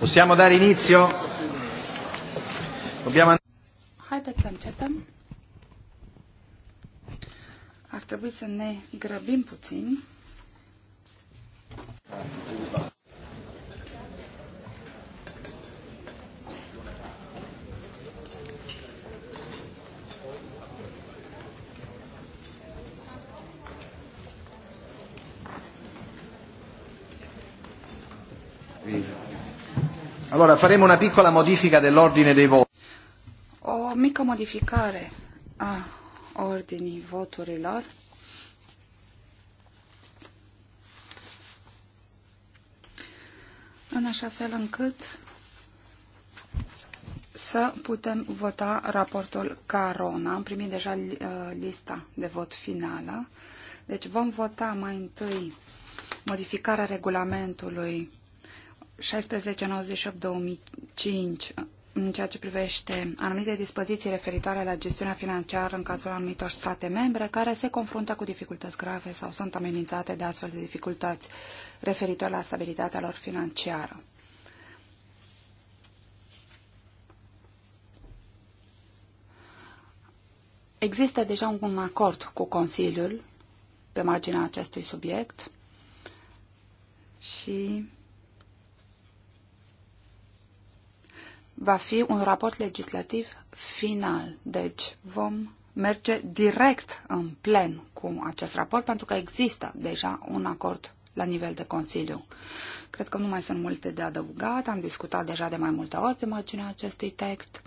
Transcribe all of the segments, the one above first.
Possiamo dare inizio? Dobbiamo... Haideți să începem. Ar trebui să ne grăbim puțin. Allora, faremo una piccola modifica dell'ordine dei voti. O mică modificare a ordinii voturilor. În așa fel încât să putem vota raportul Carona. Am primit deja uh, lista de vot finală. Deci vom vota mai întâi modificarea regulamentului 1698-2005 în ceea ce privește anumite dispoziții referitoare la gestiunea financiară în cazul anumitor state membre care se confruntă cu dificultăți grave sau sunt amenințate de astfel de dificultăți referitoare la stabilitatea lor financiară. Există deja un acord cu Consiliul pe marginea acestui subiect și va fi un raport legislativ final. Deci vom merge direct în plen cu acest raport pentru că există deja un acord la nivel de Consiliu. Cred că nu mai sunt multe de adăugat, am discutat deja de mai multe ori pe marginea acestui text.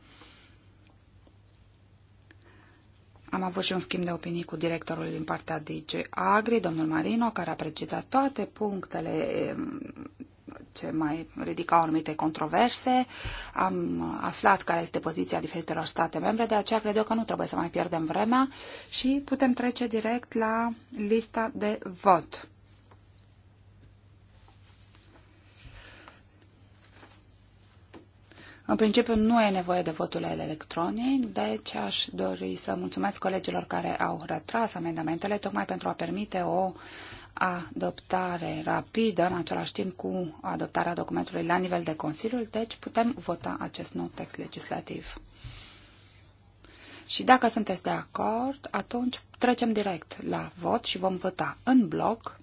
Am avut și un schimb de opinii cu directorul din partea DG Agri, domnul Marino, care a precizat toate punctele ce mai ridicau anumite controverse. Am aflat care este poziția diferitelor state membre, de aceea cred eu că nu trebuie să mai pierdem vremea și putem trece direct la lista de vot. În principiu nu e nevoie de votul electronic, deci aș dori să mulțumesc colegilor care au retras amendamentele tocmai pentru a permite o uh, adoptare rapidă, în același timp cu adoptarea documentului la nivel de Consiliu, deci putem vota acest nou text legislativ. Și dacă sunteți de acord, atunci trecem direct la vot și vom vota în bloc.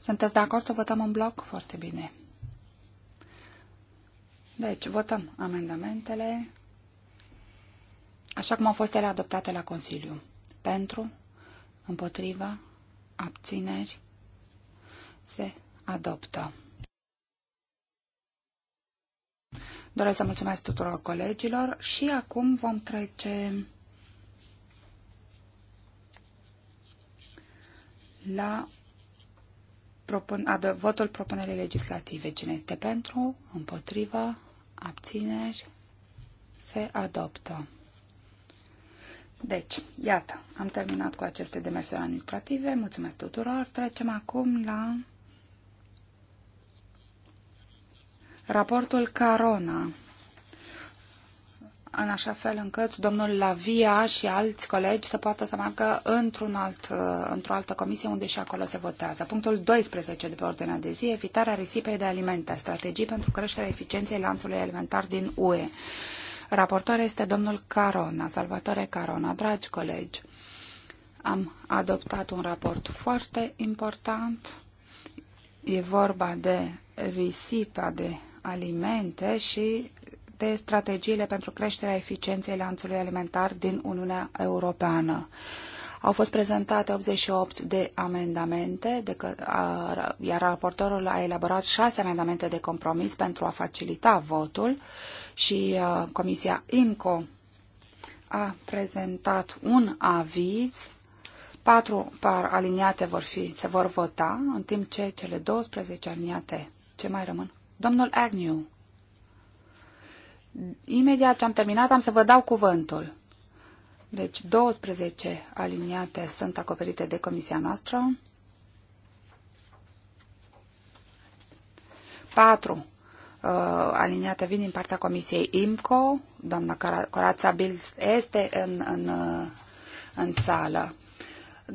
Sunteți de acord să votăm în bloc? Foarte bine. Deci, votăm amendamentele așa cum au fost ele adoptate la Consiliu. Pentru, împotriva, abțineri, se adoptă. Doresc să mulțumesc tuturor colegilor și acum vom trece la propun, votul propunerii legislative. Cine este pentru, împotriva, abțineri, se adoptă. Deci, iată, am terminat cu aceste demersuri administrative. Mulțumesc tuturor. Trecem acum la raportul Carona, în așa fel încât domnul Lavia și alți colegi să poată să meargă într o alt, într-o altă comisie unde și acolo se votează. Punctul 12 de pe ordinea de zi, evitarea risipei de alimente, strategii pentru creșterea eficienței lanțului alimentar din UE. Raportor este domnul Carona, Salvatore Carona. Dragi colegi, am adoptat un raport foarte important. E vorba de risipa de alimente și de strategiile pentru creșterea eficienței lanțului alimentar din Uniunea Europeană. Au fost prezentate 88 de amendamente, de că, a, iar raportorul a elaborat șase amendamente de compromis pentru a facilita votul și a, Comisia IMCO a prezentat un aviz patru par aliniate vor fi, se vor vota, în timp ce cele 12 aliniate, ce mai rămân? Domnul Agnew. Imediat ce am terminat, am să vă dau cuvântul. Deci 12 aliniate sunt acoperite de comisia noastră. 4 uh, aliniate vin din partea comisiei IMCO. Doamna Corața Bils este în, în, uh, în sală.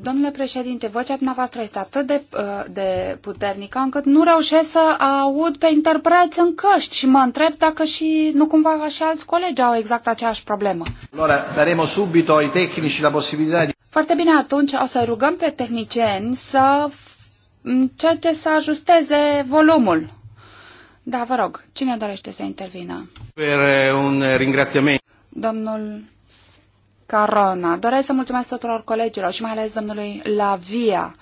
Domnule președinte, vocea dumneavoastră este atât de, uh, de puternică încât nu reușesc să aud pe interpreți în căști și mă întreb dacă și nu cumva și alți colegi au exact aceeași problemă. Allora, daremo subito ai tehnici la posibilitatea di... Foarte bine, atunci o să rugăm pe tehnicieni să încerce să ajusteze volumul. Da, vă rog, cine dorește să intervină? Per un ringrațiament. Domnul Carona. Doresc să mulțumesc tuturor colegilor și mai ales domnului Lavia,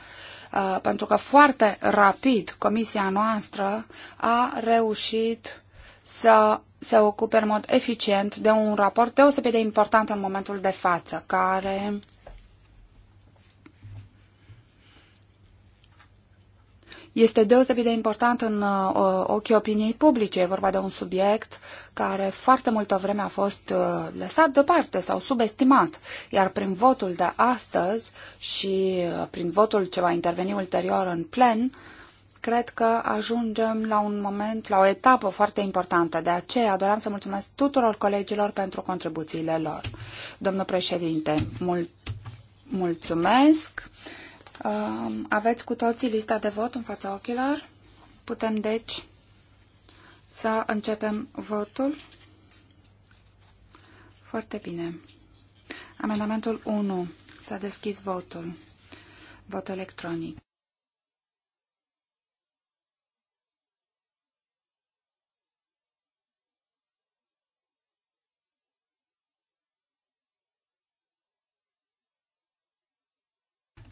uh, pentru că foarte rapid comisia noastră a reușit să se ocupe în mod eficient de un raport deosebit de important în momentul de față, care este deosebit de important în uh, ochii opiniei publice. E vorba de un subiect care foarte multă vreme a fost uh, lăsat deoparte sau subestimat. Iar prin votul de astăzi și uh, prin votul ce va interveni ulterior în plen, cred că ajungem la un moment, la o etapă foarte importantă. De aceea doream să mulțumesc tuturor colegilor pentru contribuțiile lor. Domnul președinte, mul- mulțumesc. Uh, aveți cu toții lista de vot în fața ochilor? Putem, deci, să începem votul. Foarte bine. Amendamentul 1. S-a deschis votul. Vot electronic.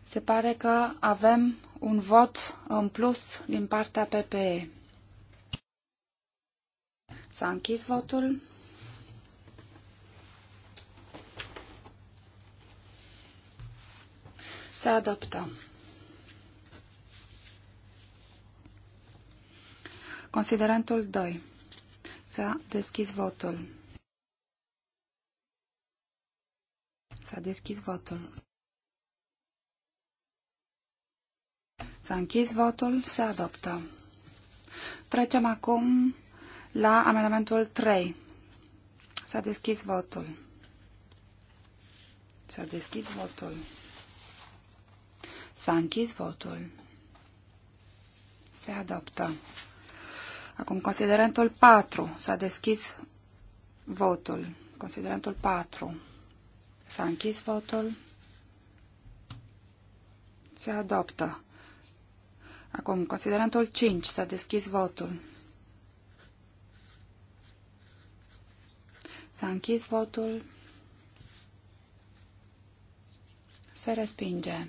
Se pare că avem un vot în plus din partea PPE. S-a închis votul. Se adoptă. Considerentul 2. S-a deschis votul. S-a deschis votul. S-a închis votul, se adoptă. Trecem acum la amendamentul 3. S-a deschis votul. S-a deschis votul. S-a închis votul. Se adoptă. Acum, considerentul 4. S-a deschis votul. Considerentul 4. S-a închis votul. Se adoptă. Acum, considerentul 5. S-a deschis votul. S-a închis votul. Se respinge.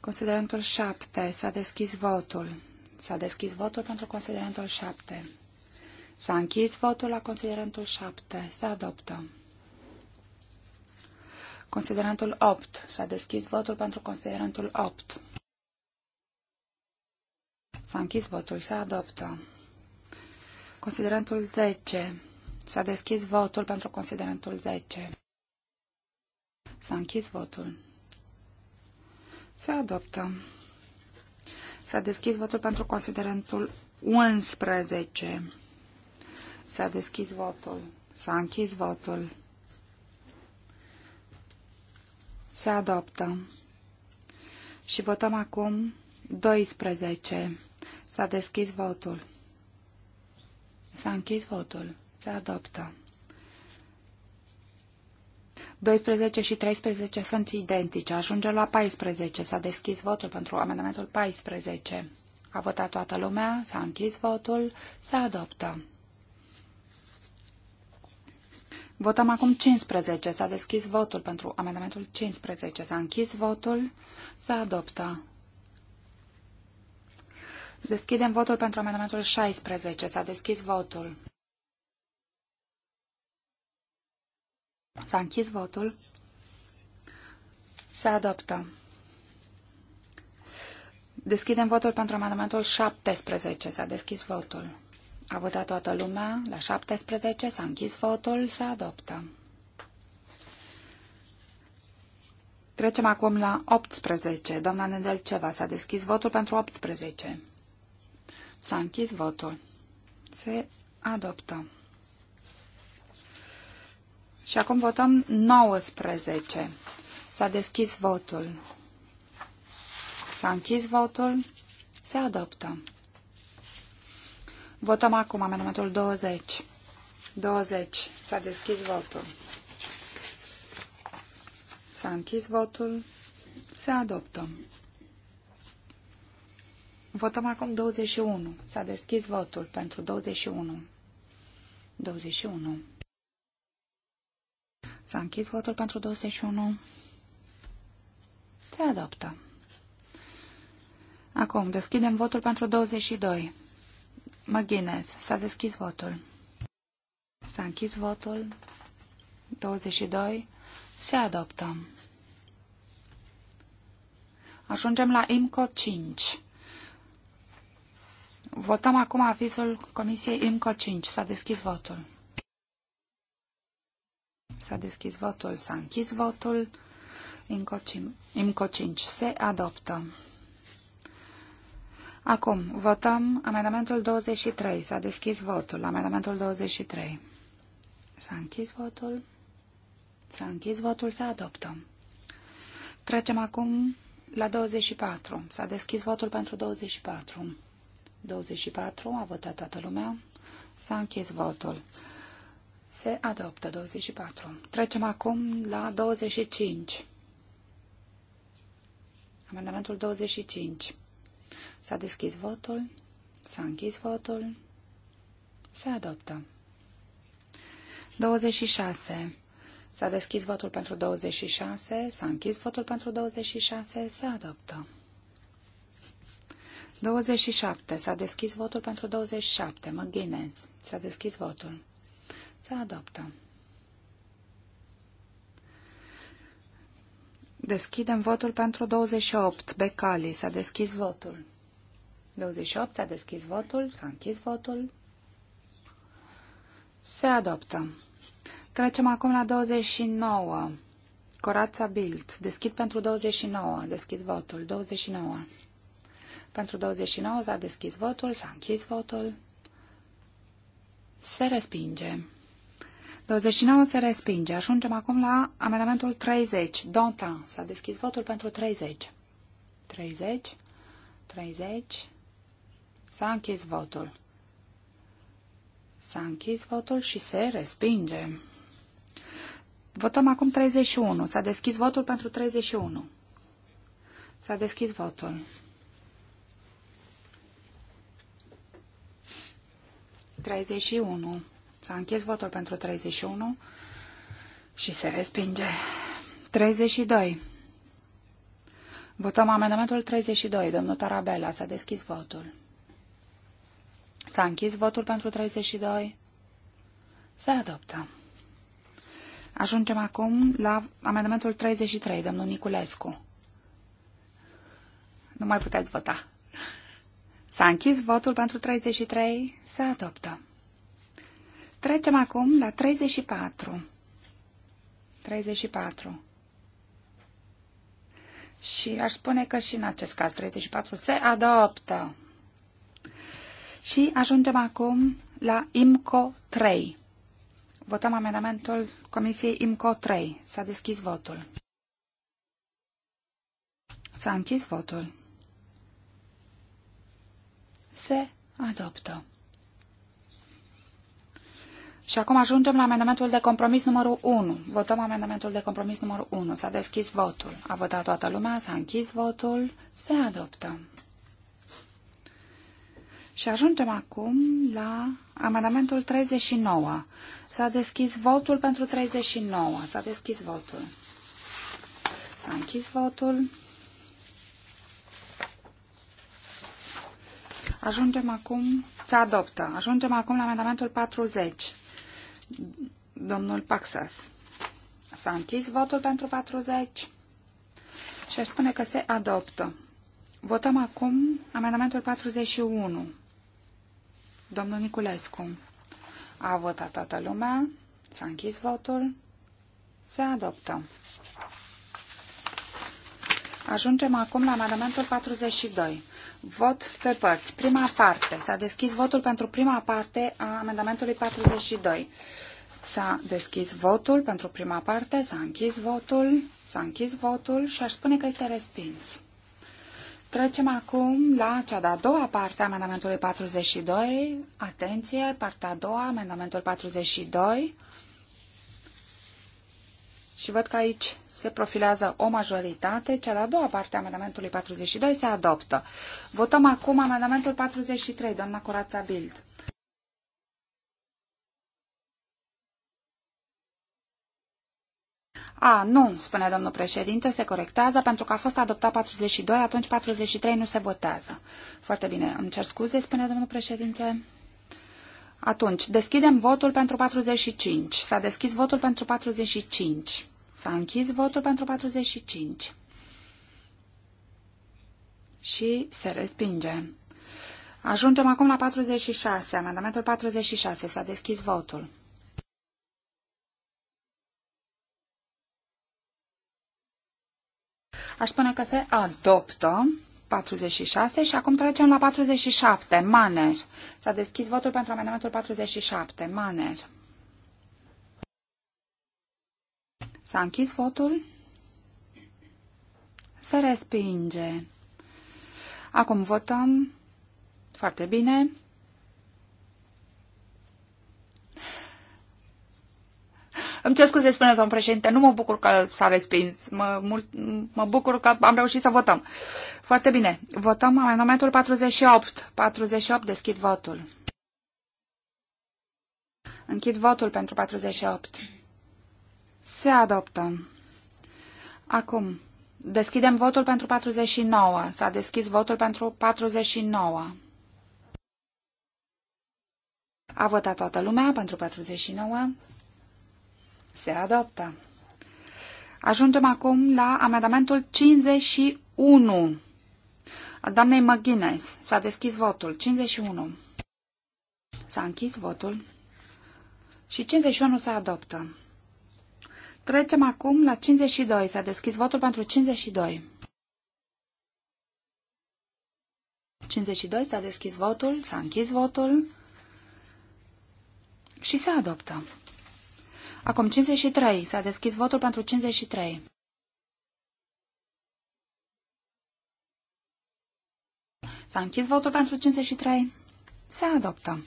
Considerentul 7. S-a deschis votul. S-a deschis votul pentru considerentul 7. S-a închis votul la considerentul 7. Se adoptă. Considerentul 8. S-a deschis votul pentru considerentul 8. S-a închis votul. Se adoptă. Considerentul 10. S-a deschis votul pentru considerentul 10. S-a închis votul. Se adoptă. S-a deschis votul pentru considerentul 11. S-a deschis votul. S-a închis votul. Se adoptă. Și votăm acum 12. S-a deschis votul. S-a închis votul. Se adoptă. 12 și 13 sunt identice. Ajunge la 14. S-a deschis votul pentru amendamentul 14. A votat toată lumea, s-a închis votul, se adoptă. Votăm acum 15. S-a deschis votul pentru amendamentul 15. S-a închis votul, se adoptă. Deschidem votul pentru amendamentul 16. S-a deschis votul. S-a închis votul. Se adoptă. Deschidem votul pentru amendamentul 17. S-a deschis votul. A votat toată lumea. La 17 s-a închis votul. Se adoptă. Trecem acum la 18. Doamna Nedelceva s-a deschis votul pentru 18. S-a închis votul. Se adoptă. Și acum votăm 19. S-a deschis votul. S-a închis votul. Se adoptă. Votăm acum amendamentul 20. 20. S-a deschis votul. S-a închis votul. Se adoptă. Votăm acum 21. S-a deschis votul pentru 21. 21. S-a închis votul pentru 21. Se adoptă. Acum, deschidem votul pentru 22. Mă S-a deschis votul. S-a închis votul. 22. Se adoptă. Ajungem la IMCO 5. Votăm acum avizul Comisiei IMCO 5. S-a deschis votul. S-a deschis votul, s-a închis votul. IMCO 5 se adoptă. Acum, votăm amendamentul 23. S-a deschis votul. Amendamentul 23. S-a închis votul. S-a închis votul, se adoptă. Trecem acum la 24. S-a deschis votul pentru 24. 24, a votat toată lumea. S-a închis votul. Se adoptă 24. Trecem acum la 25. Amendamentul 25. S-a deschis votul, s-a închis votul, se adoptă. 26. S-a deschis votul pentru 26, s-a închis votul pentru 26, se adoptă. 27. S-a deschis votul pentru 27. Mă ghinez. S-a deschis votul. Se adoptă. Deschidem votul pentru 28. Becali, s-a deschis votul. 28, s-a deschis votul, s-a închis votul. Se adoptă. Trecem acum la 29. Corața Bild. Deschid pentru 29. Deschid votul. 29. Pentru 29 s-a deschis votul, s-a închis votul. Se respinge. 29 se respinge. Ajungem acum la amendamentul 30. Dantin. S-a deschis votul pentru 30. 30. 30. S-a închis votul. S-a închis votul și se respinge. Votăm acum 31. S-a deschis votul pentru 31. S-a deschis votul. Treizeci și unu. S-a închis votul pentru 31 și se respinge. 32. Votăm amendamentul 32. Domnul Tarabella, s-a deschis votul. S-a închis votul pentru 32. Se adoptă. Ajungem acum la amendamentul 33, domnul Niculescu. Nu mai puteți vota. S-a închis votul pentru 33. Se adoptă. Trecem acum la 34. 34. Și aș spune că și în acest caz 34 se adoptă. Și ajungem acum la IMCO 3. Votăm amendamentul Comisiei IMCO 3. S-a deschis votul. S-a închis votul. Se adoptă. Și acum ajungem la amendamentul de compromis numărul 1. Votăm amendamentul de compromis numărul 1. S-a deschis votul. A votat toată lumea, s-a închis votul, se adoptă. Și ajungem acum la amendamentul 39. S-a deschis votul pentru 39. S-a deschis votul. S-a închis votul. Ajungem acum, se adoptă. Ajungem acum la amendamentul 40. Domnul Paxas. S-a închis votul pentru 40 și aș spune că se adoptă. Votăm acum amendamentul 41. Domnul Niculescu. A votat toată lumea. S-a închis votul. Se adoptă. Ajungem acum la amendamentul 42. Vot pe părți. Prima parte. S-a deschis votul pentru prima parte a amendamentului 42. S-a deschis votul pentru prima parte, s-a închis votul, s-a închis votul și aș spune că este respins. Trecem acum la cea de-a doua parte a amendamentului 42. Atenție, partea a doua, amendamentul 42. Și văd că aici se profilează o majoritate. Cea de-a doua parte a amendamentului 42 se adoptă. Votăm acum amendamentul 43, doamna Corața Bild. A, nu, spune domnul președinte, se corectează pentru că a fost adoptat 42, atunci 43 nu se votează. Foarte bine, îmi cer scuze, spune domnul președinte. Atunci, deschidem votul pentru 45. S-a deschis votul pentru 45. S-a închis votul pentru 45. Și se respinge. Ajungem acum la 46. Amendamentul 46. S-a deschis votul. Aș spune că se adoptă. 46 și acum trecem la 47. Maner. S-a deschis votul pentru amendamentul 47. Maner. S-a închis votul. Se respinge. Acum votăm. Foarte bine. Îmi cer scuze, spune domnul președinte, nu mă bucur că s-a respins, mă, mult, mă bucur că am reușit să votăm. Foarte bine, votăm amendamentul 48. 48, deschid votul. Închid votul pentru 48. Se adoptă. Acum, deschidem votul pentru 49. S-a deschis votul pentru 49. A votat toată lumea pentru 49. Se adoptă. Ajungem acum la amendamentul 51. Al doamnei McGuinness. S-a deschis votul. 51. S-a închis votul. Și 51 se adoptă. Trecem acum la 52. S-a deschis votul pentru 52. 52 s-a deschis votul, s-a închis votul și se adoptă. Acum 53. S-a deschis votul pentru 53. S-a închis votul pentru 53. Se adoptă.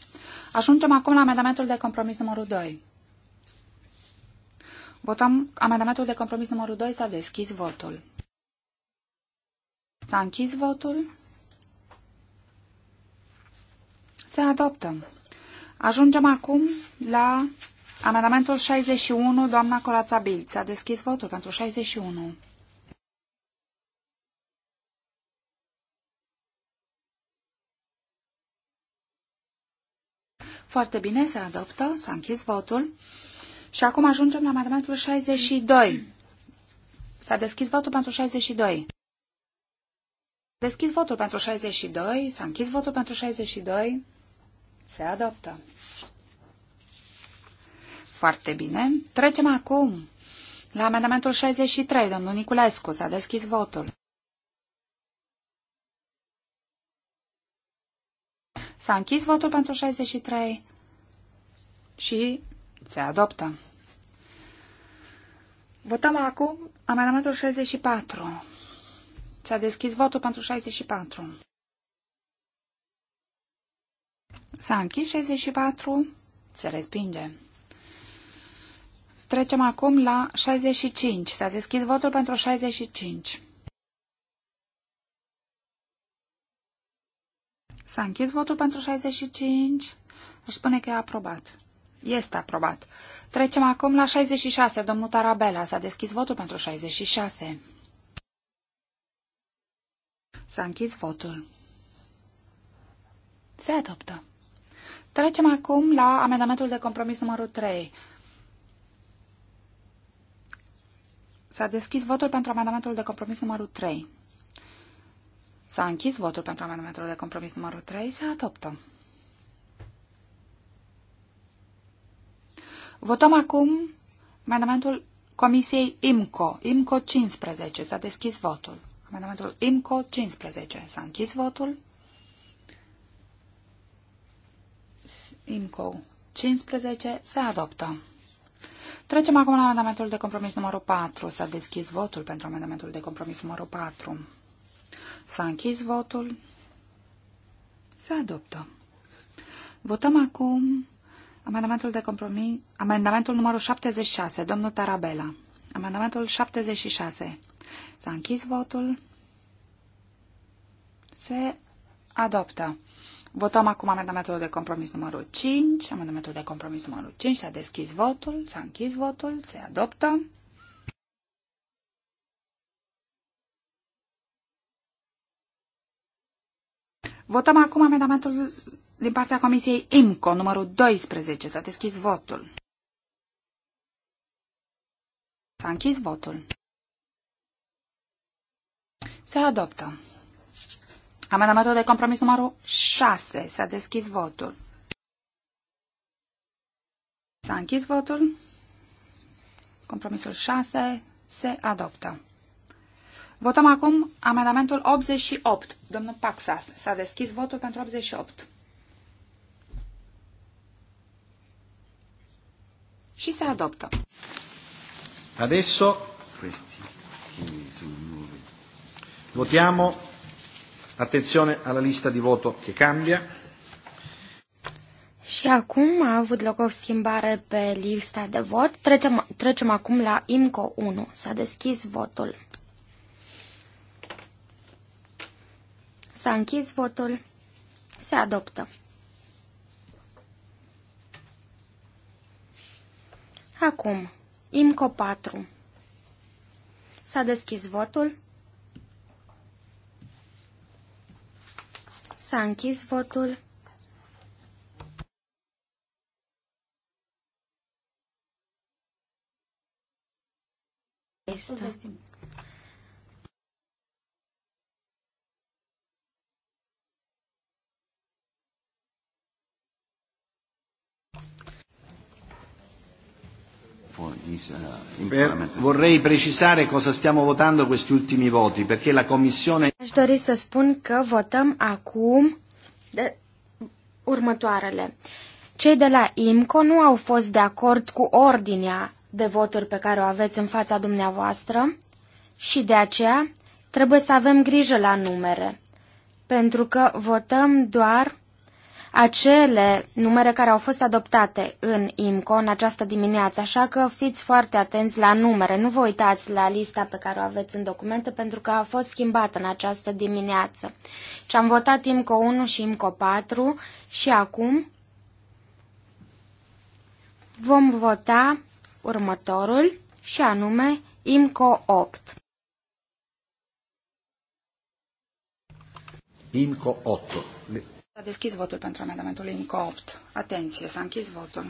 Ajungem acum la amendamentul de compromis numărul 2. Votăm amendamentul de compromis numărul 2. S-a deschis votul. S-a închis votul. Se adoptă. Ajungem acum la Amendamentul 61, doamna Corața Bilț, a deschis votul pentru 61. Foarte bine, se adoptă, s-a închis votul. Și acum ajungem la amendamentul 62. S-a deschis votul pentru 62. Deschis votul pentru 62, s-a închis votul pentru 62, se adoptă. Foarte bine. Trecem acum la amendamentul 63. Domnul Niculescu s-a deschis votul. S-a închis votul pentru 63 și se adoptă. Votăm acum amendamentul 64. S-a deschis votul pentru 64. S-a închis 64. Se respinge. Trecem acum la 65. S-a deschis votul pentru 65. S-a închis votul pentru 65. Își spune că e aprobat. Este aprobat. Trecem acum la 66. Domnul Tarabela s-a deschis votul pentru 66. S-a închis votul. Se adoptă. Trecem acum la amendamentul de compromis numărul 3. S-a deschis votul pentru amendamentul de compromis numărul 3. S-a închis votul pentru amendamentul de compromis numărul 3. Se adoptă. Votăm acum amendamentul Comisiei IMCO. IMCO 15. S-a deschis votul. Amendamentul IMCO 15. S-a închis votul. IMCO 15. Se adoptă. Trecem acum la amendamentul de compromis numărul 4. S-a deschis votul pentru amendamentul de compromis numărul 4. S-a închis votul. Se adoptă. Votăm acum amendamentul de compromis, amendamentul numărul 76, domnul Tarabela. Amendamentul 76. S-a închis votul. Se adoptă. Votăm acum amendamentul de compromis numărul 5. Amendamentul de compromis numărul 5. S-a deschis votul, s-a închis votul, se adoptă. Votăm acum amendamentul din partea Comisiei IMCO, numărul 12. S-a deschis votul. S-a închis votul. Se adoptă. Amendamentul de compromis numărul 6. S-a deschis votul. S-a închis votul. Compromisul 6 se adoptă. Votăm acum amendamentul 88. Domnul Paxas, s-a deschis votul pentru 88. Și se adoptă. Adesso, questi, che sono nuovi. Votiamo Attenzione alla lista di voto che cambia. Și acum a avut loc o schimbare pe lista de vot. Trecem, trecem acum la IMCO 1. S-a deschis votul. S-a închis votul. Se adoptă. Acum, IMCO 4. S-a deschis votul. S-a închis votul. Este. Eh, eh, vorrei precisare cosa stiamo votando questi ultimi voti, perché la Commissione... Aș dori să spun că votăm acum de următoarele. Cei de la IMCO nu au fost de acord cu ordinea de voturi pe care o aveți în fața dumneavoastră și de aceea trebuie să avem grijă la numere, pentru că votăm doar acele numere care au fost adoptate în IMCO în această dimineață, așa că fiți foarte atenți la numere. Nu vă uitați la lista pe care o aveți în documente pentru că a fost schimbată în această dimineață. Și am votat IMCO 1 și IMCO 4 și acum vom vota următorul și anume IMCO 8. IMCO 8. S-a deschis votul pentru amendamentul IMCO 8. Atenție, s-a închis votul.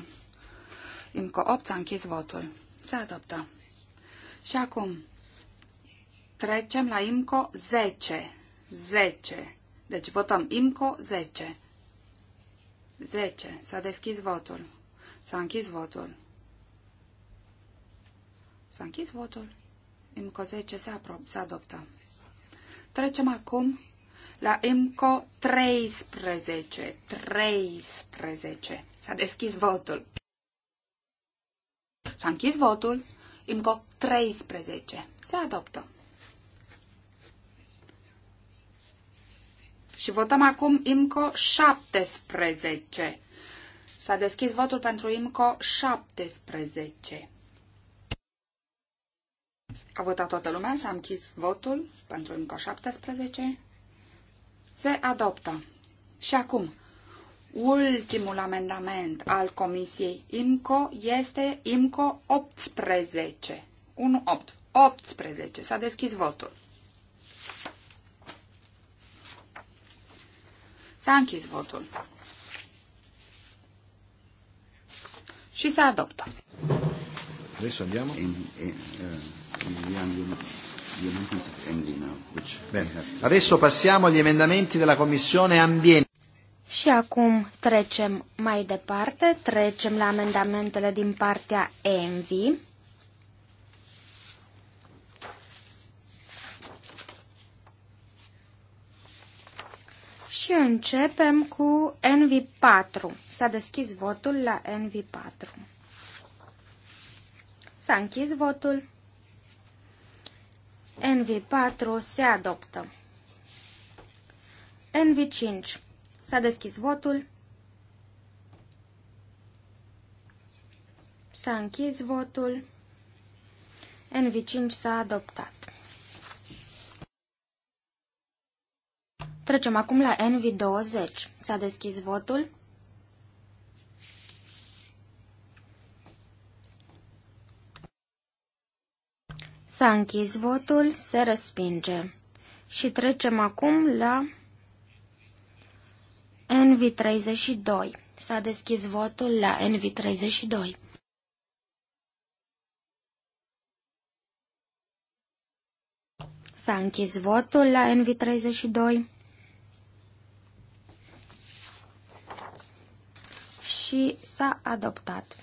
IMCO 8 s-a închis votul. Se adoptă. Și acum trecem la IMCO 10. 10. Deci votăm IMCO 10. 10. S-a deschis votul. S-a închis votul. S-a închis votul. IMCO 10 se, se adoptă. Trecem acum la IMCO 13. 13. S-a deschis votul. S-a închis votul. IMCO 13. Se adoptă. Și votăm acum IMCO 17. S-a deschis votul pentru IMCO 17. A votat toată lumea, s-a închis votul pentru IMCO 17. Se adoptă. Și acum, ultimul amendament al Comisiei IMCO este IMCO 18. 1, 8. 18. S-a deschis votul. S-a închis votul. Și se adoptă. Adesso andiamo in, in, uh, in, in, in, in, in, in, in, in Adesso passiamo agli emendamenti della Commissione Ambiente. Și acum trecem mai departe, trecem la amendamentele din partea ENVI. Și începem cu NV4. S-a deschis votul la NV4. S-a închis votul. NV4 se adoptă. NV5. S-a deschis votul. S-a închis votul. NV5 s-a adoptat. Trecem acum la NV20. S-a deschis votul. S-a închis votul, se respinge. Și trecem acum la NV32. S-a deschis votul la NV32. S-a închis votul la NV32. Și s-a adoptat.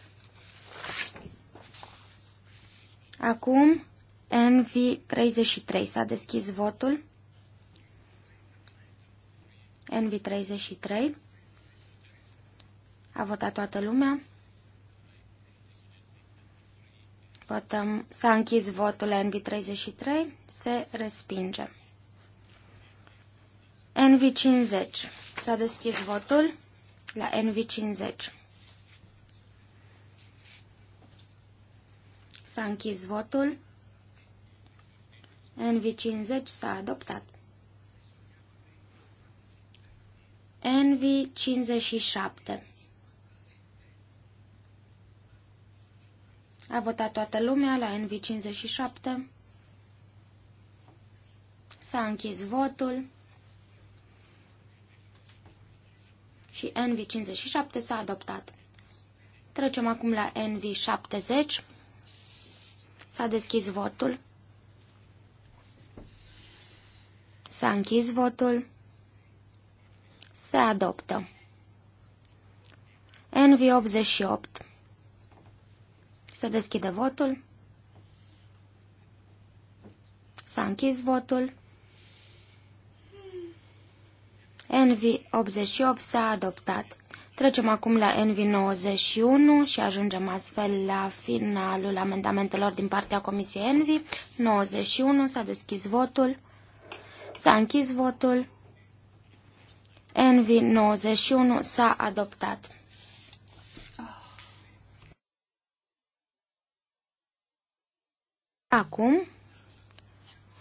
Acum Envi 33. S-a deschis votul. Envi 33. A votat toată lumea. Votăm. S-a închis votul nv 33. Se respinge. NV 50. S-a deschis votul la NV 50. S-a închis votul. NV50 s-a adoptat. NV57 A votat toată lumea la NV57. S-a închis votul. Și NV57 s-a adoptat. Trecem acum la NV70. S-a deschis votul. S-a închis votul. Se adoptă. NV88. Se deschide votul. S-a închis votul. NV88 s-a adoptat. Trecem acum la NV91 și ajungem astfel la finalul amendamentelor din partea Comisiei NV. 91 s-a deschis votul. S-a închis votul. Envi 91 s-a adoptat. Acum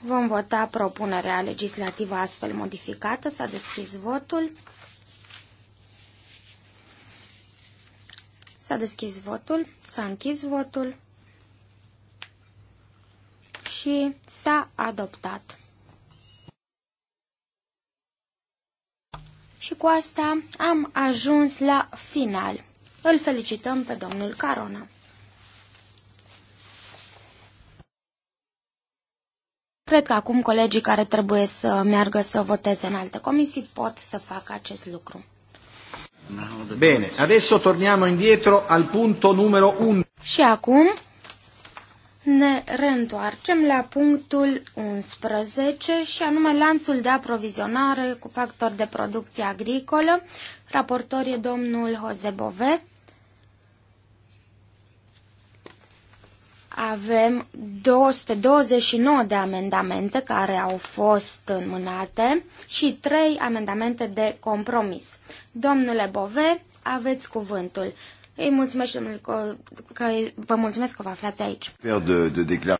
vom vota propunerea legislativă astfel modificată. S-a deschis votul. S-a deschis votul, s-a închis votul și s-a adoptat. Și cu asta am ajuns la final. Îl felicităm pe domnul Carona. Cred că acum colegii care trebuie să meargă să voteze în alte comisii pot să facă acest lucru. Bine, adesso torniamo indietro al punto numero 1. Și acum ne reîntoarcem la punctul 11 și anume lanțul de aprovizionare cu factor de producție agricolă. Raportor e domnul Jose Bove. Avem 229 de amendamente care au fost înmânate și 3 amendamente de compromis. Domnule Bove, aveți cuvântul. Îi mulțumesc, domnule, că, că vă mulțumesc că vă aflați aici. De, de declar...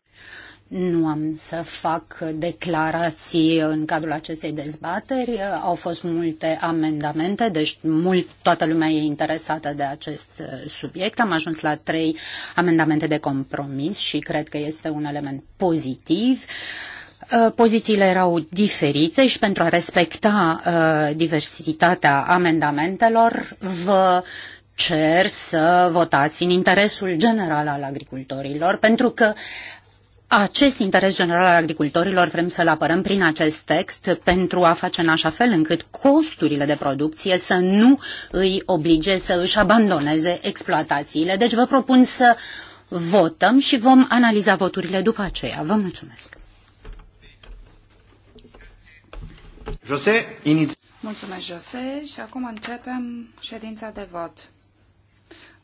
Nu am să fac declarații în cadrul acestei dezbateri. Au fost multe amendamente, deci mult, toată lumea e interesată de acest uh, subiect. Am ajuns la trei amendamente de compromis și cred că este un element pozitiv. Uh, pozițiile erau diferite și pentru a respecta uh, diversitatea amendamentelor vă uh, cer să votați în interesul general al agricultorilor, pentru că acest interes general al agricultorilor vrem să-l apărăm prin acest text pentru a face în așa fel încât costurile de producție să nu îi oblige să își abandoneze exploatațiile. Deci vă propun să votăm și vom analiza voturile după aceea. Vă mulțumesc. Jose, iniți... Mulțumesc, Jose, și acum începem ședința de vot.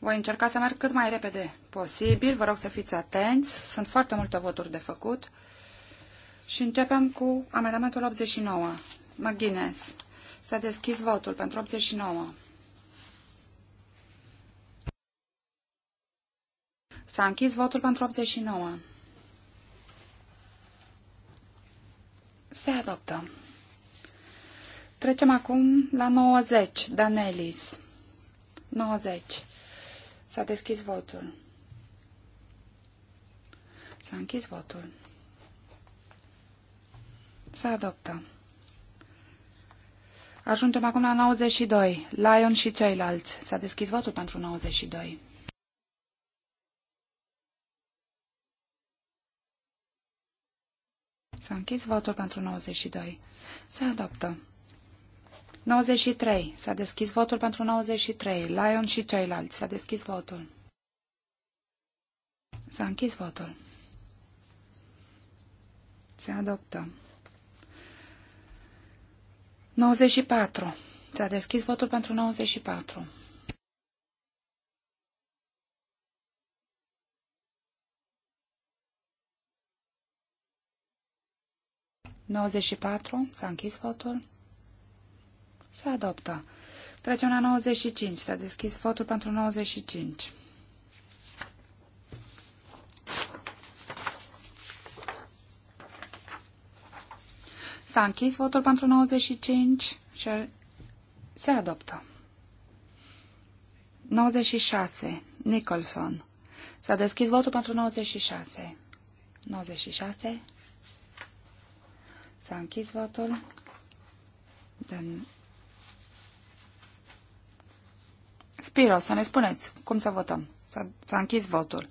Voi încerca să merg cât mai repede posibil, vă rog să fiți atenți, sunt foarte multe voturi de făcut. Și începem cu amendamentul 89. McGuinness. S-a deschis votul pentru 89. S-a închis votul pentru 89. Se adoptă. Trecem acum la 90. Danelis. 90. 90. S-a deschis votul. S-a închis votul. Se adoptă. Ajungem acum la 92. Lion și ceilalți. S-a deschis votul pentru 92. S-a închis votul pentru 92. Se adoptă. 93. S-a deschis votul pentru 93. Lion și ceilalți. S-a deschis votul. S-a închis votul. Se adoptă. 94. S-a deschis votul pentru 94. Nouăzeci și patru. S-a închis votul. Se adoptă. Trecem la 95. S-a deschis votul pentru 95. S-a închis votul pentru 95 și se adoptă. 96. Nicholson. S-a deschis votul pentru 96. 96. S-a închis votul. Spiro, să ne spuneți cum să votăm. S-a închis votul.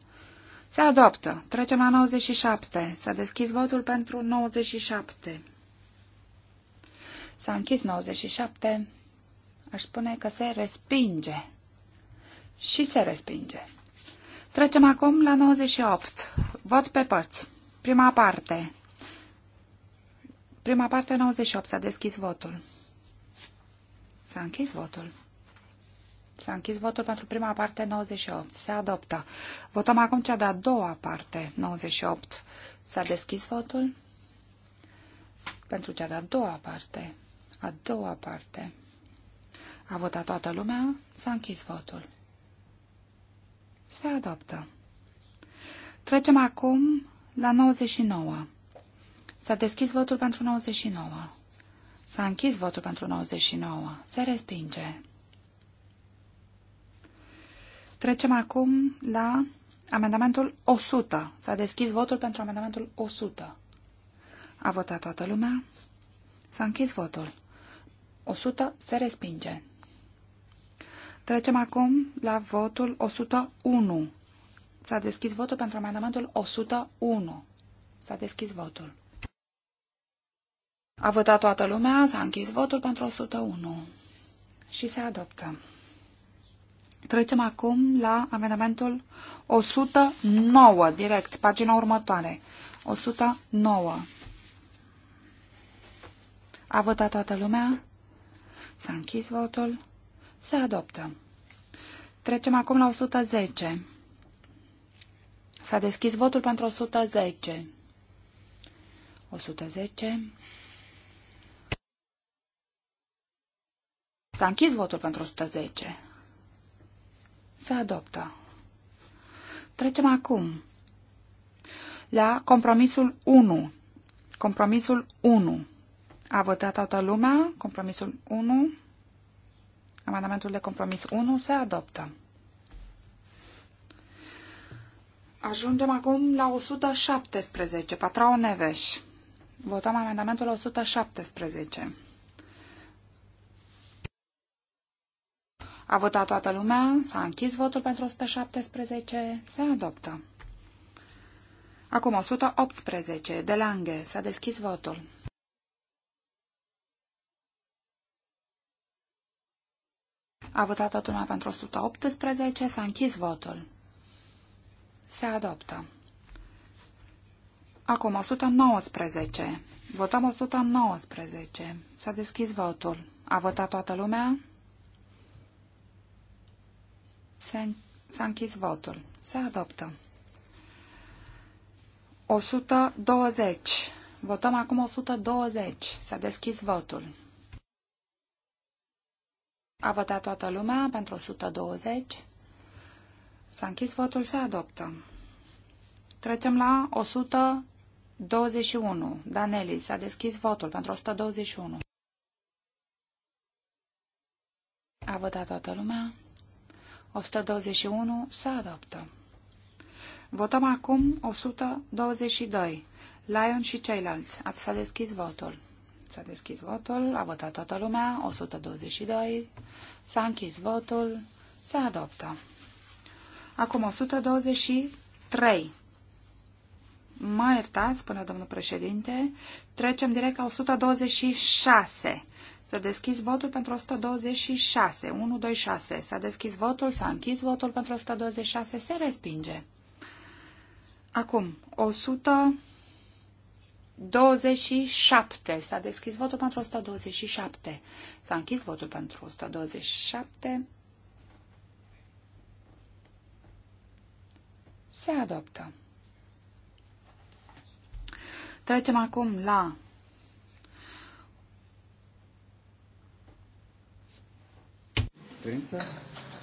Se adoptă. Trecem la 97. S-a deschis votul pentru 97. S-a închis 97. Aș spune că se respinge. Și se respinge. Trecem acum la 98. Vot pe părți. Prima parte. Prima parte 98. S-a deschis votul. S-a închis votul. S-a închis votul pentru prima parte 98. Se adoptă. Votăm acum cea de-a doua parte 98. S-a deschis votul pentru cea de-a doua parte. A doua parte. A votat toată lumea. S-a închis votul. Se adoptă. Trecem acum la 99. S-a deschis votul pentru 99. S-a închis votul pentru 99. Se respinge. Trecem acum la amendamentul 100. S-a deschis votul pentru amendamentul 100. A votat toată lumea. S-a închis votul. 100 se respinge. Trecem acum la votul 101. S-a deschis votul pentru amendamentul 101. S-a deschis votul. A votat toată lumea, s-a închis votul pentru 101 și se adoptă. Trecem acum la amendamentul 109, direct, pagina următoare. 109. A votat toată lumea? S-a închis votul? Se adoptă. Trecem acum la 110. S-a deschis votul pentru 110. 110. S-a închis votul pentru 110. Se adoptă. Trecem acum la compromisul 1. Compromisul 1. A votat toată lumea. Compromisul 1. Amendamentul de compromis 1 se adoptă. Ajungem acum la 117. Patrao Neveș. Votăm amendamentul 117. A votat toată lumea, s-a închis votul pentru 117, se adoptă. Acum 118, de Lange, s-a deschis votul. A votat toată lumea pentru 118, s-a închis votul. Se adoptă. Acum 119. Votăm 119. S-a deschis votul. A votat toată lumea? S-a închis votul. Se adoptă. 120. Votăm acum 120. S-a deschis votul. A votat toată lumea pentru 120. S-a închis votul, se adoptă. Trecem la 121. Daneli, s-a deschis votul pentru 121. A votat toată lumea. 121 se adoptă. Votăm acum 122. Lion și ceilalți. S-a deschis votul. S-a deschis votul, a votat toată lumea, 122. S-a închis votul, se adoptă. Acum 123. Mă iertați, spune domnul președinte, trecem direct la 126. S-a deschis votul pentru 126. 6. S-a deschis votul, s-a închis votul pentru 126, se respinge. Acum, 127. S-a deschis votul pentru 127. S-a închis votul pentru 127. Se adoptă. Trecem acum la 30?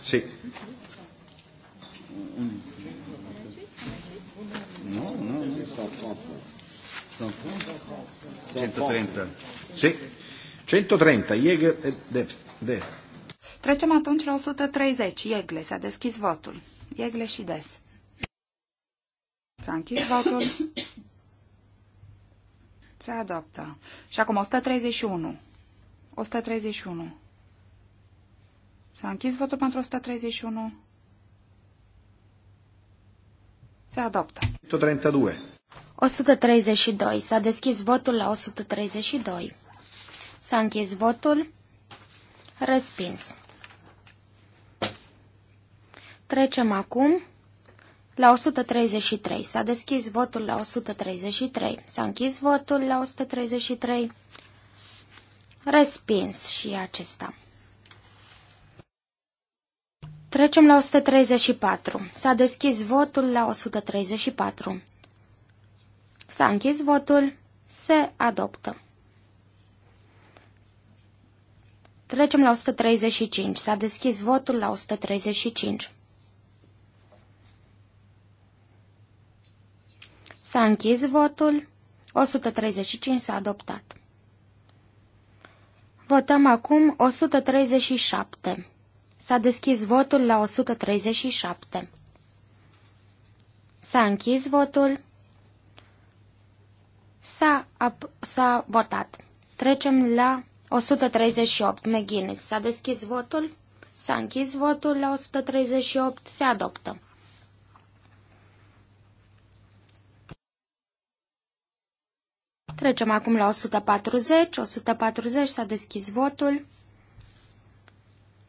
Sì. No, no, no, 130. Sí. 130. Jäger eh, de, de. Trecem atunci la 130. Iegle. S-a deschis votul. Iegle și des. S-a închis votul. Se adoptă. Și acum 131. 131. S-a închis votul pentru 131. Se adoptă. 132. 132. S-a deschis votul la 132. S-a închis votul. Respins. Trecem acum la 133. S-a deschis votul la 133. S-a închis votul la 133. Respins și acesta. Trecem la 134. S-a deschis votul la 134. S-a închis votul. Se adoptă. Trecem la 135. S-a deschis votul la 135. S-a închis votul. 135 s-a adoptat. Votăm acum 137. S-a deschis votul la 137. S-a închis votul. S-a, votat. Trecem la 138. McGuinness. S-a deschis votul. S-a închis votul la 138. Se adoptă. Trecem acum la 140. 140 s-a deschis votul.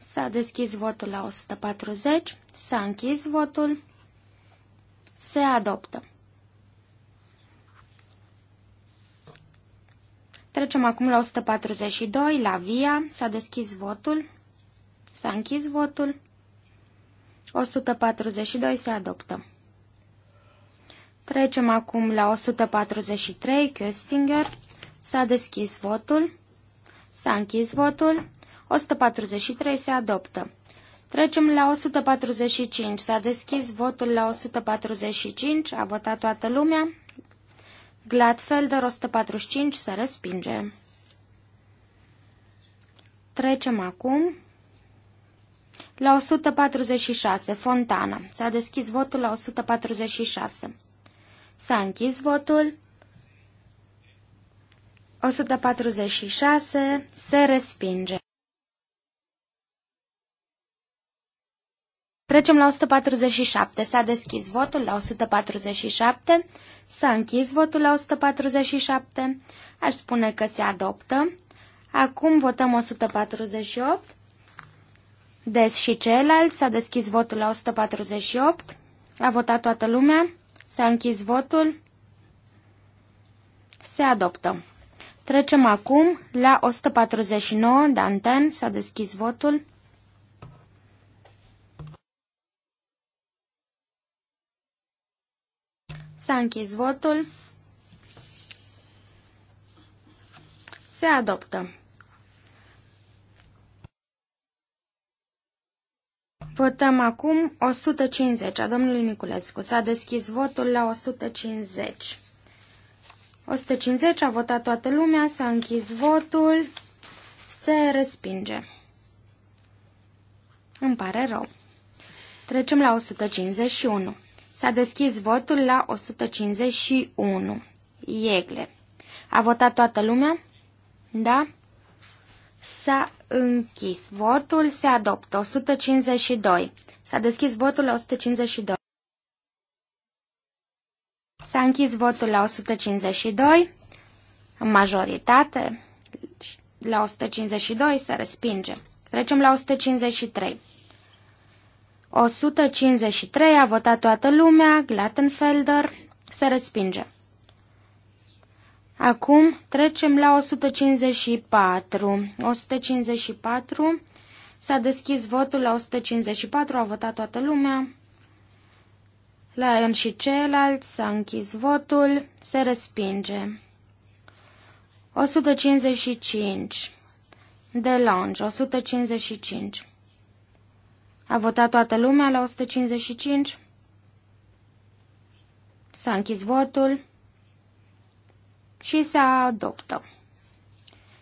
S-a deschis votul la 140, s-a închis votul, se adoptă. Trecem acum la 142, la VIA, s-a deschis votul, s-a închis votul, 142 se adoptă. Trecem acum la 143, Köstinger, s-a deschis votul, s-a închis votul, 143 se adoptă. Trecem la 145. S-a deschis votul la 145. A votat toată lumea. Gladfelder 145 se respinge. Trecem acum la 146. Fontana. S-a deschis votul la 146. S-a închis votul. 146 se respinge. Trecem la 147. S-a deschis votul la 147. S-a închis votul la 147. Aș spune că se adoptă. Acum votăm 148. Des și celălalt. S-a deschis votul la 148. A votat toată lumea. S-a închis votul. Se adoptă. Trecem acum la 149. Danten. S-a deschis votul. S-a închis votul. Se adoptă. Votăm acum 150 a domnului Niculescu. S-a deschis votul la 150. 150 a votat toată lumea, s-a închis votul, se respinge. Îmi pare rău. Trecem la 151. S-a deschis votul la 151. Iegle. A votat toată lumea? Da? S-a închis votul, se adoptă 152. S-a deschis votul la 152. S-a închis votul la 152, în majoritate, la 152 se respinge. Trecem la 153. 153 a votat toată lumea, Glattenfelder se respinge. Acum trecem la 154. 154 s-a deschis votul la 154, a votat toată lumea. La el și celălalt s-a închis votul, se respinge. 155. De Lange, 155. A votat toată lumea la 155. S-a închis votul și se adoptă.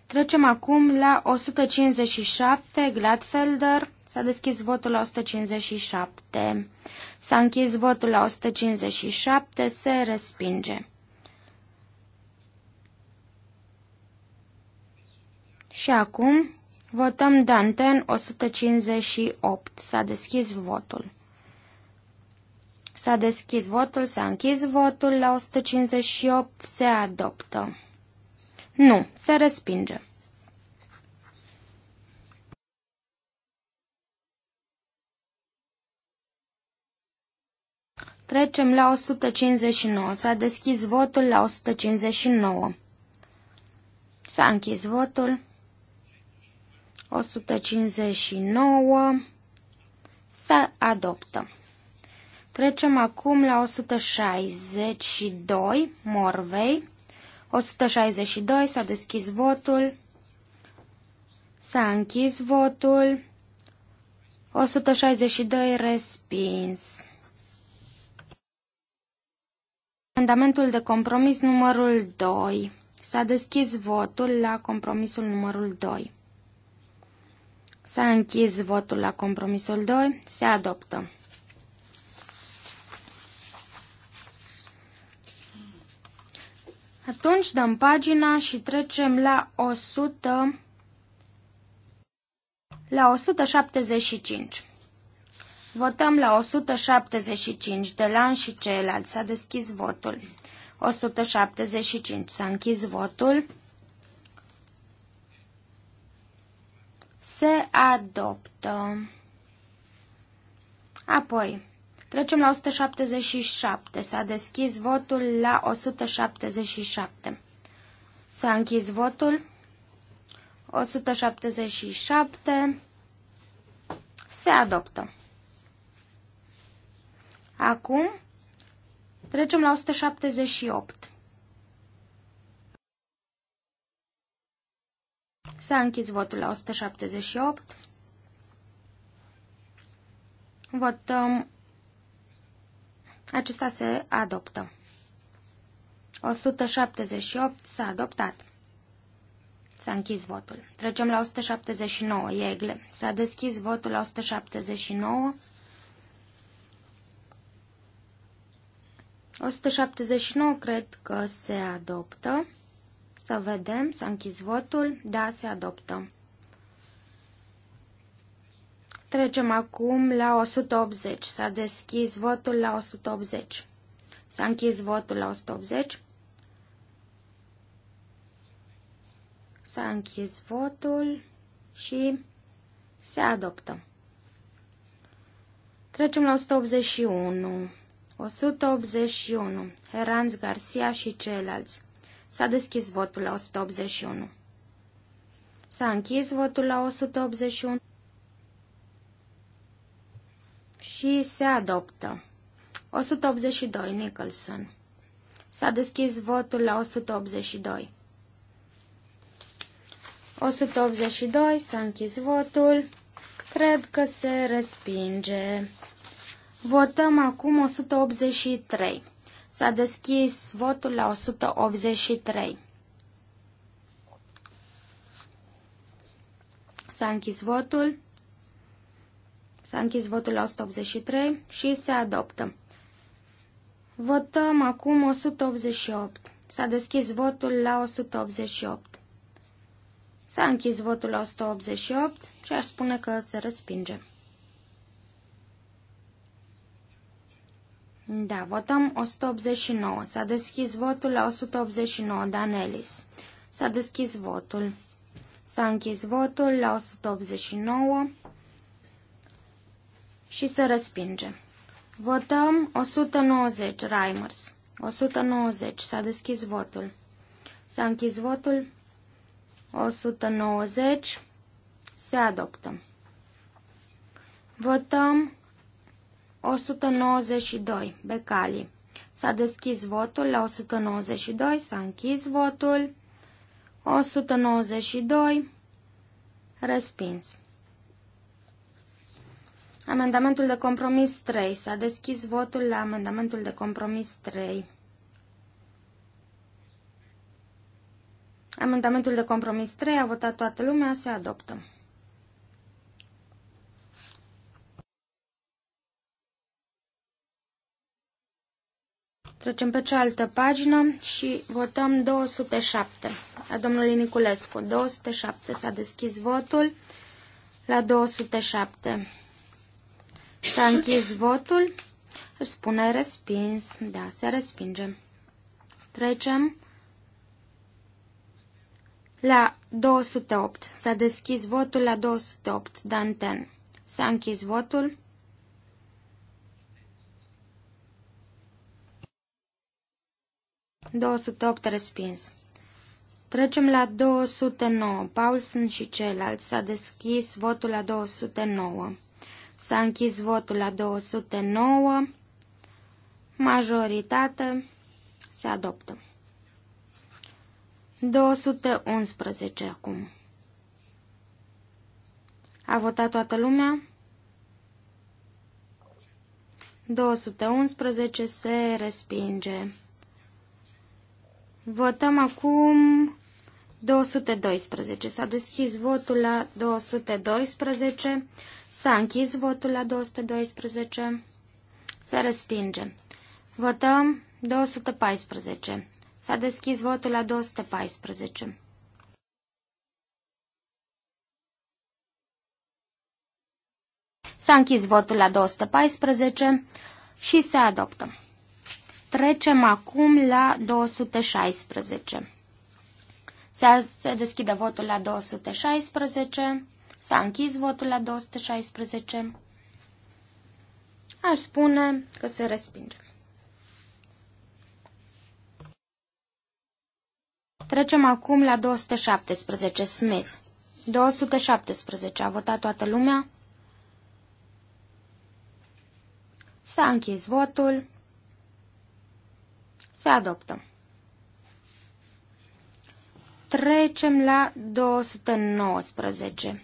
Trecem acum la 157, Gladfelder. S-a deschis votul la 157. S-a închis votul la 157, se respinge. Și acum Votăm Danten 158. S-a deschis votul. S-a deschis votul, s-a închis votul la 158, se adoptă. Nu, se respinge. Trecem la 159. S-a deschis votul la 159. S-a închis votul. 159 se adoptă. Trecem acum la 162, Morvei. 162 s-a deschis votul, s-a închis votul, 162 respins. Amendamentul de compromis numărul 2. S-a deschis votul la compromisul numărul 2. S-a închis votul la compromisul 2. Se adoptă. Atunci dăm pagina și trecem la 100 la 175. Votăm la 175 de lan și ceilalți. S-a deschis votul. 175. S-a închis votul. se adoptă. Apoi, trecem la 177. S-a deschis votul la 177. S-a închis votul. 177 se adoptă. Acum trecem la 178. S-a închis votul la 178. Votăm. Acesta se adoptă. 178 s-a adoptat. S-a închis votul. Trecem la 179, Iegle. S-a deschis votul la 179. 179 cred că se adoptă. Să vedem, să închizi votul, da, se adoptă. Trecem acum la 180. S-a deschis votul la 180. S-a închis votul la 180. S-a închis votul și se adoptă. Trecem la 181. 181. Heranz Garcia și ceilalți. S-a deschis votul la 181. S-a închis votul la 181 și se adoptă. 182 Nicholson. S-a deschis votul la 182. 182, s-a închis votul. Cred că se respinge. Votăm acum 183. S-a deschis votul la 183. S-a închis votul. S-a închis votul la 183 și se adoptă. Votăm acum 188. S-a deschis votul la 188. S-a închis votul la 188 și aș spune că se respinge. Da, votăm 189. S-a deschis votul la 189, Danelis. S-a deschis votul. S-a închis votul la 189 și se respinge. Votăm 190, Reimers. 190. S-a deschis votul. S-a închis votul. 190. Se adoptă. Votăm 192. Becali. S-a deschis votul la 192, s-a închis votul. 192. Respins. Amendamentul de compromis 3. S-a deschis votul la amendamentul de compromis 3. Amendamentul de compromis 3 a votat toată lumea, se adoptă. Trecem pe cealaltă pagină și votăm 207. La domnului Niculescu. 207. S-a deschis votul la 207. S-a închis votul. Își spune respins. Da, se respinge. Trecem la 208. S-a deschis votul la 208. Danten. S-a închis votul. 208 respins. Trecem la 209. Paulson și ceilalți. S-a deschis votul la 209. S-a închis votul la 209. Majoritate se adoptă. 211 acum. A votat toată lumea? 211 se respinge. Votăm acum 212. S-a deschis votul la 212. S-a închis votul la 212. Se respinge. Votăm 214. S-a deschis votul la 214. S-a închis votul la 214 și se adoptă. Trecem acum la 216. Se, se deschide votul la 216. S-a închis votul la 216. Aș spune că se respinge. Trecem acum la 217. Smith. 217. A votat toată lumea? S-a închis votul. Se adoptă. Trecem la 219.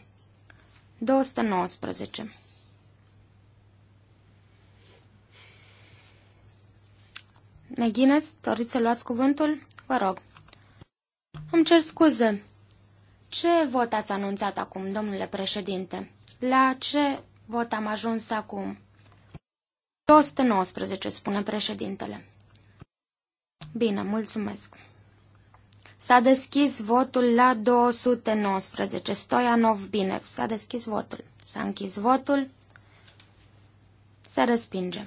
219. Meghines, doriți să luați cuvântul? Vă rog. Îmi cer scuze. Ce vot ați anunțat acum, domnule președinte? La ce vot am ajuns acum? 219, spune președintele. Bine, mulțumesc. S-a deschis votul la 219. Stoianov Binev. S-a deschis votul. S-a închis votul. Se respinge.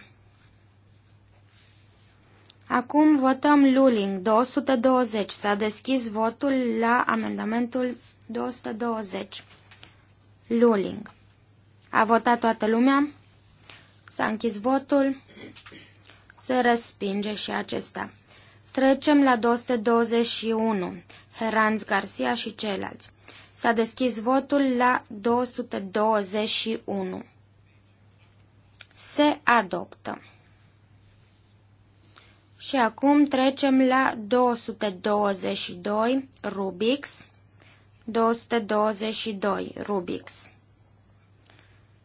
Acum votăm Luling 220. S-a deschis votul la amendamentul 220. Luling. A votat toată lumea? S-a închis votul. Se respinge și acesta. Trecem la 221. Heranz Garcia și ceilalți. S-a deschis votul la 221. Se adoptă. Și acum trecem la 222 Rubix. 222 Rubix.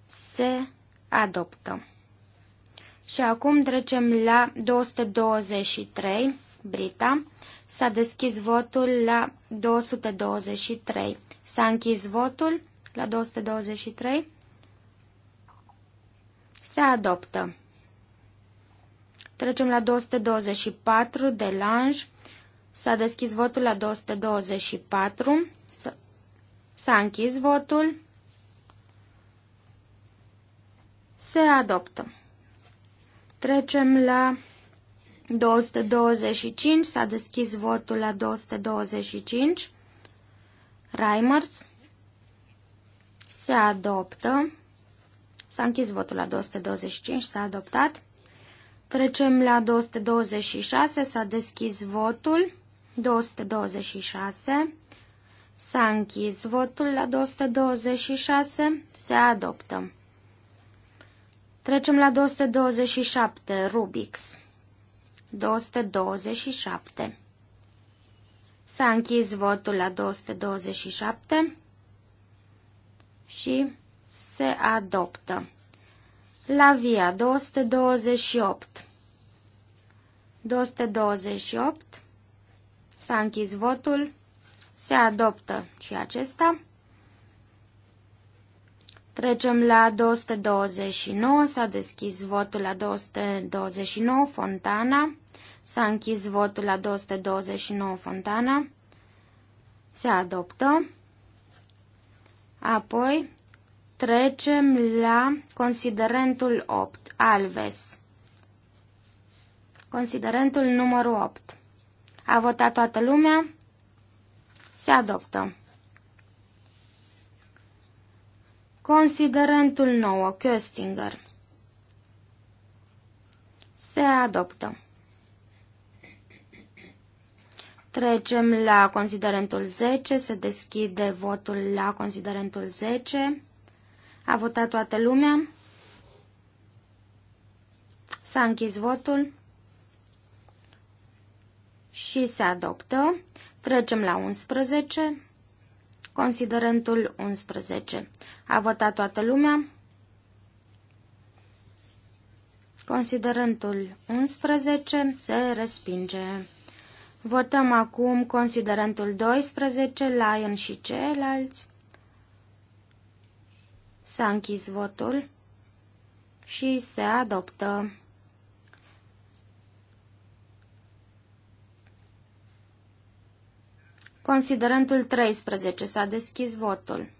Se adoptă. Și acum trecem la 223 Brita. S-a deschis votul la 223. S-a închis votul la 223. Se adoptă. Trecem la 224 de lanj. S-a deschis votul la 224. S-a închis votul. Se adoptă. Trecem la 225, s-a deschis votul la 225. Reimers se adoptă. S-a închis votul la 225, s-a adoptat. Trecem la 226, s-a deschis votul. 226. S-a închis votul la 226, se adoptă. Trecem la 227, Rubix. 227. S-a închis votul la 227 și se adoptă. La via 228. 228. S-a închis votul. Se adoptă și acesta. Trecem la 229. S-a deschis votul la 229. Fontana. S-a închis votul la 229 Fontana. Se adoptă. Apoi trecem la considerentul 8, Alves. Considerentul numărul 8. A votat toată lumea? Se adoptă. Considerentul 9, Köstinger. Se adoptă. Trecem la considerentul 10. Se deschide votul la considerentul 10. A votat toată lumea. S-a închis votul și se adoptă. Trecem la 11. Considerentul 11. A votat toată lumea. Considerentul 11 se respinge. Votăm acum considerentul 12, Lion și ceilalți. S-a închis votul și se adoptă. Considerentul 13. S-a deschis votul.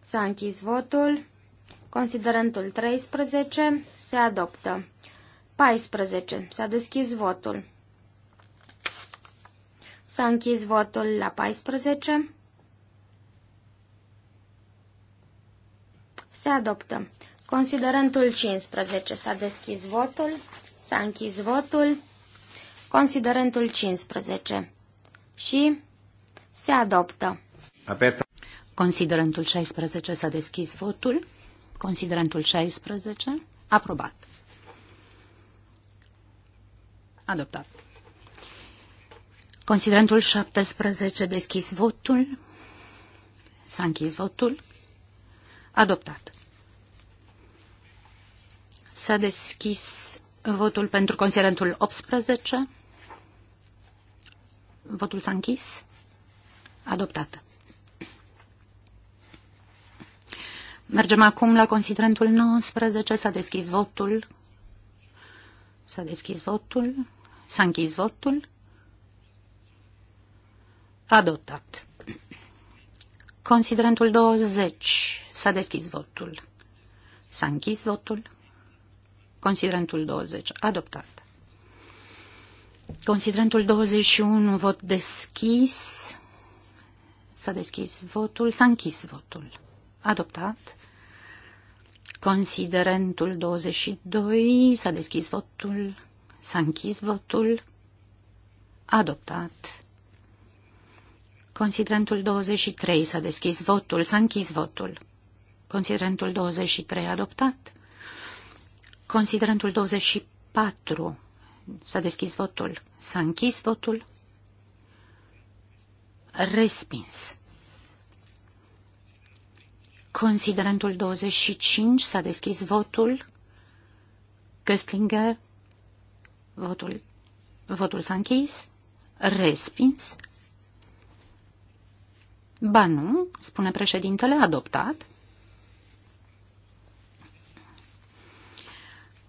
S-a închis votul. Considerentul 13. Se adoptă. 14. S-a deschis votul. S-a închis votul la 14. Se adoptă. Considerentul 15. S-a deschis votul. S-a închis votul. Considerentul 15. Și se adoptă. Aperta. Considerentul 16. S-a deschis votul. Considerentul 16. Aprobat. Adoptat. Considerentul 17, deschis votul. S-a închis votul. Adoptat. S-a deschis votul pentru considerentul 18. Votul s-a închis. Adoptat. Mergem acum la considerentul 19. S-a deschis votul. S-a deschis votul. S-a închis votul. Adoptat. Considerentul 20. S-a deschis votul. S-a închis votul. Considerentul 20. Adoptat. Considerentul 21. Vot deschis. S-a deschis votul. S-a închis votul. Adoptat. Considerentul 22. S-a deschis votul. S-a închis votul. Adoptat. Considerentul 23 s-a deschis votul, s-a închis votul. Considerentul 23 adoptat. Considerentul 24 s-a deschis votul, s-a închis votul. Respins. Considerentul 25 s-a deschis votul. Köstlinger, votul, votul s-a închis. Respins. Ba nu, spune președintele, adoptat.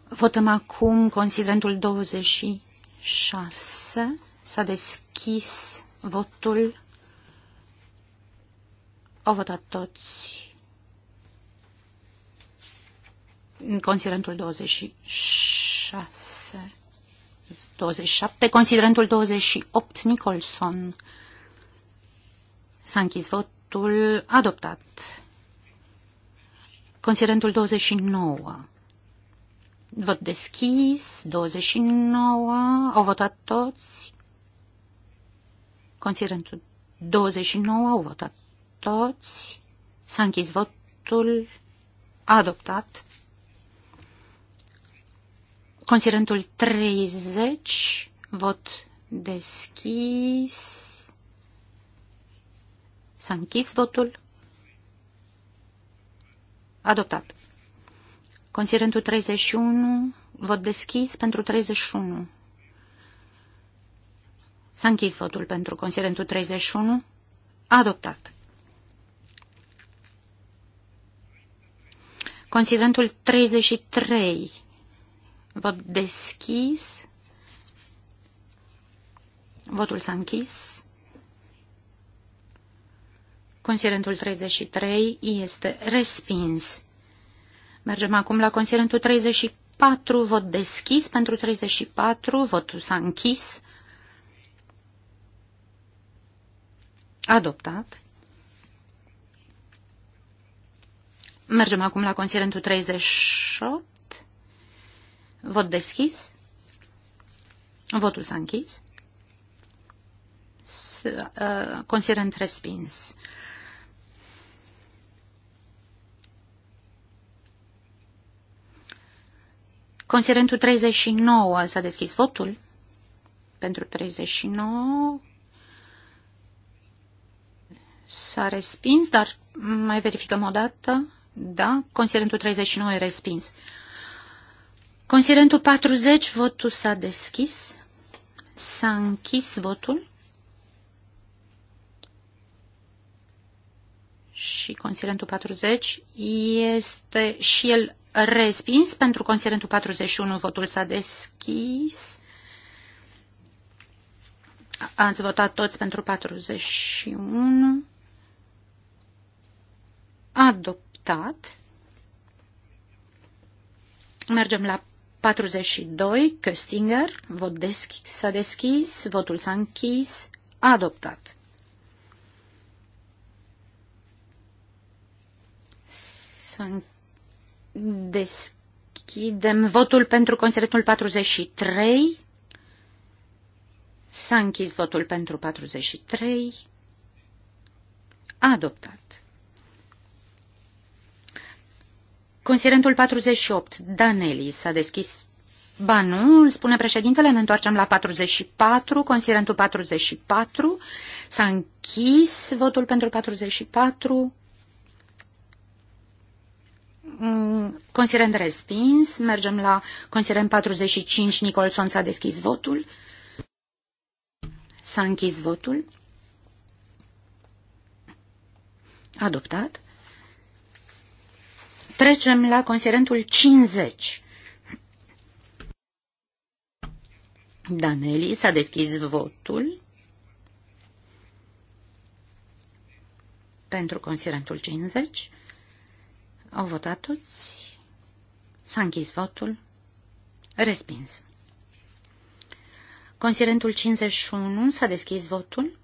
Votăm acum considerentul 26. S-a deschis votul. Au votat toți. Considerentul 26. 27. Considerentul 28. Nicholson. S-a închis votul adoptat. Considerentul 29. Vot deschis, 29. Au votat toți. Considerentul 29. Au votat toți. S-a închis votul adoptat. Considerentul 30. Vot deschis. S-a închis votul. Adoptat. Considerentul 31, vot deschis pentru 31. S-a închis votul pentru considerentul 31. Adoptat. Considerentul 33, vot deschis. Votul s-a închis. Consilentul 33 este respins. Mergem acum la consilentul 34, vot deschis pentru 34, votul s-a închis. Adoptat. Mergem acum la consilentul 38. Vot deschis. Votul s-a închis. Uh, consilent respins. Considerentul 39 s-a deschis votul. Pentru 39 s-a respins, dar mai verificăm o dată. Da, considerentul 39 e respins. Considerentul 40, votul s-a deschis. S-a închis votul. Și considerentul 40 este și el respins pentru considerentul 41. Votul s-a deschis. Ați votat toți pentru 41. Adoptat. Mergem la 42. Köstinger. Vot deschis, s-a deschis. Votul s-a închis. Adoptat. S-a închis. Deschidem votul pentru consiliul 43. S-a închis votul pentru 43. Adoptat. Consilentul 48. Daneli s-a deschis. Ba nu, spune președintele, ne întoarcem la 44, consilentul 44. S-a închis votul pentru 44. Mm, consilent respins, mergem la consilent 45, Nicolson s-a deschis votul. S-a închis votul. Adoptat. Trecem la consilentul 50. Daneli s-a deschis votul pentru consilentul 50. Au votat toți? S-a închis votul? Respins. Considerentul 51 s-a deschis votul.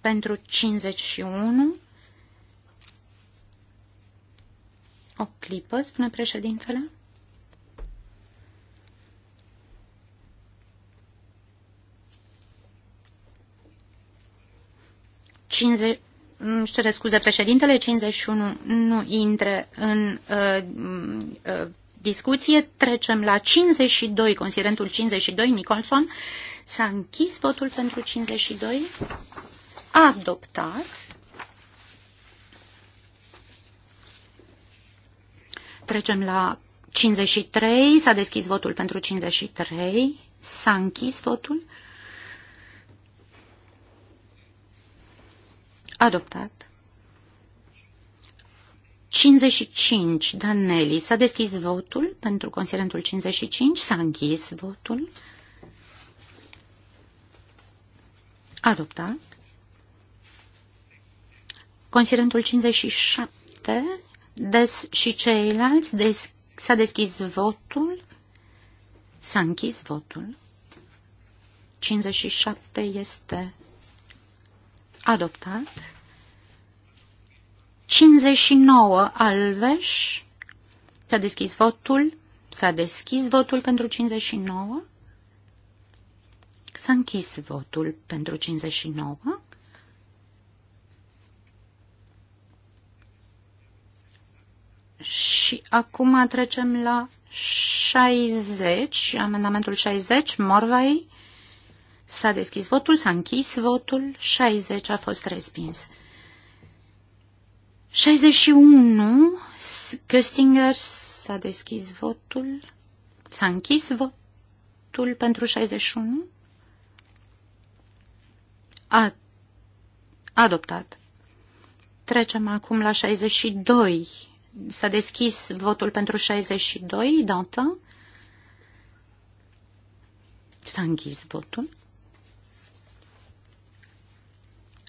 Pentru 51. O clipă, spune președintele. Cinze își cere scuze președintele, 51 nu intre în uh, uh, discuție. Trecem la 52, considerentul 52, Nicholson. S-a închis votul pentru 52. Adoptat. Trecem la 53. S-a deschis votul pentru 53. S-a închis votul. Adoptat. 55. Danelli. S-a deschis votul pentru considerentul 55. S-a închis votul. Adoptat. Considerentul 57. Des și ceilalți. Des, s-a deschis votul. S-a închis votul. 57 este adoptat. 59 Alveș. S-a deschis votul. S-a deschis votul pentru 59. S-a închis votul pentru 59. Și acum trecem la 60, amendamentul 60, Morvai. S-a deschis votul, s-a închis votul, 60 a fost respins. 61, Köstinger, s-a deschis votul, s-a închis votul pentru 61. A, adoptat. Trecem acum la 62. S-a deschis votul pentru 62, Dantin. S-a închis votul.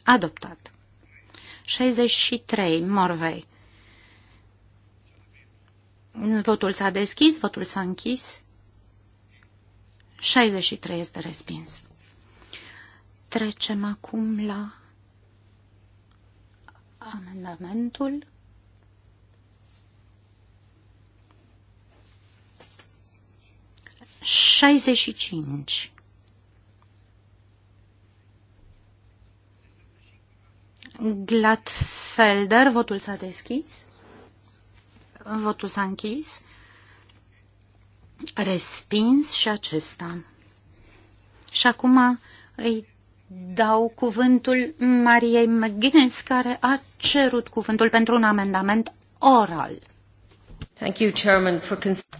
Adoptat. 63. Morvei. Votul s-a deschis, votul s-a închis. 63 este respins. Trecem acum la amendamentul șaizeci și Glatfelder, votul s-a deschis. Votul s-a închis. Respins și acesta. Și acum îi dau cuvântul Mariei McGuinness, care a cerut cuvântul pentru un amendament oral.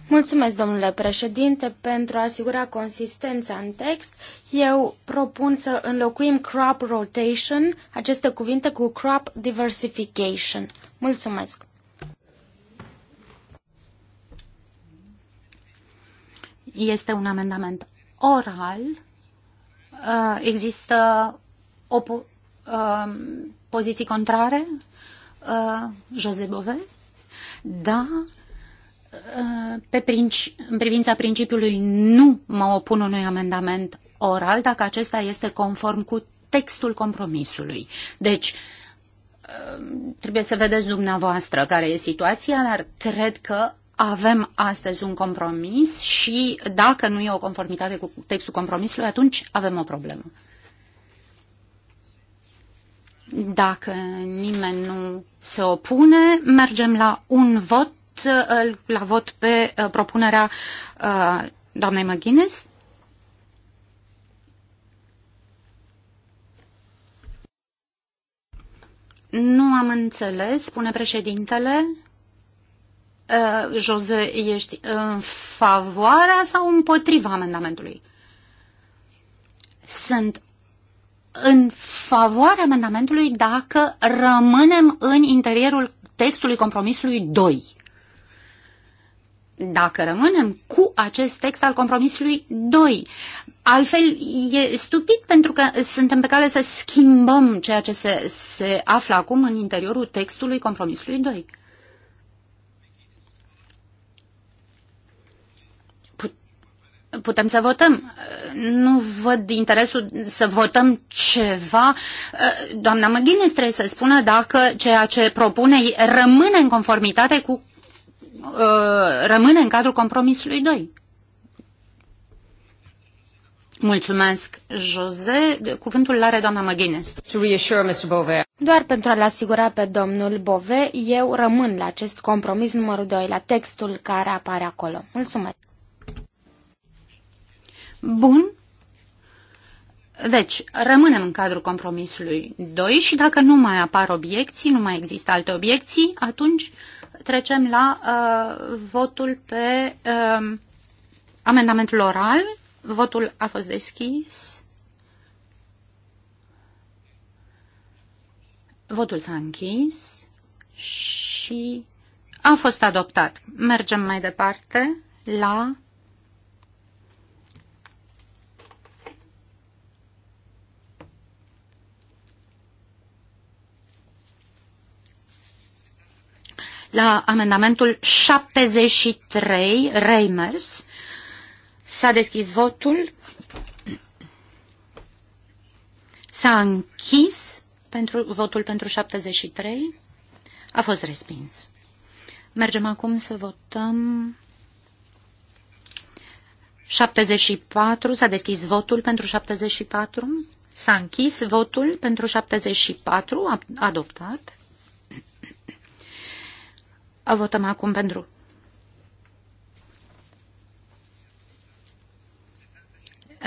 Mulțumesc, domnule președinte, pentru a asigura consistența în text. Eu propun să înlocuim crop rotation, aceste cuvinte, cu crop diversification. Mulțumesc. Este un amendament oral. Uh, există o po uh, poziții contrare? Uh, Jose Bove? Da, pe princi- în privința principiului nu mă opun unui amendament oral dacă acesta este conform cu textul compromisului. Deci, um, trebuie să vedeți dumneavoastră care e situația, dar cred că avem astăzi un compromis și dacă nu e o conformitate cu textul compromisului, atunci avem o problemă. Dacă nimeni nu se opune, mergem la un vot Uh, la vot pe uh, propunerea uh, doamnei McGuinness. Nu am înțeles, spune președintele. Uh, Jose, ești în favoarea sau împotriva amendamentului? Sunt în favoarea amendamentului dacă rămânem în interiorul textului compromisului 2 dacă rămânem cu acest text al compromisului 2. Altfel e stupid pentru că suntem pe cale să schimbăm ceea ce se, se află acum în interiorul textului compromisului 2. putem să votăm. Nu văd interesul să votăm ceva. Doamna McGuinness trebuie să spună dacă ceea ce propune rămâne în conformitate cu Uh, rămâne în cadrul compromisului 2. Mulțumesc, Jose. Cuvântul are doamna McGuinness. Doar pentru a-l asigura pe domnul Bove, eu rămân la acest compromis numărul 2, la textul care apare acolo. Mulțumesc. Bun. Deci, rămânem în cadrul compromisului 2 și dacă nu mai apar obiecții, nu mai există alte obiecții, atunci trecem la uh, votul pe uh, amendamentul oral. Votul a fost deschis. Votul s-a închis și a fost adoptat. Mergem mai departe la la amendamentul 73, Reimers. S-a deschis votul. S-a închis pentru, votul pentru 73. A fost respins. Mergem acum să votăm. 74. S-a deschis votul pentru 74. S-a închis votul pentru 74. Adoptat. Votăm acum pentru.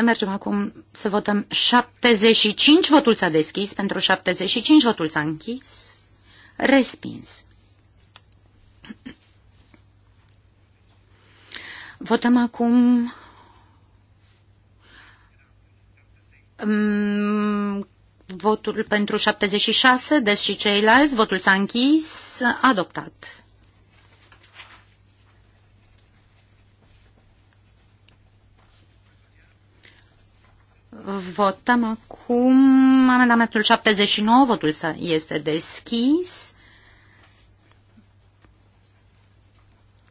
Mergem acum să votăm 75. Votul s-a deschis. Pentru 75 votul s-a închis. Respins. Votăm acum mm, votul pentru 76, deci și ceilalți, votul s-a închis, adoptat. Votăm acum amendamentul 79. Votul este deschis.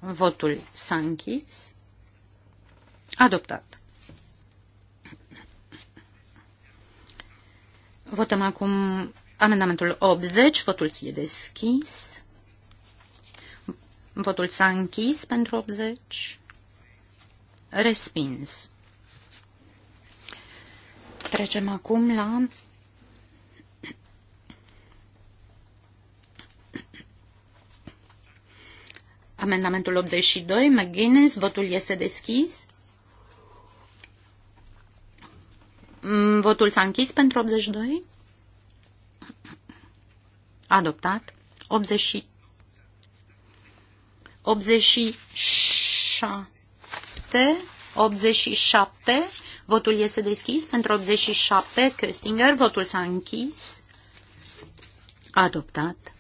Votul s-a închis. Adoptat. Votăm acum amendamentul 80. Votul e deschis. Votul s-a închis pentru 80. Respins. Trecem acum la amendamentul 82. McGuinness, votul este deschis. Mm, votul s-a închis pentru 82. Adoptat. 80, 87. 87 Votul este deschis pentru 87, Köstinger. Votul s-a închis. Adoptat.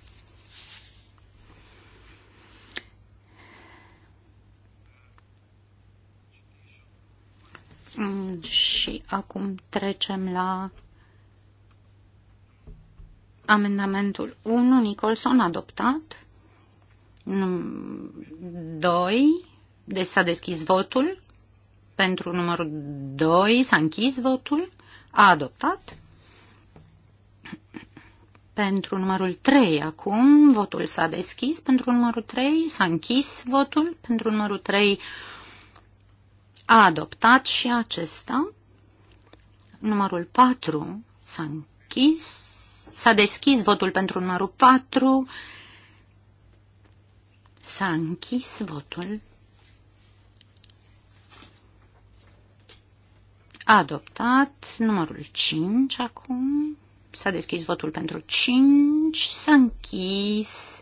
Mm, și acum trecem la amendamentul 1, Nicholson adoptat. 2, mm, deci s-a deschis votul pentru numărul 2. S-a închis votul. A adoptat. Pentru numărul 3 acum, votul s-a deschis. Pentru numărul 3 s-a închis votul. Pentru numărul 3 a adoptat și acesta. Numărul 4 s-a închis. S-a deschis votul pentru numărul 4. S-a închis votul. Adoptat. Numărul 5 acum. S-a deschis votul pentru 5. S-a închis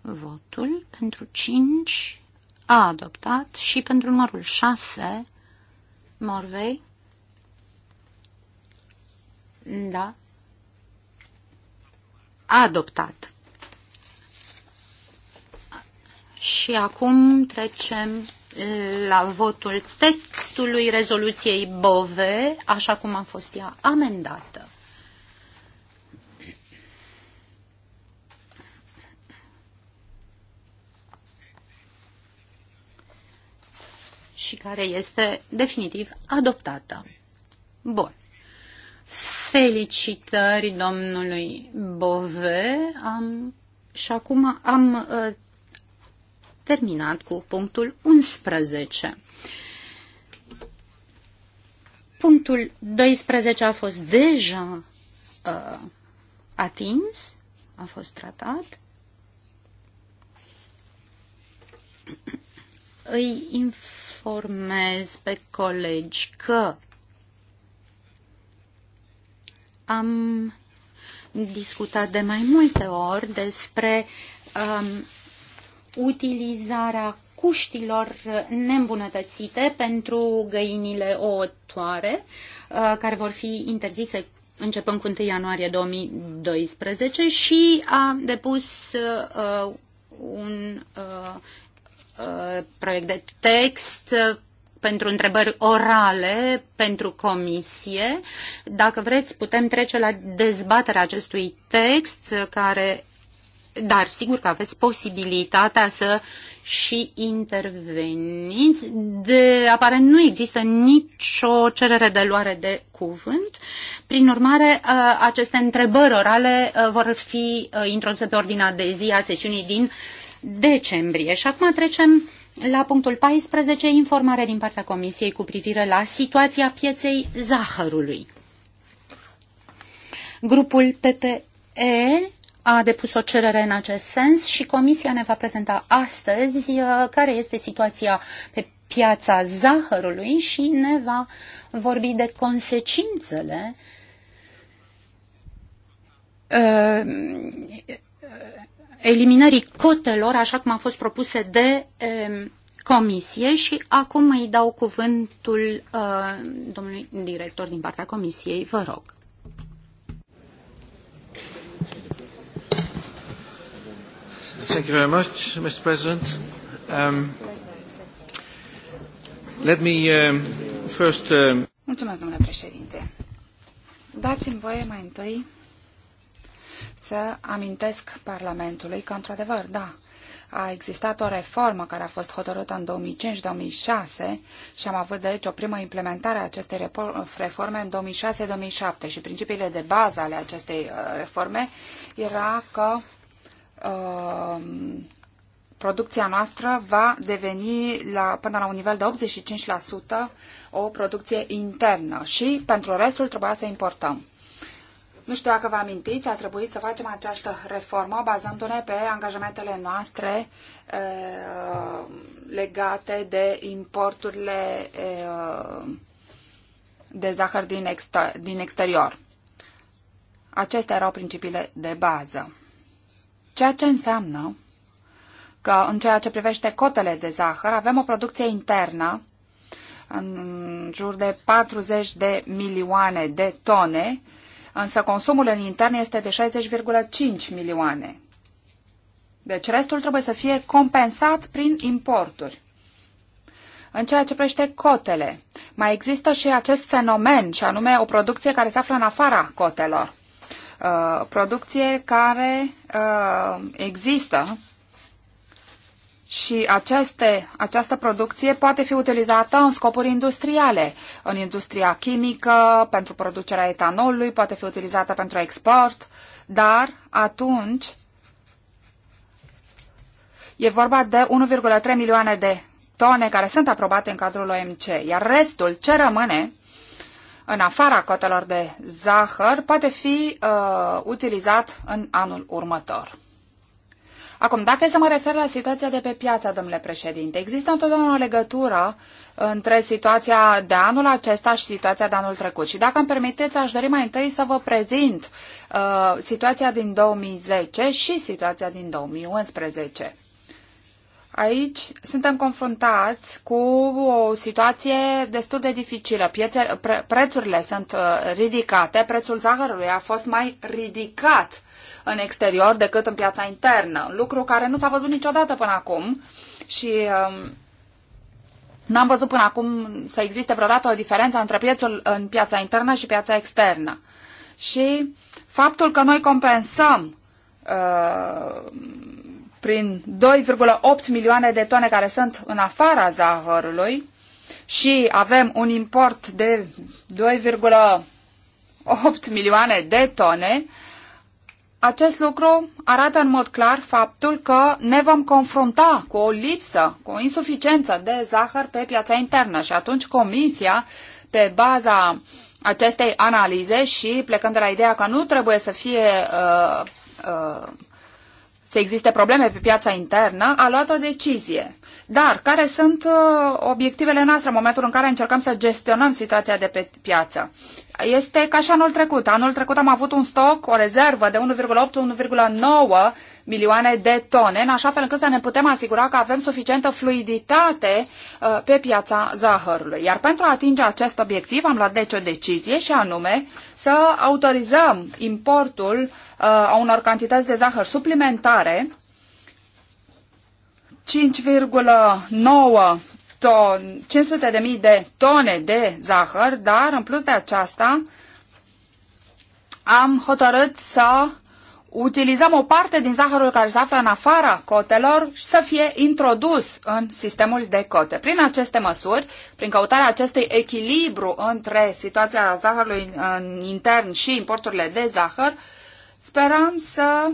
votul pentru 5. A adoptat. Și pentru numărul 6. Morvei. Da. A adoptat. Și acum trecem la votul textului rezoluției BOVE, așa cum a fost ea amendată. și care este definitiv adoptată. Bun. Felicitări domnului Bove. Am, și acum am uh, terminat cu punctul 11. Punctul 12 a fost deja uh, atins, a fost tratat. Îi informez pe colegi că am discutat de mai multe ori despre um, utilizarea cuștilor nembunătățite pentru găinile ouătoare, uh, care vor fi interzise începând cu 1 ianuarie 2012 și a depus uh, un uh, proiect de text pentru întrebări orale pentru comisie. Dacă vreți, putem trece la dezbaterea acestui text care dar sigur că aveți posibilitatea să și interveniți. De apare nu există nicio cerere de luare de cuvânt. Prin urmare, uh, aceste întrebări orale uh, vor fi uh, introduse pe ordinea de zi a sesiunii din decembrie. Și acum trecem la punctul 14, informare din partea Comisiei cu privire la situația pieței zahărului. Grupul PPE a depus o cerere în acest sens și Comisia ne va prezenta astăzi uh, care este situația pe piața zahărului și ne va vorbi de consecințele uh, eliminării cotelor, așa cum a fost propuse de um, comisie și acum îi dau cuvântul uh, domnului director din partea comisiei, vă rog. Thank you very much, Mr. President. Um, let me um, first... Um... Mulțumesc, domnule președinte. Dați-mi voie mai întâi să amintesc Parlamentului că, într-adevăr, da, a existat o reformă care a fost hotărâtă în 2005-2006 și am avut deci o primă implementare a acestei reforme în 2006-2007 și principiile de bază ale acestei uh, reforme era că Um, producția noastră va deveni la, până la un nivel de 85% o producție internă și pentru restul trebuia să importăm. Nu știu dacă vă amintiți, a trebuit să facem această reformă bazându-ne pe angajamentele noastre e, uh, legate de importurile e, uh, de zahăr din, exter- din exterior. Acestea erau principiile de bază. Ceea ce înseamnă că în ceea ce privește cotele de zahăr avem o producție internă în jur de 40 de milioane de tone, însă consumul în intern este de 60,5 milioane. Deci restul trebuie să fie compensat prin importuri. În ceea ce privește cotele, mai există și acest fenomen, și anume o producție care se află în afara cotelor. Uh, producție care uh, există și aceste, această producție poate fi utilizată în scopuri industriale, în industria chimică, pentru producerea etanolului, poate fi utilizată pentru export, dar atunci e vorba de 1,3 milioane de tone care sunt aprobate în cadrul OMC, iar restul ce rămâne în afara cotelor de zahăr poate fi uh, utilizat în anul următor. Acum, dacă să mă refer la situația de pe piață, domnule președinte, există întotdeauna o legătură între situația de anul acesta și situația de anul trecut. Și dacă îmi permiteți, aș dori mai întâi să vă prezint uh, situația din 2010 și situația din 2011. Aici suntem confruntați cu o situație destul de dificilă. Piețe, pre, prețurile sunt uh, ridicate, prețul zahărului a fost mai ridicat în exterior decât în piața internă, lucru care nu s-a văzut niciodată până acum și um, n-am văzut până acum să existe vreodată o diferență între piețul în piața internă și piața externă. Și faptul că noi compensăm uh, prin 2,8 milioane de tone care sunt în afara zahărului și avem un import de 2,8 milioane de tone, acest lucru arată în mod clar faptul că ne vom confrunta cu o lipsă, cu o insuficiență de zahăr pe piața internă și atunci Comisia, pe baza acestei analize și plecând de la ideea că nu trebuie să fie uh, uh, să existe probleme pe piața internă, a luat o decizie dar care sunt uh, obiectivele noastre în momentul în care încercăm să gestionăm situația de pe piață? Este ca și anul trecut. Anul trecut am avut un stoc, o rezervă de 1,8-1,9 milioane de tone, în așa fel încât să ne putem asigura că avem suficientă fluiditate uh, pe piața zahărului. Iar pentru a atinge acest obiectiv am luat deci o decizie și anume să autorizăm importul uh, a unor cantități de zahăr suplimentare 5,9 ton, 500 de mii de tone de zahăr, dar în plus de aceasta am hotărât să utilizăm o parte din zahărul care se află în afara cotelor și să fie introdus în sistemul de cote. Prin aceste măsuri, prin căutarea acestui echilibru între situația zahărului intern și importurile de zahăr, sperăm să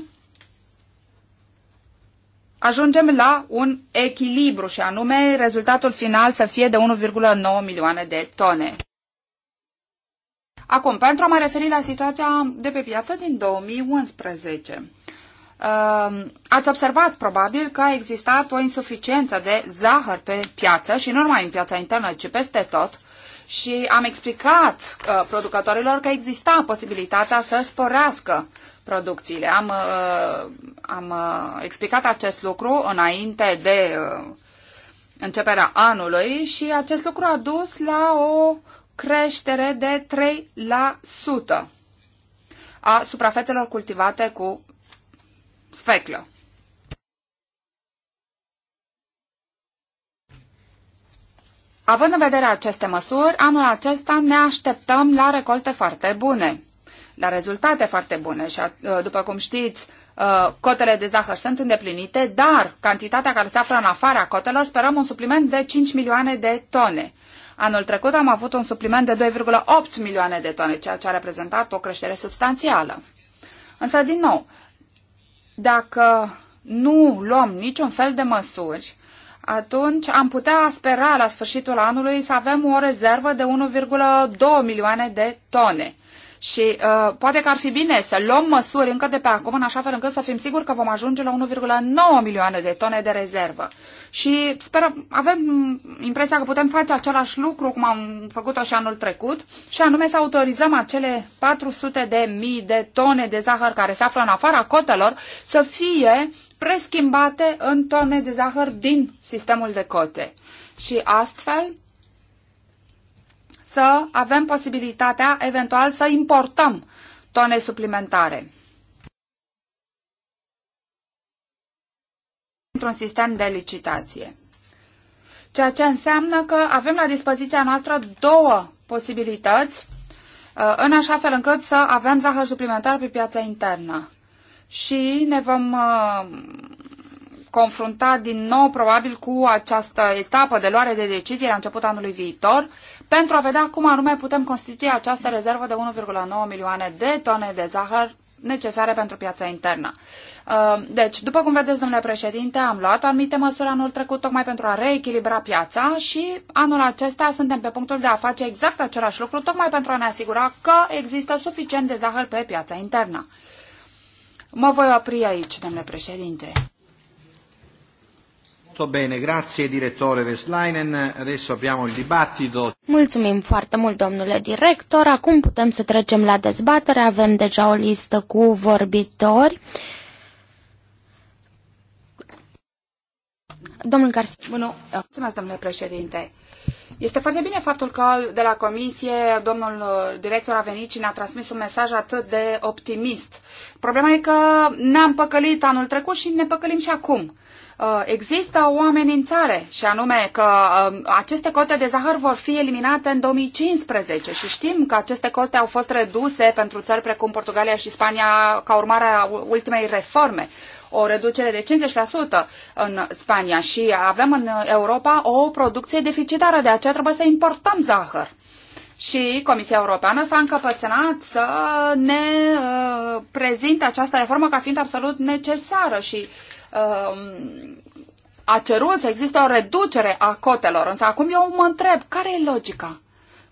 ajungem la un echilibru și anume rezultatul final să fie de 1,9 milioane de tone. Acum, pentru a mă referi la situația de pe piață din 2011. Um, ați observat probabil că a existat o insuficiență de zahăr pe piață și nu numai în piața internă, ci peste tot. Și am explicat uh, producătorilor că exista posibilitatea să sporească producțiile. Am, uh, am uh, explicat acest lucru înainte de uh, începerea anului și acest lucru a dus la o creștere de 3% a suprafețelor cultivate cu sfeclă. Având în vedere aceste măsuri, anul acesta ne așteptăm la recolte foarte bune la rezultate foarte bune și, după cum știți, cotele de zahăr sunt îndeplinite, dar cantitatea care se află în afara cotelor sperăm un supliment de 5 milioane de tone. Anul trecut am avut un supliment de 2,8 milioane de tone, ceea ce a reprezentat o creștere substanțială. Însă, din nou, dacă nu luăm niciun fel de măsuri, atunci am putea spera la sfârșitul anului să avem o rezervă de 1,2 milioane de tone. Și uh, poate că ar fi bine să luăm măsuri încă de pe acum, în așa fel încât să fim siguri că vom ajunge la 1,9 milioane de tone de rezervă. Și sperăm, avem impresia că putem face același lucru cum am făcut-o și anul trecut, și anume să autorizăm acele 400 de mii de tone de zahăr care se află în afara cotelor să fie preschimbate în tone de zahăr din sistemul de cote. Și astfel, să avem posibilitatea eventual să importăm tone suplimentare. într-un sistem de licitație. Ceea ce înseamnă că avem la dispoziția noastră două posibilități uh, în așa fel încât să avem zahăr suplimentar pe piața internă. Și ne vom uh, confrunta din nou probabil cu această etapă de luare de decizie la începutul anului viitor pentru a vedea cum anume putem constitui această rezervă de 1,9 milioane de tone de zahăr necesare pentru piața internă. Uh, deci, după cum vedeți, domnule președinte, am luat anumite măsuri anul trecut tocmai pentru a reechilibra piața și anul acesta suntem pe punctul de a face exact același lucru, tocmai pentru a ne asigura că există suficient de zahăr pe piața internă. Mă voi opri aici, domnule președinte. Molto bene, grazie direttore Veslainen. Adesso apriamo il dibattito. Mulțumim foarte mult, domnule director. Acum putem să trecem la dezbatere. Avem deja o listă cu vorbitori. Domnul Garcia. Bună. Mulțumesc, domnule președinte. Este foarte bine faptul că de la comisie domnul director a venit și ne-a transmis un mesaj atât de optimist. Problema e că ne-am păcălit anul trecut și ne păcălim și acum. Uh, există o amenințare și anume că um, aceste cote de zahăr vor fi eliminate în 2015 și știm că aceste cote au fost reduse pentru țări precum Portugalia și Spania ca urmare a ultimei reforme o reducere de 50% în Spania și avem în Europa o producție deficitară, de aceea trebuie să importăm zahăr. Și Comisia Europeană s-a încăpățânat să ne uh, prezinte această reformă ca fiind absolut necesară și uh, Um, a cerut să existe o reducere a cotelor. Însă acum eu mă întreb, care e logica?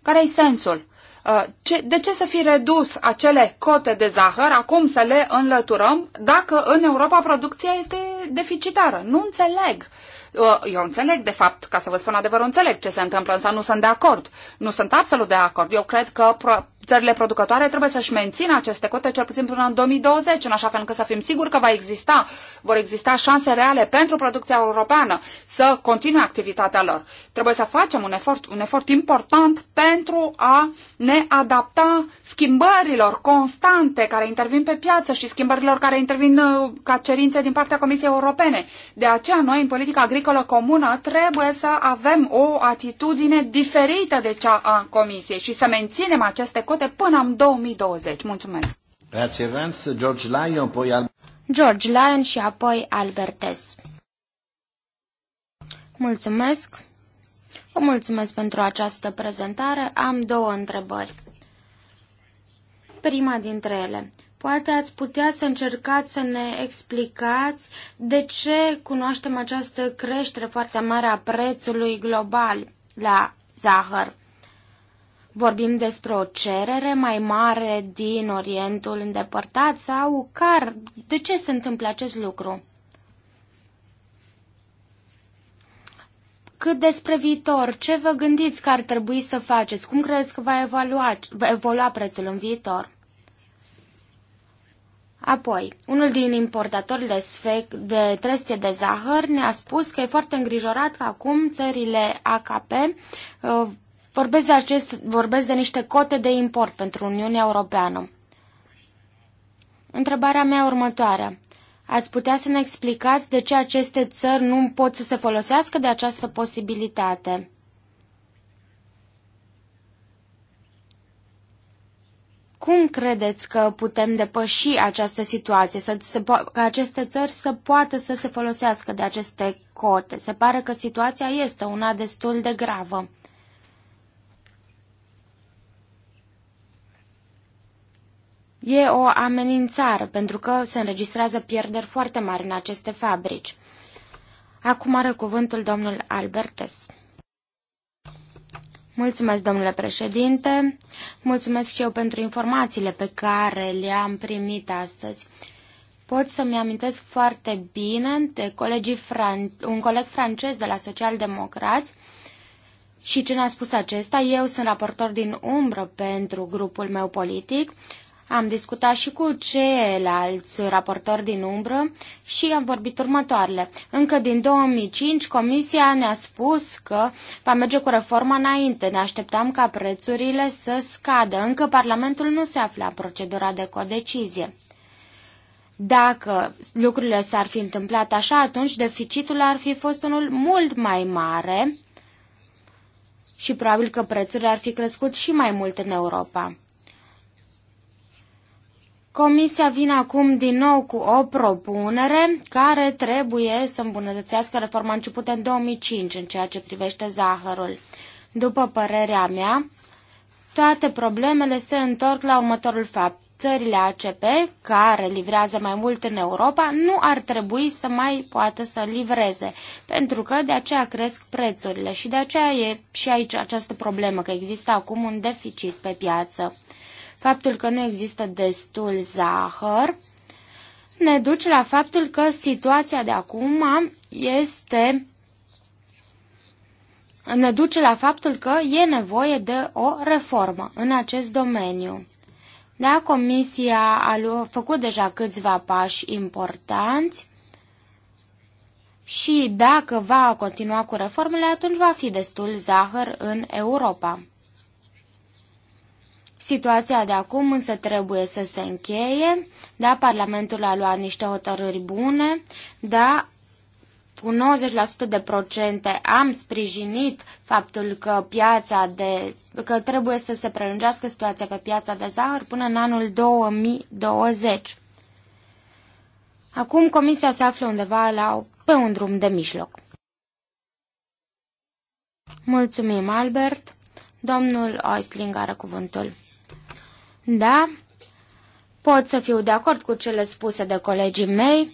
Care e sensul? Uh, ce, de ce să fi redus acele cote de zahăr, acum să le înlăturăm, dacă în Europa producția este deficitară? Nu înțeleg. Uh, eu înțeleg, de fapt, ca să vă spun adevărul, înțeleg ce se întâmplă, însă nu sunt de acord. Nu sunt absolut de acord. Eu cred că țările producătoare trebuie să-și mențină aceste cote cel puțin până în 2020, în așa fel încât să fim siguri că va exista, vor exista șanse reale pentru producția europeană să continue activitatea lor. Trebuie să facem un efort, un efort important pentru a ne adapta schimbărilor constante care intervin pe piață și schimbărilor care intervin uh, ca cerințe din partea Comisiei Europene. De aceea noi în politica agricolă comună trebuie să avem o atitudine diferită de cea a Comisiei și să menținem aceste cote făcute până în 2020. Mulțumesc! Grazie, Vance. George Lyon, poi al... George Lyon și apoi Albertes. Mulțumesc! Vă mulțumesc pentru această prezentare. Am două întrebări. Prima dintre ele. Poate ați putea să încercați să ne explicați de ce cunoaștem această creștere foarte mare a prețului global la zahăr. Vorbim despre o cerere mai mare din Orientul îndepărtat sau car? De ce se întâmplă acest lucru? Cât despre viitor, ce vă gândiți că ar trebui să faceți? Cum credeți că va, evolua, va evolua prețul în viitor? Apoi, unul din importatorii de, sfec, de trestie de zahăr ne-a spus că e foarte îngrijorat că acum țările AKP uh, Vorbesc de, acest, vorbesc de niște cote de import pentru Uniunea Europeană. Întrebarea mea următoare. Ați putea să ne explicați de ce aceste țări nu pot să se folosească de această posibilitate? Cum credeți că putem depăși această situație, să se că aceste țări să poată să se folosească de aceste cote? Se pare că situația este una destul de gravă. E o amenințare pentru că se înregistrează pierderi foarte mari în aceste fabrici. Acum are cuvântul domnul Albertes. Mulțumesc, domnule președinte. Mulțumesc și eu pentru informațiile pe care le-am primit astăzi. Pot să-mi amintesc foarte bine de colegii fran- un coleg francez de la Socialdemocrați și ce ne-a spus acesta. Eu sunt raportor din umbră pentru grupul meu politic am discutat și cu ceilalți raportori din umbră și am vorbit următoarele. Încă din 2005 Comisia ne-a spus că va merge cu reforma înainte. Ne așteptam ca prețurile să scadă. Încă Parlamentul nu se afla în procedura de codecizie. Dacă lucrurile s-ar fi întâmplat așa, atunci deficitul ar fi fost unul mult mai mare și probabil că prețurile ar fi crescut și mai mult în Europa. Comisia vine acum din nou cu o propunere care trebuie să îmbunătățească reforma începută în 2005 în ceea ce privește zahărul. După părerea mea, toate problemele se întorc la următorul fapt. Țările ACP, care livrează mai mult în Europa, nu ar trebui să mai poată să livreze, pentru că de aceea cresc prețurile și de aceea e și aici această problemă, că există acum un deficit pe piață faptul că nu există destul zahăr, ne duce la faptul că situația de acum este ne duce la faptul că e nevoie de o reformă în acest domeniu. Da, Comisia a făcut deja câțiva pași importanți și dacă va continua cu reformele, atunci va fi destul zahăr în Europa. Situația de acum însă trebuie să se încheie. Da, Parlamentul a luat niște hotărâri bune, da, cu 90% de procente am sprijinit faptul că piața de, că trebuie să se prelungească situația pe piața de zahăr până în anul 2020. Acum comisia se află undeva la, pe un drum de mijloc. Mulțumim, Albert. Domnul Oisling are cuvântul. Da, pot să fiu de acord cu cele spuse de colegii mei,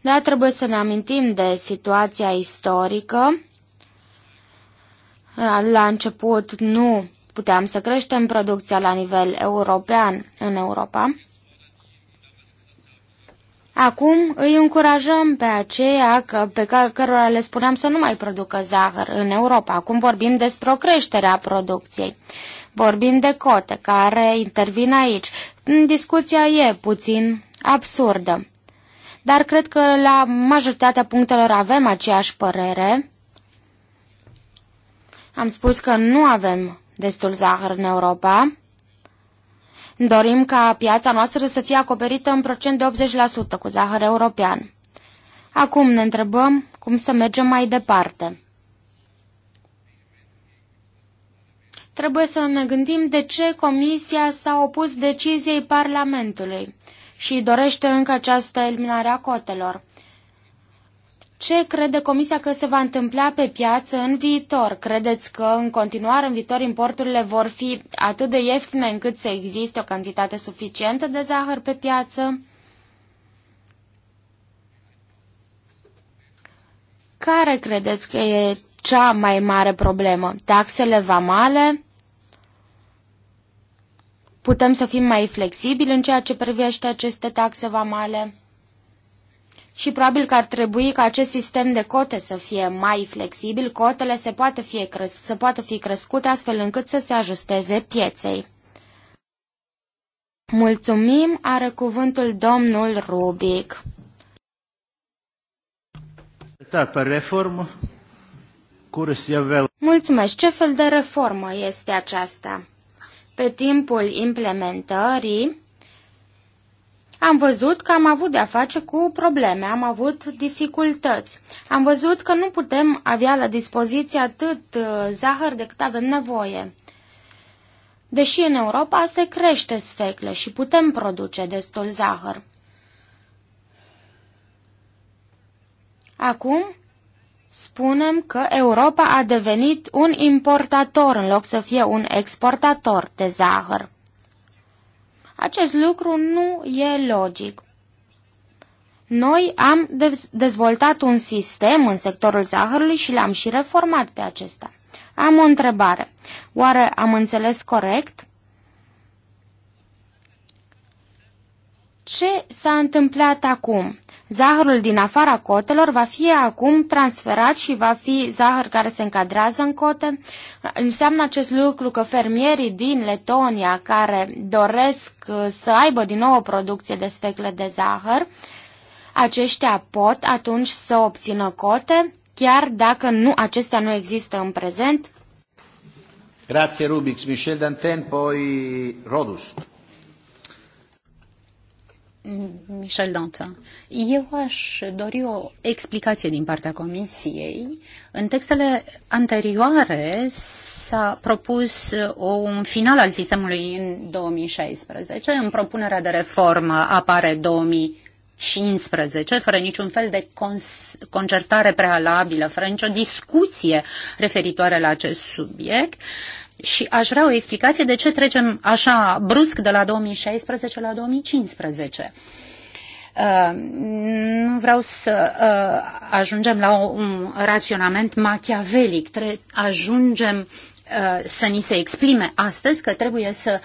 dar trebuie să ne amintim de situația istorică. La început nu puteam să creștem producția la nivel european în Europa. Acum îi încurajăm pe aceia că, pe cărora le spuneam să nu mai producă zahăr în Europa. Acum vorbim despre o creștere a producției. Vorbim de cote care intervin aici. Discuția e puțin absurdă. Dar cred că la majoritatea punctelor avem aceeași părere. Am spus că nu avem destul zahăr în Europa. Dorim ca piața noastră să fie acoperită în procent de 80% cu zahăr european. Acum ne întrebăm cum să mergem mai departe. Trebuie să ne gândim de ce Comisia s-a opus deciziei Parlamentului și dorește încă această eliminare a cotelor. Ce crede Comisia că se va întâmpla pe piață în viitor? Credeți că în continuare, în viitor, importurile vor fi atât de ieftine încât să existe o cantitate suficientă de zahăr pe piață? Care credeți că e cea mai mare problemă? Taxele vamale? Putem să fim mai flexibili în ceea ce privește aceste taxe vamale? Și probabil că ar trebui ca acest sistem de cote să fie mai flexibil, cotele se poate fi, cres- să poată fi crescute astfel încât să se ajusteze pieței. Mulțumim, are cuvântul domnul Rubic. Da, pe reformă, Mulțumesc, ce fel de reformă este aceasta? Pe timpul implementării am văzut că am avut de-a face cu probleme, am avut dificultăți. Am văzut că nu putem avea la dispoziție atât uh, zahăr decât avem nevoie. Deși în Europa se crește sfecle și putem produce destul zahăr. Acum spunem că Europa a devenit un importator în loc să fie un exportator de zahăr. Acest lucru nu e logic. Noi am dezvoltat un sistem în sectorul zahărului și l-am și reformat pe acesta. Am o întrebare. Oare am înțeles corect? Ce s-a întâmplat acum? Zahărul din afara cotelor va fi acum transferat și va fi zahăr care se încadrează în cote. Înseamnă acest lucru că fermierii din Letonia care doresc uh, să aibă din nou o producție de specle de zahăr, aceștia pot atunci să obțină cote, chiar dacă nu, acestea nu există în prezent. Grazie Rubix, Michel Danten, poi Rodust. Michel Dantin. Eu aș dori o explicație din partea Comisiei. În textele anterioare s-a propus uh, un final al sistemului în 2016. În propunerea de reformă apare 2015, fără niciun fel de concertare prealabilă, fără nicio discuție referitoare la acest subiect și aș vrea o explicație de ce trecem așa brusc de la 2016 la 2015. Uh, nu vreau să uh, ajungem la un raționament machiavelic. Ajungem uh, să ni se exprime astăzi că trebuie să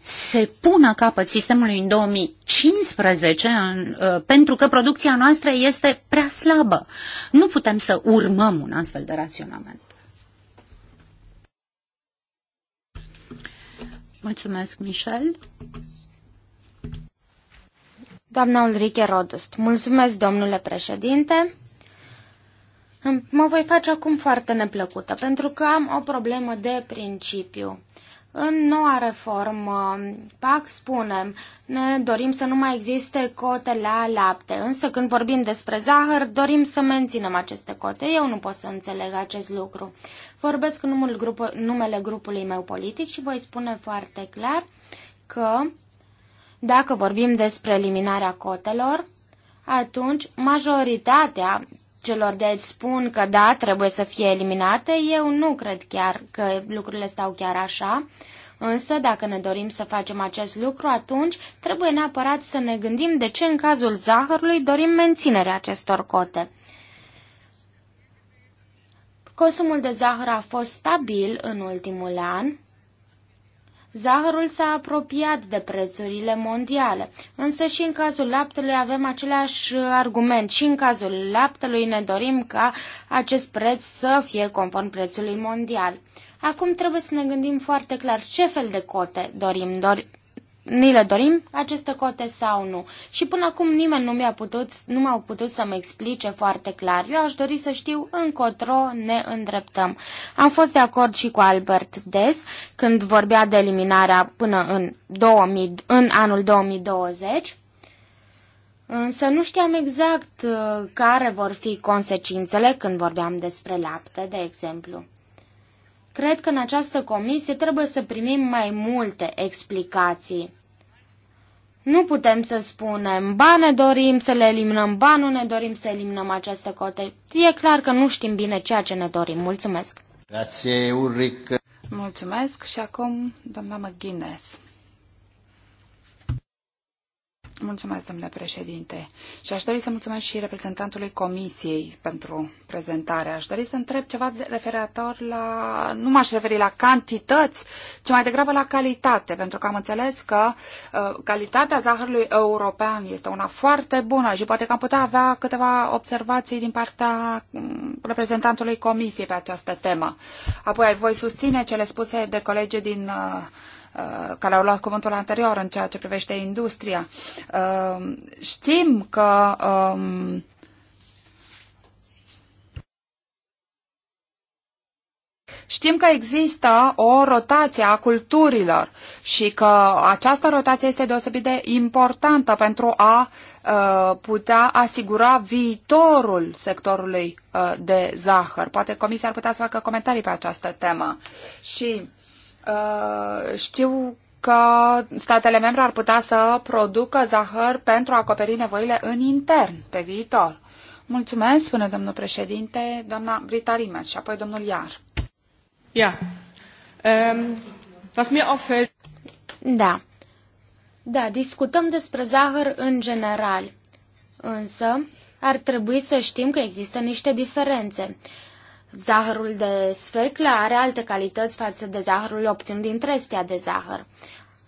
se pună capăt sistemului în 2015 în, pentru că producția noastră este prea slabă. Nu putem să urmăm un astfel de raționament. Mulțumesc, Michel. Doamna Ulrike Rodust, mulțumesc, domnule președinte. Mă voi face acum foarte neplăcută, pentru că am o problemă de principiu. În noua reformă, PAC spunem, ne dorim să nu mai existe cote la lapte, însă când vorbim despre zahăr, dorim să menținem aceste cote. Eu nu pot să înțeleg acest lucru. Vorbesc în numele, grup, numele grupului meu politic și voi spune foarte clar că dacă vorbim despre eliminarea cotelor, atunci majoritatea celor de aici spun că da, trebuie să fie eliminate. Eu nu cred chiar că lucrurile stau chiar așa. Însă, dacă ne dorim să facem acest lucru, atunci trebuie neapărat să ne gândim de ce în cazul zahărului dorim menținerea acestor cote. Consumul de zahăr a fost stabil în ultimul an. Zahărul s-a apropiat de prețurile mondiale, însă și în cazul laptelui avem același argument. Și în cazul laptelui ne dorim ca acest preț să fie conform prețului mondial. Acum trebuie să ne gândim foarte clar ce fel de cote dorim. Dor- ni le dorim aceste cote sau nu. Și până acum nimeni nu mi-a putut, nu m-au putut să-mi explice foarte clar. Eu aș dori să știu încotro ne îndreptăm. Am fost de acord și cu Albert Des când vorbea de eliminarea până în, 2000, în anul 2020. Însă nu știam exact uh, care vor fi consecințele când vorbeam despre lapte, de exemplu cred că în această comisie trebuie să primim mai multe explicații. Nu putem să spunem, ba ne dorim să le eliminăm, ba nu ne dorim să eliminăm aceste cote. E clar că nu știm bine ceea ce ne dorim. Mulțumesc! Grazie, Ulrich! Mulțumesc și acum doamna McGuinness. Mulțumesc, domnule președinte. Și aș dori să mulțumesc și reprezentantului Comisiei pentru prezentare. Aș dori să întreb ceva referitor la... Nu m-aș referi la cantități, ci mai degrabă la calitate, pentru că am înțeles că uh, calitatea zahărului european este una foarte bună și poate că am putea avea câteva observații din partea mm, reprezentantului Comisiei pe această temă. Apoi voi susține cele spuse de colegii din... Uh, Uh, care au luat cuvântul anterior în ceea ce privește industria. Uh, știm că um, Știm că există o rotație a culturilor și că această rotație este deosebit de importantă pentru a uh, putea asigura viitorul sectorului uh, de zahăr. Poate Comisia ar putea să facă comentarii pe această temă. Și Uh, știu că statele membre ar putea să producă zahăr pentru a acoperi nevoile în intern pe viitor. Mulțumesc, spune domnul președinte, doamna Brita Rimes și apoi domnul Iar. Yeah. Um, was mir auffällt... Da. Da, discutăm despre zahăr în general. Însă, ar trebui să știm că există niște diferențe. Uh, Zahărul de sfeclă are alte calități față de zahărul obținut din trestea de zahăr.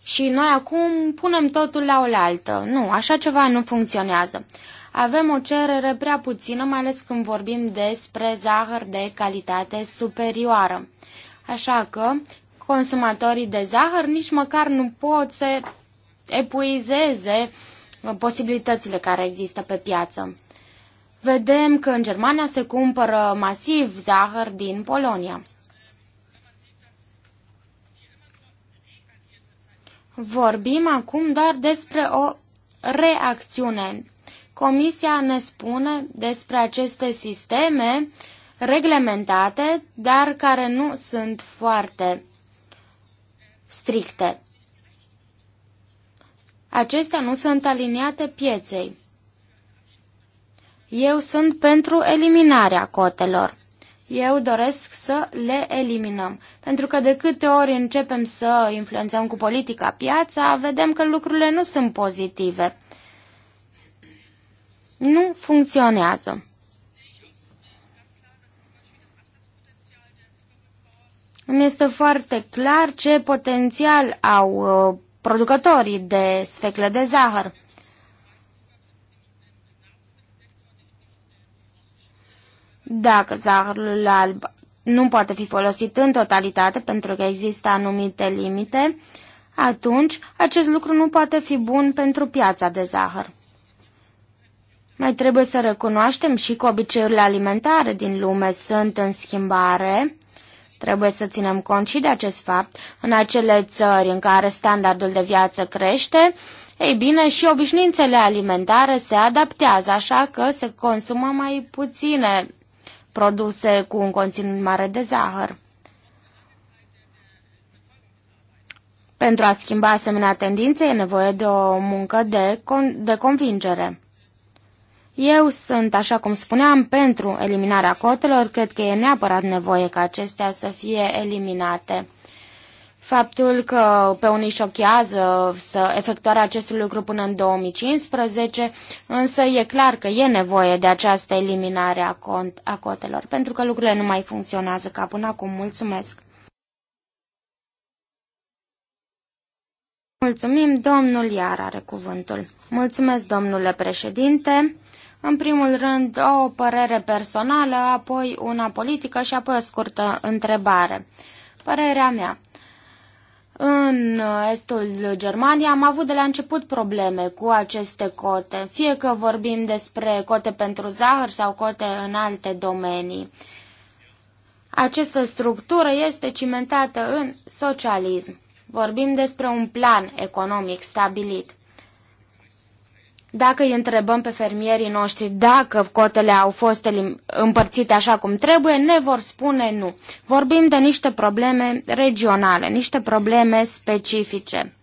Și noi acum punem totul la oaltă. Nu, așa ceva nu funcționează. Avem o cerere prea puțină, mai ales când vorbim despre zahăr de calitate superioară. Așa că consumatorii de zahăr nici măcar nu pot să epuizeze uh, posibilitățile care există pe piață. Vedem că în Germania se cumpără masiv zahăr din Polonia. Vorbim acum doar despre o reacțiune. Comisia ne spune despre aceste sisteme reglementate, dar care nu sunt foarte stricte. Acestea nu sunt aliniate pieței. Eu sunt pentru eliminarea cotelor. Eu doresc să le eliminăm. Pentru că de câte ori începem să influențăm cu politica piața, vedem că lucrurile nu sunt pozitive. Nu funcționează. Îmi este foarte clar ce potențial au uh, producătorii de sfecle de zahăr. Dacă zahărul alb nu poate fi folosit în totalitate pentru că există anumite limite, atunci acest lucru nu poate fi bun pentru piața de zahăr. Mai trebuie să recunoaștem și că obiceiurile alimentare din lume sunt în schimbare. Trebuie să ținem cont și de acest fapt. În acele țări în care standardul de viață crește, ei bine, și obișnuințele alimentare se adaptează, așa că se consumă mai puține produse cu un conținut mare de zahăr. Pentru a schimba asemenea tendințe e nevoie de o muncă de, con- de convingere. Eu sunt, așa cum spuneam, pentru eliminarea cotelor, cred că e neapărat nevoie ca acestea să fie eliminate. Faptul că pe unii șochează să efectuarea acestui lucru până în 2015, însă e clar că e nevoie de această eliminare a, cont, a cotelor, pentru că lucrurile nu mai funcționează ca până acum. Mulțumesc! Mulțumim, domnul Iar are cuvântul. Mulțumesc, domnule președinte. În primul rând, o părere personală, apoi una politică și apoi o scurtă întrebare. Părerea mea. În estul Germaniei am avut de la început probleme cu aceste cote, fie că vorbim despre cote pentru zahăr sau cote în alte domenii. Această structură este cimentată în socialism. Vorbim despre un plan economic stabilit. Dacă îi întrebăm pe fermierii noștri dacă cotele au fost împărțite așa cum trebuie, ne vor spune nu. Vorbim de niște probleme regionale, niște probleme specifice.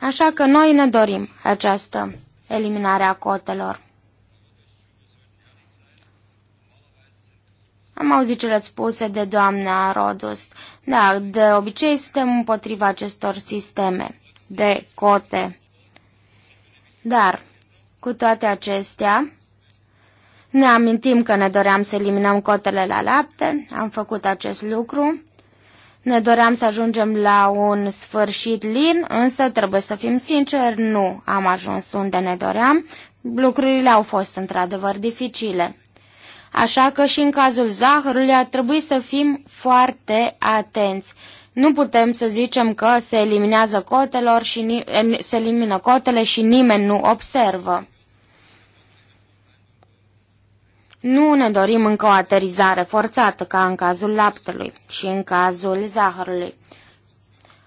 Așa că noi ne dorim această eliminare a cotelor. Am auzit cele spuse de doamna Rodust. Da, de obicei suntem împotriva acestor sisteme de cote. Dar, cu toate acestea, ne amintim că ne doream să eliminăm cotele la lapte, am făcut acest lucru, ne doream să ajungem la un sfârșit lin, însă trebuie să fim sinceri, nu am ajuns unde ne doream. Lucrurile au fost într-adevăr dificile. Așa că și în cazul zahărului ar trebui să fim foarte atenți. Nu putem să zicem că se eliminează cotelor și se elimină cotele și nimeni nu observă. Nu ne dorim încă o aterizare forțată ca în cazul laptelui și în cazul zahărului.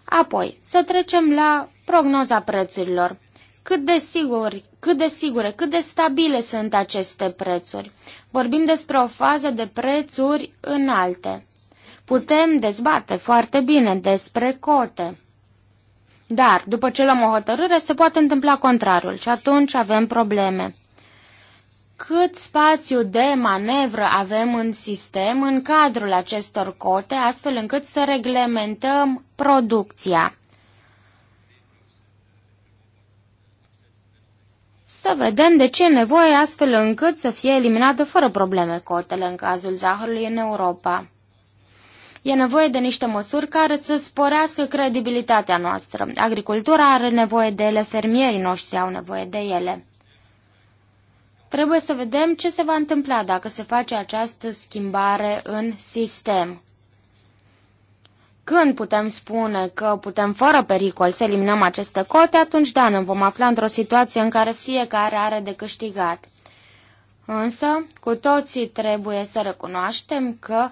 Apoi, să trecem la prognoza prețurilor. Cât de, siguri, cât de sigure, cât de stabile sunt aceste prețuri? Vorbim despre o fază de prețuri înalte. Putem dezbate foarte bine despre cote. Dar, după ce luăm o hotărâre, se poate întâmpla contrarul și atunci avem probleme. Cât spațiu de manevră avem în sistem în cadrul acestor cote, astfel încât să reglementăm producția? Să vedem de ce e nevoie astfel încât să fie eliminată fără probleme cotele în cazul zahărului în Europa. E nevoie de niște măsuri care să sporească credibilitatea noastră. Agricultura are nevoie de ele, fermierii noștri au nevoie de ele. Trebuie să vedem ce se va întâmpla dacă se face această schimbare în sistem. Când putem spune că putem fără pericol să eliminăm aceste cote, atunci da, ne vom afla într-o situație în care fiecare are de câștigat. Însă, cu toții trebuie să recunoaștem că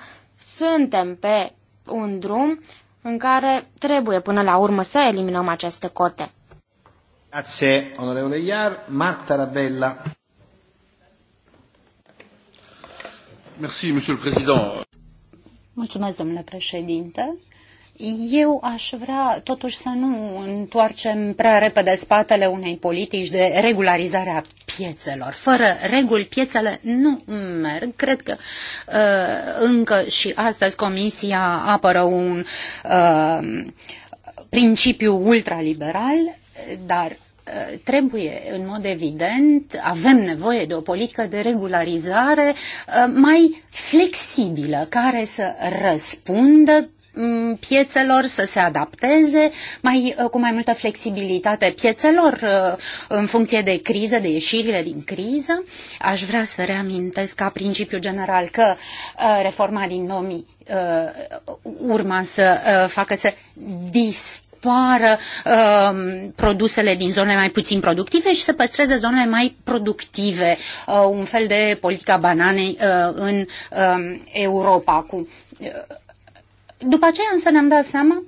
suntem pe un drum în care trebuie până la urmă să eliminăm aceste cote. Grazie, onorevole Iar. Marta Rabella. Mulțumesc, domnule președinte. Eu aș vrea totuși să nu întoarcem prea repede spatele unei politici de regularizare a piețelor. Fără reguli, piețele nu merg. Cred că uh, încă și astăzi Comisia apără un uh, principiu ultraliberal, dar uh, trebuie, în mod evident, avem nevoie de o politică de regularizare uh, mai flexibilă, care să răspundă Mm, piețelor să se adapteze mai, uh, cu mai multă flexibilitate piețelor uh, în funcție de criză, de ieșirile din criză. Aș vrea să reamintesc ca principiu general că uh, reforma din 2000 urma să facă să dis dispară uh, produsele din zonele mai puțin productive și să păstreze zonele mai productive, uh, un fel de politica bananei uh, în um, Europa cu după aceea însă ne-am dat seama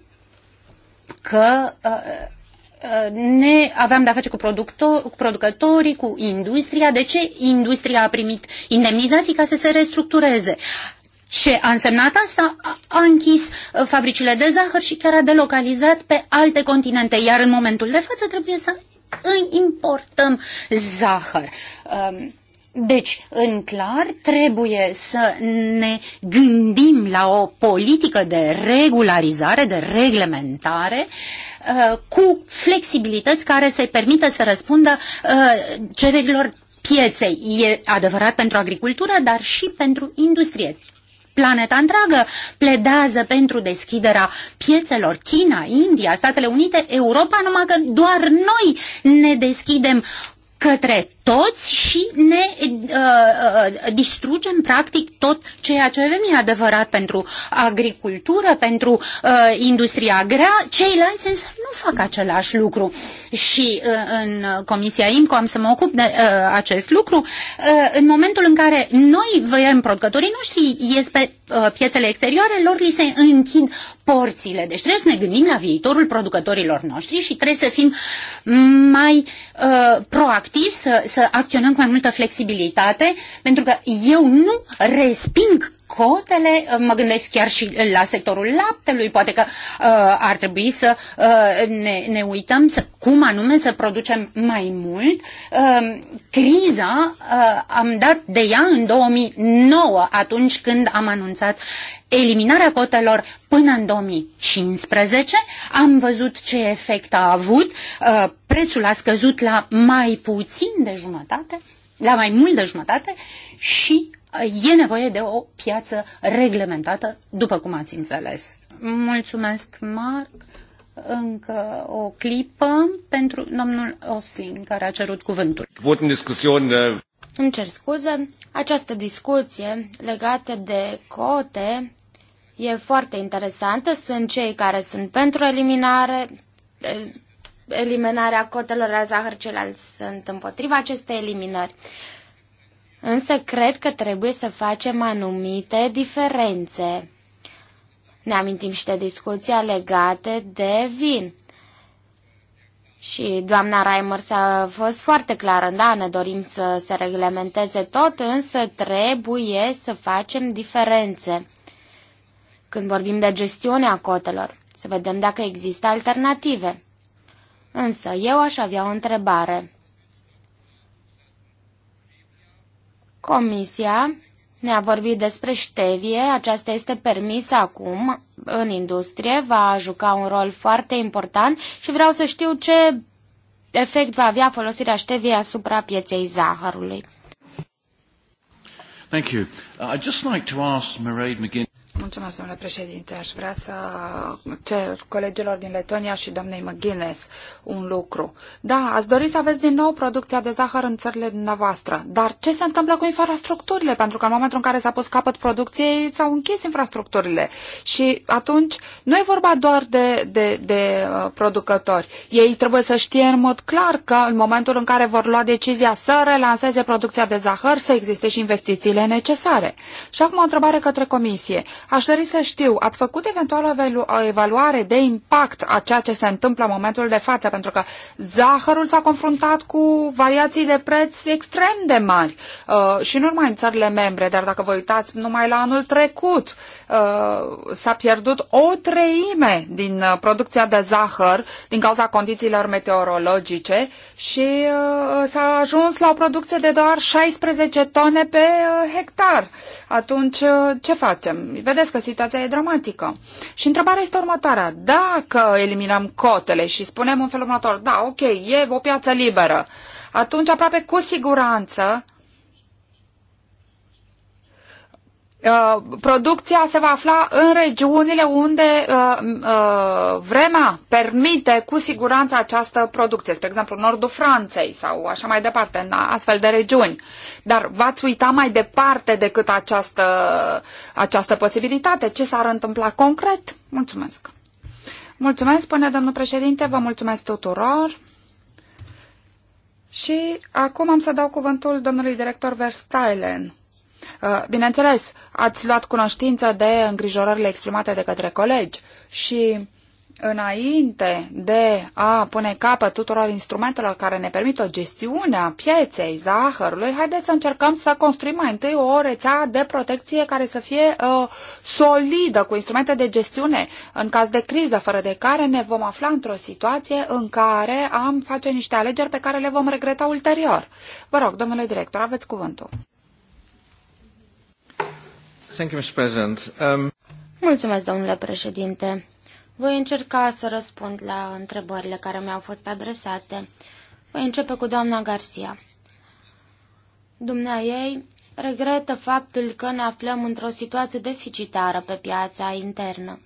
că uh, uh, ne aveam de-a face cu, cu producătorii, cu industria. De ce industria a primit indemnizații ca să se restructureze? Ce a însemnat asta? A închis uh, fabricile de zahăr și chiar a delocalizat pe alte continente, iar în momentul de față trebuie să îi importăm zahăr. Um, deci, în clar, trebuie să ne gândim la o politică de regularizare, de reglementare, uh, cu flexibilități care să-i permită să răspundă uh, cererilor pieței. E adevărat pentru agricultură, dar și pentru industrie. Planeta întreagă pledează pentru deschiderea piețelor China, India, Statele Unite, Europa, numai că doar noi ne deschidem către toți și ne uh, uh, distrugem practic tot ceea ce avem. E adevărat pentru agricultură, pentru uh, industria grea, ceilalți însă nu fac același lucru. Și uh, în Comisia IMCO am să mă ocup de uh, acest lucru. Uh, în momentul în care noi vrem producătorii noștri ies pe uh, piețele exterioare, lor li se închid porțile. Deci trebuie să ne gândim la viitorul producătorilor noștri și trebuie să fim mai uh, proactivi, să, să acționăm cu mai multă flexibilitate, pentru că eu nu resping cotele, uh, mă gândesc chiar și la sectorul laptelui, poate că uh, ar trebui să uh, ne, ne uităm să, cum anume să producem mai mult. Uh, criza uh, am dat de ea în 2009, atunci când am anunțat eliminarea cotelor până în 2015. Am văzut ce efect a avut. Uh, prețul a scăzut la mai puțin de jumătate la mai mult de jumătate și e nevoie de o piață reglementată, după cum ați înțeles. Mulțumesc, Marc. Încă o clipă pentru domnul Oslin, care a cerut cuvântul. Eh, Îmi cer scuze, această discuție legată de cote e foarte interesantă. Sunt cei care sunt pentru eliminare, eh, eliminarea cotelor la zahăr, ceilalți sunt împotriva acestei eliminări însă cred că trebuie să facem anumite diferențe. Ne amintim și de discuția legate de vin. Și doamna Reimers a fost foarte clară, da, ne dorim să se reglementeze tot, însă trebuie să facem diferențe. Când vorbim de gestiunea cotelor, să vedem dacă există alternative. Însă eu aș avea o întrebare. Comisia ne-a vorbit despre ștevie, aceasta este permisă acum în industrie, va juca un rol foarte important și vreau să știu ce efect va avea folosirea șteviei asupra pieței zahărului. Thank you. Uh, I'd just like to ask Mairead McGinn a președinte. vrea să cer colegilor din Letonia și doamnei McGuinness un lucru. Da, ați dori să aveți din nou producția de zahăr în țările dumneavoastră, dar ce se întâmplă cu infrastructurile? Pentru că în momentul în care s-a pus capăt producției, s-au închis infrastructurile. Și atunci nu e vorba doar de, de, de uh, producători. Ei trebuie să știe în mod clar că în momentul în care vor lua decizia să relanseze producția de zahăr, să existe și investițiile necesare. Și acum o întrebare către Comisie. Aș dori să știu, ați făcut eventual o evaluare de impact a ceea ce se întâmplă în momentul de față, pentru că zahărul s-a confruntat cu variații de preț extrem de mari uh, și nu numai în țările membre, dar dacă vă uitați numai la anul trecut, uh, s-a pierdut o treime din uh, producția de zahăr din cauza condițiilor meteorologice și uh, s-a ajuns la o producție de doar 16 tone pe uh, hectar. Atunci, uh, ce facem? Vedeți că situația e dramatică. Și întrebarea este următoarea. Dacă eliminăm cotele și spunem în felul următor, da, ok, e o piață liberă, atunci aproape cu siguranță Uh, producția se va afla în regiunile unde uh, uh, vremea permite cu siguranță această producție, spre exemplu nordul Franței sau așa mai departe, în astfel de regiuni. Dar v-ați uita mai departe decât această, această posibilitate? Ce s-ar întâmpla concret? Mulțumesc! Mulțumesc, spune domnul președinte, vă mulțumesc tuturor. Și acum am să dau cuvântul domnului director Verstailen Uh, bineînțeles, ați luat cunoștință de îngrijorările exprimate de către colegi și înainte de a pune capăt tuturor instrumentelor care ne permit o gestiune a pieței zahărului, haideți să încercăm să construim mai întâi o rețea de protecție care să fie uh, solidă, cu instrumente de gestiune în caz de criză, fără de care ne vom afla într-o situație în care am face niște alegeri pe care le vom regreta ulterior. Vă rog, domnule director, aveți cuvântul. Thank you, Mr. President. Um... Mulțumesc, domnule președinte. Voi încerca să răspund la întrebările care mi-au fost adresate. Voi începe cu doamna Garcia. Dumnea ei regretă faptul că ne aflăm într-o situație deficitară pe piața internă.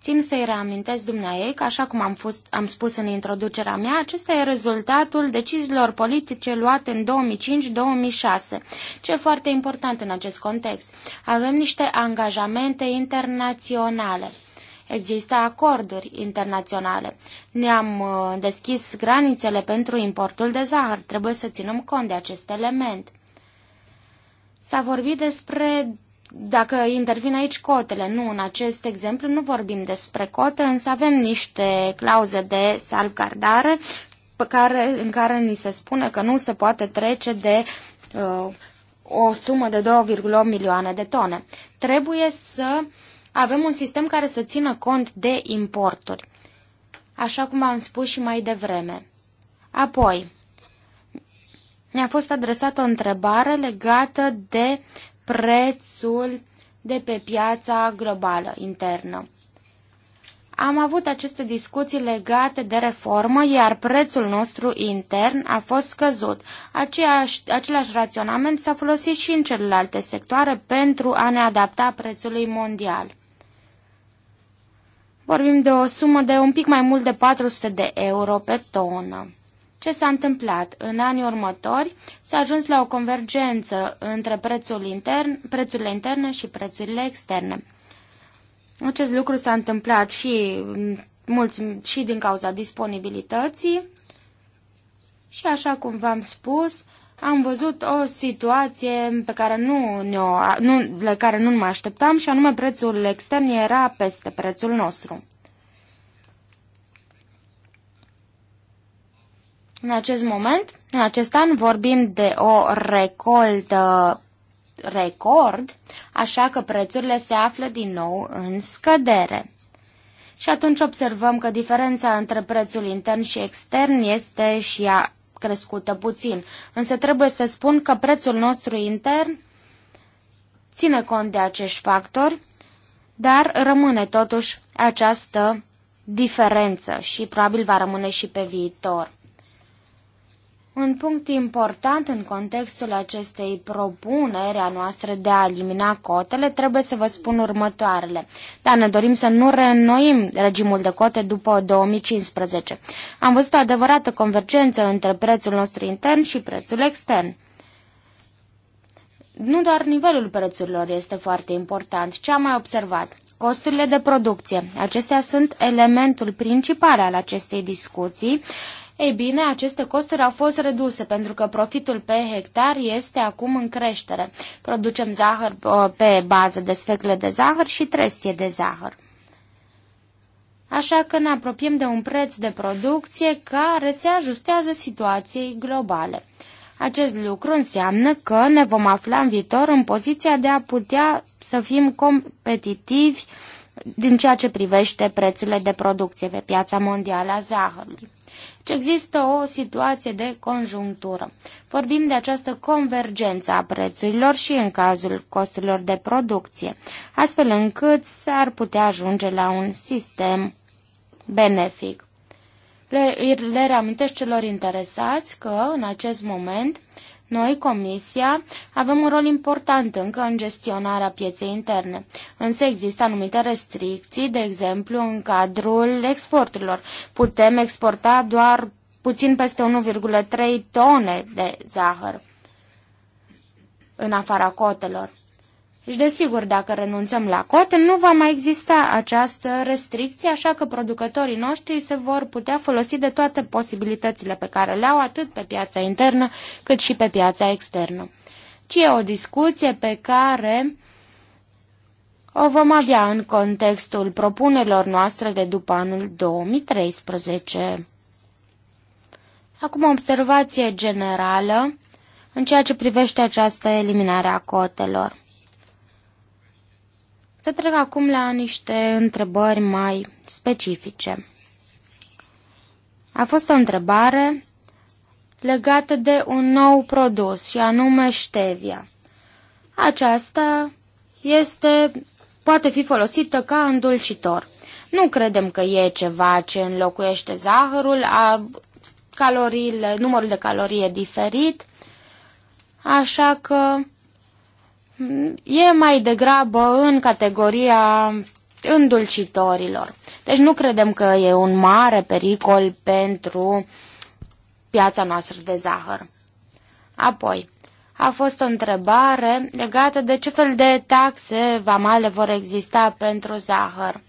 Țin să-i reamintesc dumneaei că, așa cum am, fost, am spus în introducerea mea, acesta e rezultatul deciziilor politice luate în 2005-2006, ce e foarte important în acest context. Avem niște angajamente internaționale. Există acorduri internaționale. Ne-am uh, deschis granițele pentru importul de zahăr. Trebuie să ținem cont de acest element. S-a vorbit despre dacă intervin aici cotele, nu în acest exemplu, nu vorbim despre cote, însă avem niște clauze de salvgardare pe care, în care ni se spune că nu se poate trece de uh, o sumă de 2,8 milioane de tone. Trebuie să avem un sistem care să țină cont de importuri, așa cum am spus și mai devreme. Apoi, mi-a fost adresată o întrebare legată de prețul de pe piața globală internă. Am avut aceste discuții legate de reformă, iar prețul nostru intern a fost scăzut. Aceeași, același raționament s-a folosit și în celelalte sectoare pentru a ne adapta prețului mondial. Vorbim de o sumă de un pic mai mult de 400 de euro pe tonă. Ce s-a întâmplat? În anii următori s-a ajuns la o convergență între prețul intern, prețurile interne și prețurile externe. Acest lucru s-a întâmplat și, mulți, și din cauza disponibilității și, așa cum v-am spus, am văzut o situație pe care nu, ne-o, nu, la care nu mă așteptam și anume prețul extern era peste prețul nostru. În acest moment, în acest an, vorbim de o recoltă record, așa că prețurile se află din nou în scădere. Și atunci observăm că diferența între prețul intern și extern este și ea crescută puțin. Însă trebuie să spun că prețul nostru intern ține cont de acești factori, dar rămâne totuși această diferență și probabil va rămâne și pe viitor. Un punct important în contextul acestei propuneri a noastră de a elimina cotele trebuie să vă spun următoarele. Dar ne dorim să nu reînnoim regimul de cote după 2015. Am văzut o adevărată convergență între prețul nostru intern și prețul extern. Nu doar nivelul prețurilor este foarte important. Ce am mai observat? Costurile de producție. Acestea sunt elementul principal al acestei discuții ei bine, aceste costuri au fost reduse pentru că profitul pe hectar este acum în creștere. Producem zahăr uh, pe bază de sfecle de zahăr și trestie de zahăr. Așa că ne apropiem de un preț de producție care se ajustează situației globale. Acest lucru înseamnă că ne vom afla în viitor în poziția de a putea să fim competitivi din ceea ce privește prețurile de producție pe piața mondială a zahărului ci există o situație de conjunctură. Vorbim de această convergență a prețurilor și în cazul costurilor de producție, astfel încât s-ar putea ajunge la un sistem benefic. Le, le reamintesc celor interesați că, în acest moment, noi, Comisia, avem un rol important încă în gestionarea pieței interne, însă există anumite restricții, de exemplu în cadrul exporturilor. Putem exporta doar puțin peste 1,3 tone de zahăr în afara cotelor. Și deci, desigur, dacă renunțăm la cote, nu va mai exista această restricție, așa că producătorii noștri se vor putea folosi de toate posibilitățile pe care le au atât pe piața internă cât și pe piața externă. Ci e o discuție pe care o vom avea în contextul propunerilor noastre de după anul 2013. Acum o observație generală în ceea ce privește această eliminare a cotelor. Să trec acum la niște întrebări mai specifice. A fost o întrebare legată de un nou produs și anume ștevia. Aceasta este, poate fi folosită ca îndulcitor. Nu credem că e ceva ce înlocuiește zahărul, a caloriile, numărul de calorie diferit, așa că e mai degrabă în categoria îndulcitorilor. Deci nu credem că e un mare pericol pentru piața noastră de zahăr. Apoi, a fost o întrebare legată de ce fel de taxe vamale vor exista pentru zahăr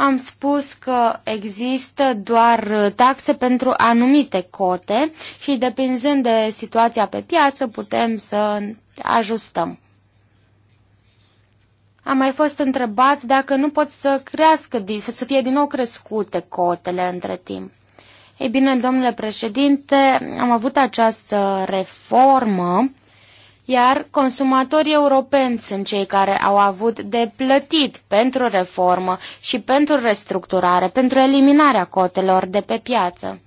am spus că există doar taxe pentru anumite cote și depinzând de situația pe piață putem să ajustăm. Am mai fost întrebat dacă nu pot să crească, să fie din nou crescute cotele între timp. Ei bine, domnule președinte, am avut această reformă iar consumatorii europeni sunt cei care au avut de plătit pentru reformă și pentru restructurare, pentru eliminarea cotelor de pe piață.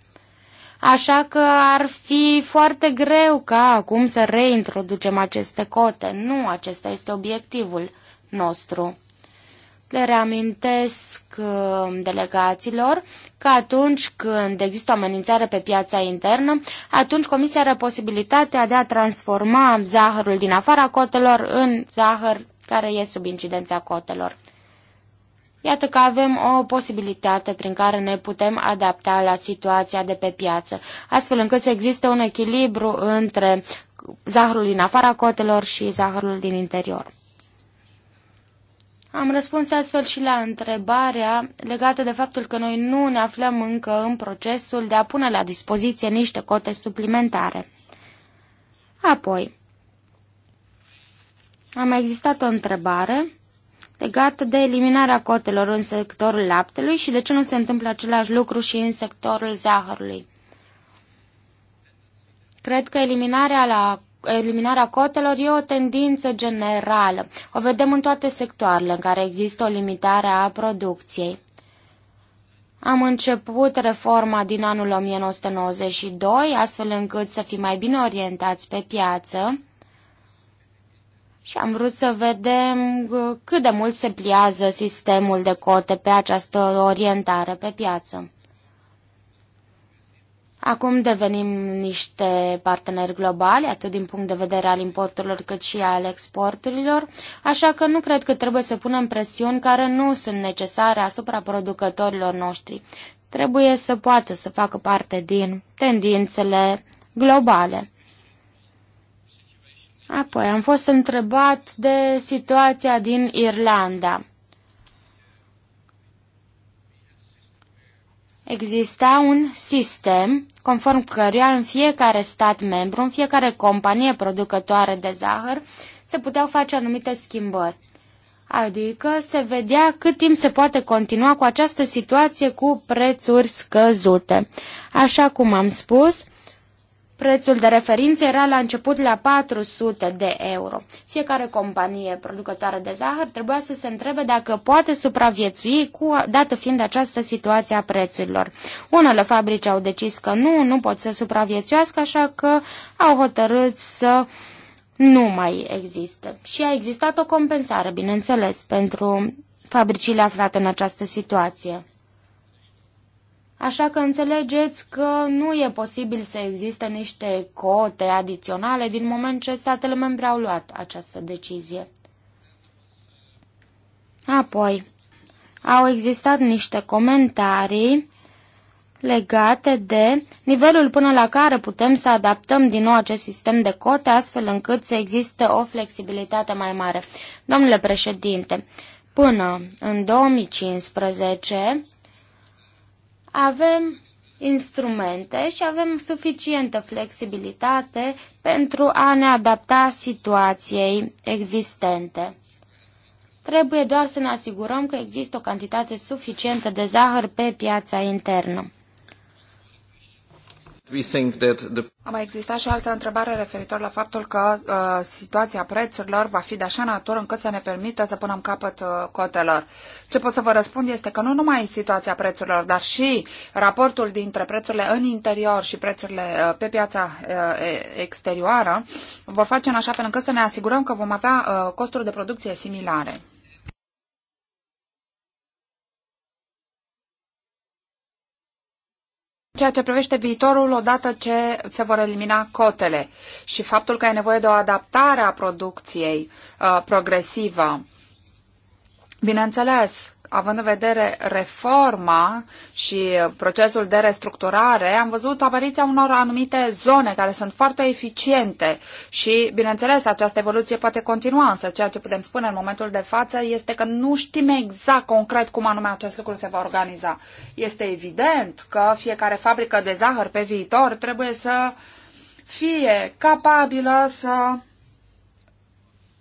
Așa că ar fi foarte greu ca acum să reintroducem aceste cote. Nu, acesta este obiectivul nostru le reamintesc uh, delegaților că atunci când există o amenințare pe piața internă, atunci Comisia are posibilitatea de a transforma zahărul din afara cotelor în zahăr care e sub incidența cotelor. Iată că avem o posibilitate prin care ne putem adapta la situația de pe piață, astfel încât să existe un echilibru între zahărul din afara cotelor și zahărul din interior. Am răspuns astfel și la întrebarea legată de faptul că noi nu ne aflăm încă în procesul de a pune la dispoziție niște cote suplimentare. Apoi, a mai existat o întrebare legată de eliminarea cotelor în sectorul laptelui și de ce nu se întâmplă același lucru și în sectorul zahărului. Cred că eliminarea la eliminarea cotelor e o tendință generală. O vedem în toate sectoarele în care există o limitare a producției. Am început reforma din anul 1992, astfel încât să fim mai bine orientați pe piață și am vrut să vedem uh, cât de mult se pliază sistemul de cote pe această orientare pe piață. Acum devenim niște parteneri globali, atât din punct de vedere al importurilor cât și al exporturilor, așa că nu cred că trebuie să punem presiuni care nu sunt necesare asupra producătorilor noștri. Trebuie să poată să facă parte din tendințele globale. Apoi am fost întrebat de situația din Irlanda. exista un sistem conform căruia în fiecare stat membru, în fiecare companie producătoare de zahăr, se puteau face anumite schimbări. Adică se vedea cât timp se poate continua cu această situație cu prețuri scăzute. Așa cum am spus, Prețul de referință era la început la 400 de euro. Fiecare companie producătoare de zahăr trebuia să se întrebe dacă poate supraviețui, cu, dată fiind această situație a prețurilor. Unele fabrici au decis că nu, nu pot să supraviețuiască, așa că au hotărât să nu mai există. Și a existat o compensare, bineînțeles, pentru fabricile aflate în această situație. Așa că înțelegeți că nu e posibil să existe niște cote adiționale din moment ce statele membre au luat această decizie. Apoi, au existat niște comentarii legate de nivelul până la care putem să adaptăm din nou acest sistem de cote astfel încât să existe o flexibilitate mai mare. Domnule președinte, până în 2015, avem instrumente și avem suficientă flexibilitate pentru a ne adapta situației existente. Trebuie doar să ne asigurăm că există o cantitate suficientă de zahăr pe piața internă. A mai existat și o altă întrebare referitor la faptul că uh, situația prețurilor va fi de așa natură încât să ne permită să punem capăt uh, cotelor. Ce pot să vă răspund este că nu numai situația prețurilor, dar și raportul dintre prețurile în interior și prețurile uh, pe piața uh, exterioară vor face în așa fel încât să ne asigurăm că vom avea uh, costuri de producție similare. ceea ce privește viitorul odată ce se vor elimina cotele și faptul că e nevoie de o adaptare a producției uh, progresivă. Bineînțeles, având în vedere reforma și procesul de restructurare, am văzut apariția unor anumite zone care sunt foarte eficiente și, bineînțeles, această evoluție poate continua, însă ceea ce putem spune în momentul de față este că nu știm exact concret cum anume acest lucru se va organiza. Este evident că fiecare fabrică de zahăr pe viitor trebuie să fie capabilă să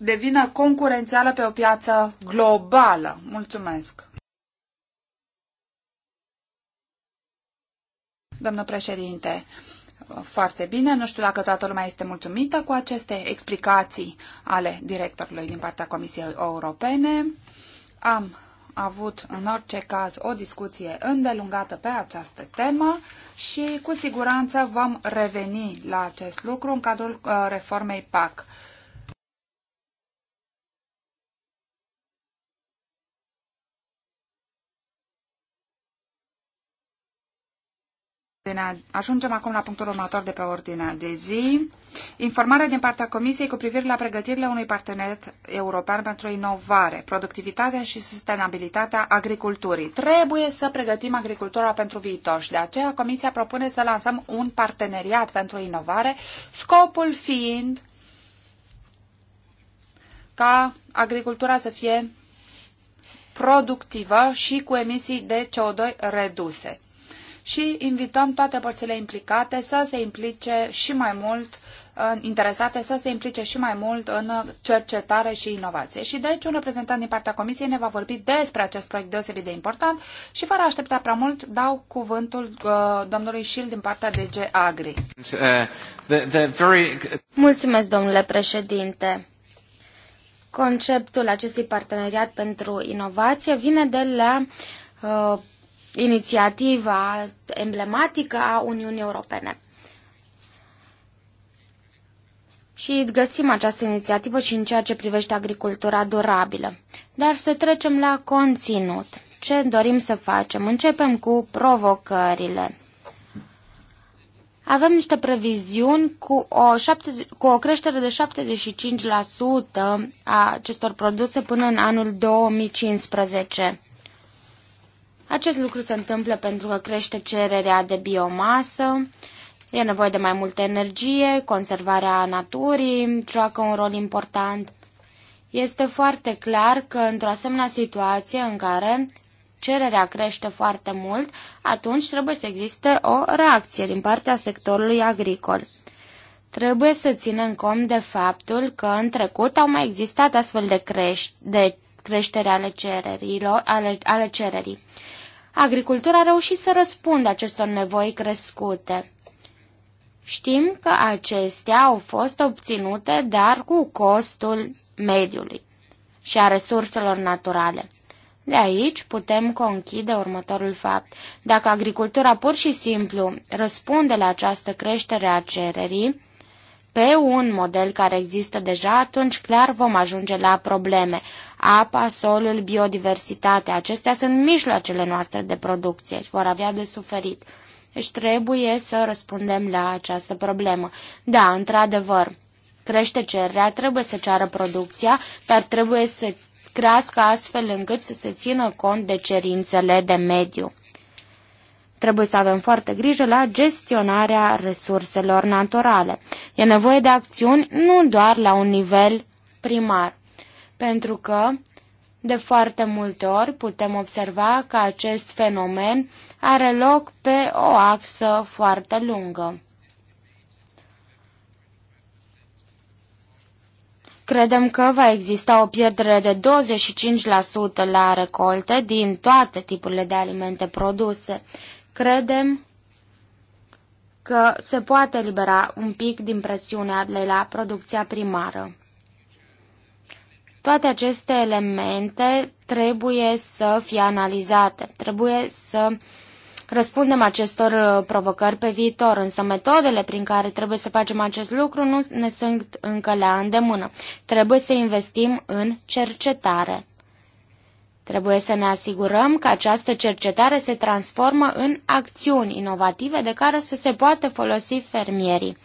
devină concurențială pe o piață globală. Mulțumesc! Domnul președinte, foarte bine. Nu știu dacă toată lumea este mulțumită cu aceste explicații ale directorului din partea Comisiei Europene. Am avut în orice caz o discuție îndelungată pe această temă și cu siguranță vom reveni la acest lucru în cadrul uh, reformei PAC. Ajungem acum la punctul următor de pe ordinea de zi. Informare din partea Comisiei cu privire la pregătirile unui parteneriat european pentru inovare, productivitatea și sustenabilitatea agriculturii. Trebuie să pregătim agricultura pentru viitor și de aceea Comisia propune să lansăm un parteneriat pentru inovare, scopul fiind ca agricultura să fie productivă și cu emisii de CO2 reduse și invităm toate părțile implicate să se implice și mai mult interesate să se implice și mai mult în cercetare și inovație. Și deci un reprezentant din partea Comisiei ne va vorbi despre acest proiect deosebit de important și fără a aștepta prea mult dau cuvântul uh, domnului Șil din partea DG Agri. Uh, Mulțumesc, domnule președinte. Conceptul acestui parteneriat pentru inovație vine de la uh, inițiativa emblematică a Uniunii Europene. Și găsim această inițiativă și în ceea ce privește agricultura durabilă. Dar să trecem la conținut. Ce dorim să facem? Începem cu provocările. Avem niște previziuni cu o, șapte, cu o creștere de 75% a acestor produse până în anul 2015. Acest lucru se întâmplă pentru că crește cererea de biomasă, e nevoie de mai multă energie, conservarea naturii joacă un rol important. Este foarte clar că într-o asemenea situație în care cererea crește foarte mult, atunci trebuie să existe o reacție din partea sectorului agricol. Trebuie să ținem cont de faptul că în trecut au mai existat astfel de, creș- de creștere ale, cererilor, ale, ale cererii agricultura a reușit să răspundă acestor nevoi crescute. Știm că acestea au fost obținute, dar cu costul mediului și a resurselor naturale. De aici putem conchide următorul fapt. Dacă agricultura pur și simplu răspunde la această creștere a cererii, pe un model care există deja, atunci clar vom ajunge la probleme apa, solul, biodiversitatea. Acestea sunt mijloacele noastre de producție și vor avea de suferit. Deci trebuie să răspundem la această problemă. Da, într-adevăr, crește cererea, trebuie să ceară producția, dar trebuie să crească astfel încât să se țină cont de cerințele de mediu. Trebuie să avem foarte grijă la gestionarea resurselor naturale. E nevoie de acțiuni nu doar la un nivel primar pentru că de foarte multe ori putem observa că acest fenomen are loc pe o axă foarte lungă. Credem că va exista o pierdere de 25% la recolte din toate tipurile de alimente produse. Credem că se poate libera un pic din presiunea de la producția primară. Toate aceste elemente trebuie să fie analizate, trebuie să răspundem acestor uh, provocări pe viitor, însă metodele prin care trebuie să facem acest lucru nu ne sunt încă la îndemână. Trebuie să investim în cercetare. Trebuie să ne asigurăm că această cercetare se transformă în acțiuni inovative de care să se poată folosi fermierii.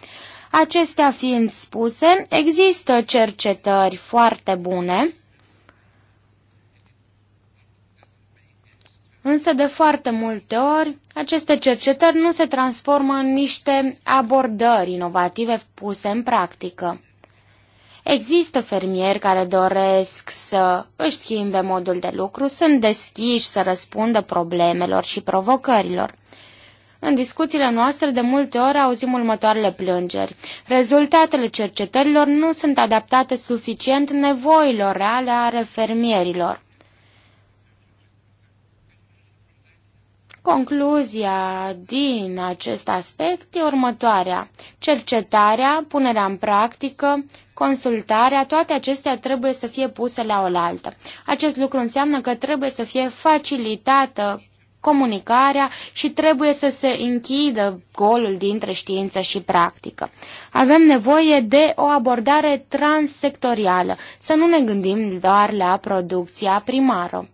Acestea fiind spuse, există cercetări foarte bune, însă de foarte multe ori aceste cercetări nu se transformă în niște abordări inovative puse în practică. Există fermieri care doresc să își schimbe modul de lucru, sunt deschiși să răspundă problemelor și provocărilor. În discuțiile noastre de multe ori auzim următoarele plângeri. Rezultatele cercetărilor nu sunt adaptate suficient nevoilor reale ale fermierilor. Concluzia din acest aspect e următoarea. Cercetarea, punerea în practică, consultarea, toate acestea trebuie să fie puse la oaltă. Acest lucru înseamnă că trebuie să fie facilitată comunicarea și trebuie să se închidă golul dintre știință și practică. Avem nevoie de o abordare transsectorială, să nu ne gândim doar la producția primară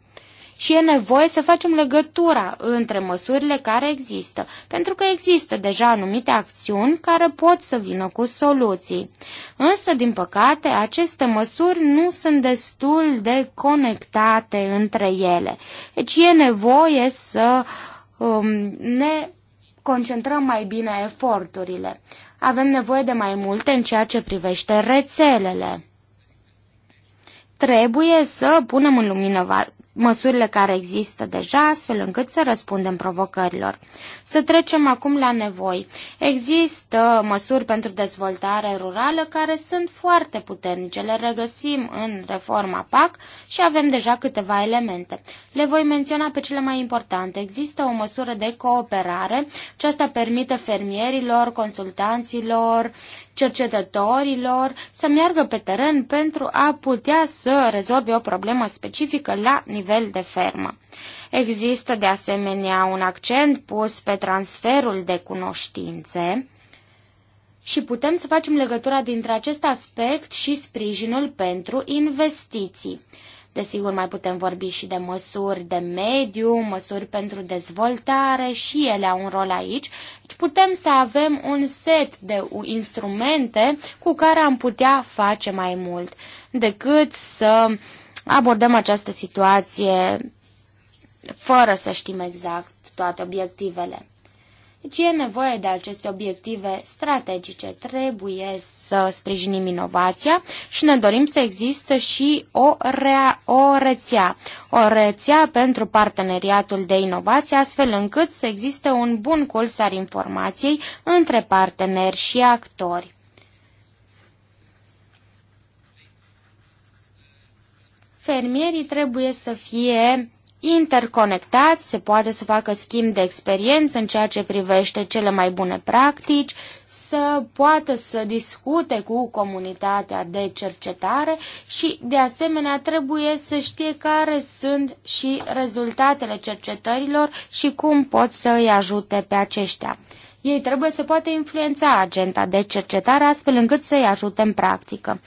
și e nevoie să facem legătura între măsurile care există, pentru că există deja anumite acțiuni care pot să vină cu soluții. Însă, din păcate, aceste măsuri nu sunt destul de conectate între ele. Deci e nevoie să um, ne concentrăm mai bine eforturile. Avem nevoie de mai multe în ceea ce privește rețelele trebuie să punem în lumină măsurile care există deja, astfel încât să răspundem provocărilor. Să trecem acum la nevoi. Există măsuri pentru dezvoltare rurală care sunt foarte puternice. Le regăsim în reforma PAC și avem deja câteva elemente. Le voi menționa pe cele mai importante. Există o măsură de cooperare. Aceasta permite fermierilor, consultanților, cercetătorilor să meargă pe teren pentru a putea să rezolve o problemă specifică la nivel de fermă. Există de asemenea un accent pus pe transferul de cunoștințe și putem să facem legătura dintre acest aspect și sprijinul pentru investiții. Desigur, mai putem vorbi și de măsuri de mediu, măsuri pentru dezvoltare și ele au un rol aici. Deci putem să avem un set de instrumente cu care am putea face mai mult decât să abordăm această situație fără să știm exact toate obiectivele. Deci e nevoie de aceste obiective strategice. Trebuie să sprijinim inovația și ne dorim să există și o, rea, o rețea. O rețea pentru parteneriatul de inovație, astfel încât să existe un bun curs al informației între parteneri și actori. Fermierii trebuie să fie interconectați, se poate să facă schimb de experiență în ceea ce privește cele mai bune practici, să poată să discute cu comunitatea de cercetare și, de asemenea, trebuie să știe care sunt și rezultatele cercetărilor și cum pot să îi ajute pe aceștia. Ei trebuie să poată influența agenda de cercetare astfel încât să îi ajute în practică.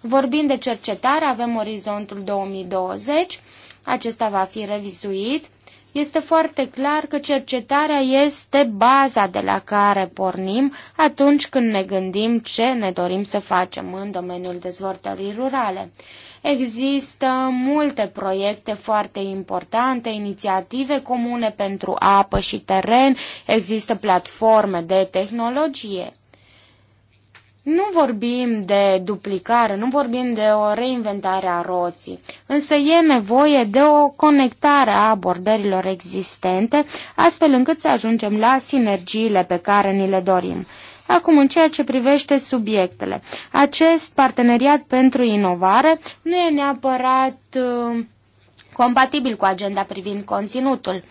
Vorbind de cercetare, avem orizontul 2020 acesta va fi revizuit. Este foarte clar că cercetarea este baza de la care pornim atunci când ne gândim ce ne dorim să facem în domeniul dezvoltării rurale. Există multe proiecte foarte importante, inițiative comune pentru apă și teren, există platforme de tehnologie. Nu vorbim de duplicare, nu vorbim de o reinventare a roții, însă e nevoie de o conectare a abordărilor existente, astfel încât să ajungem la sinergiile pe care ni le dorim. Acum, în ceea ce privește subiectele, acest parteneriat pentru inovare nu e neapărat uh, compatibil cu agenda privind conținutul.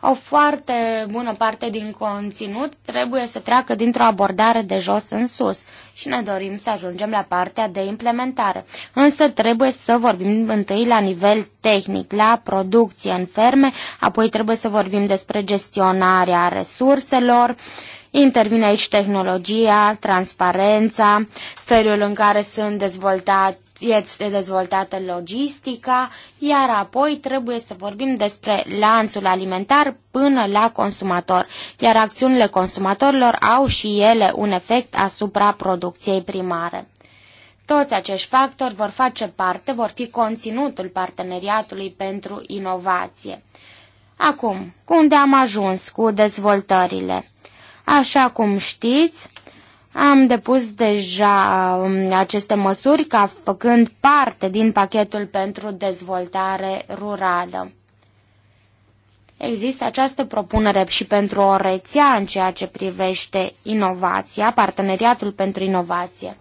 O foarte bună parte din conținut trebuie să treacă dintr-o abordare de jos în sus și ne dorim să ajungem la partea de implementare. Însă trebuie să vorbim întâi la nivel tehnic, la producție în ferme, apoi trebuie să vorbim despre gestionarea resurselor, uh, Intervine aici tehnologia, transparența, felul în care sunt dezvoltate, este dezvoltată logistica, iar apoi trebuie să vorbim despre lanțul alimentar până la consumator, iar acțiunile consumatorilor au și ele un efect asupra producției primare. Toți acești factori vor face parte, vor fi conținutul parteneriatului pentru inovație. Acum, unde am ajuns cu dezvoltările? Așa cum știți, am depus deja um, aceste măsuri ca făcând parte din pachetul pentru dezvoltare rurală. Există această propunere și pentru o rețea în ceea ce privește inovația, parteneriatul pentru inovație.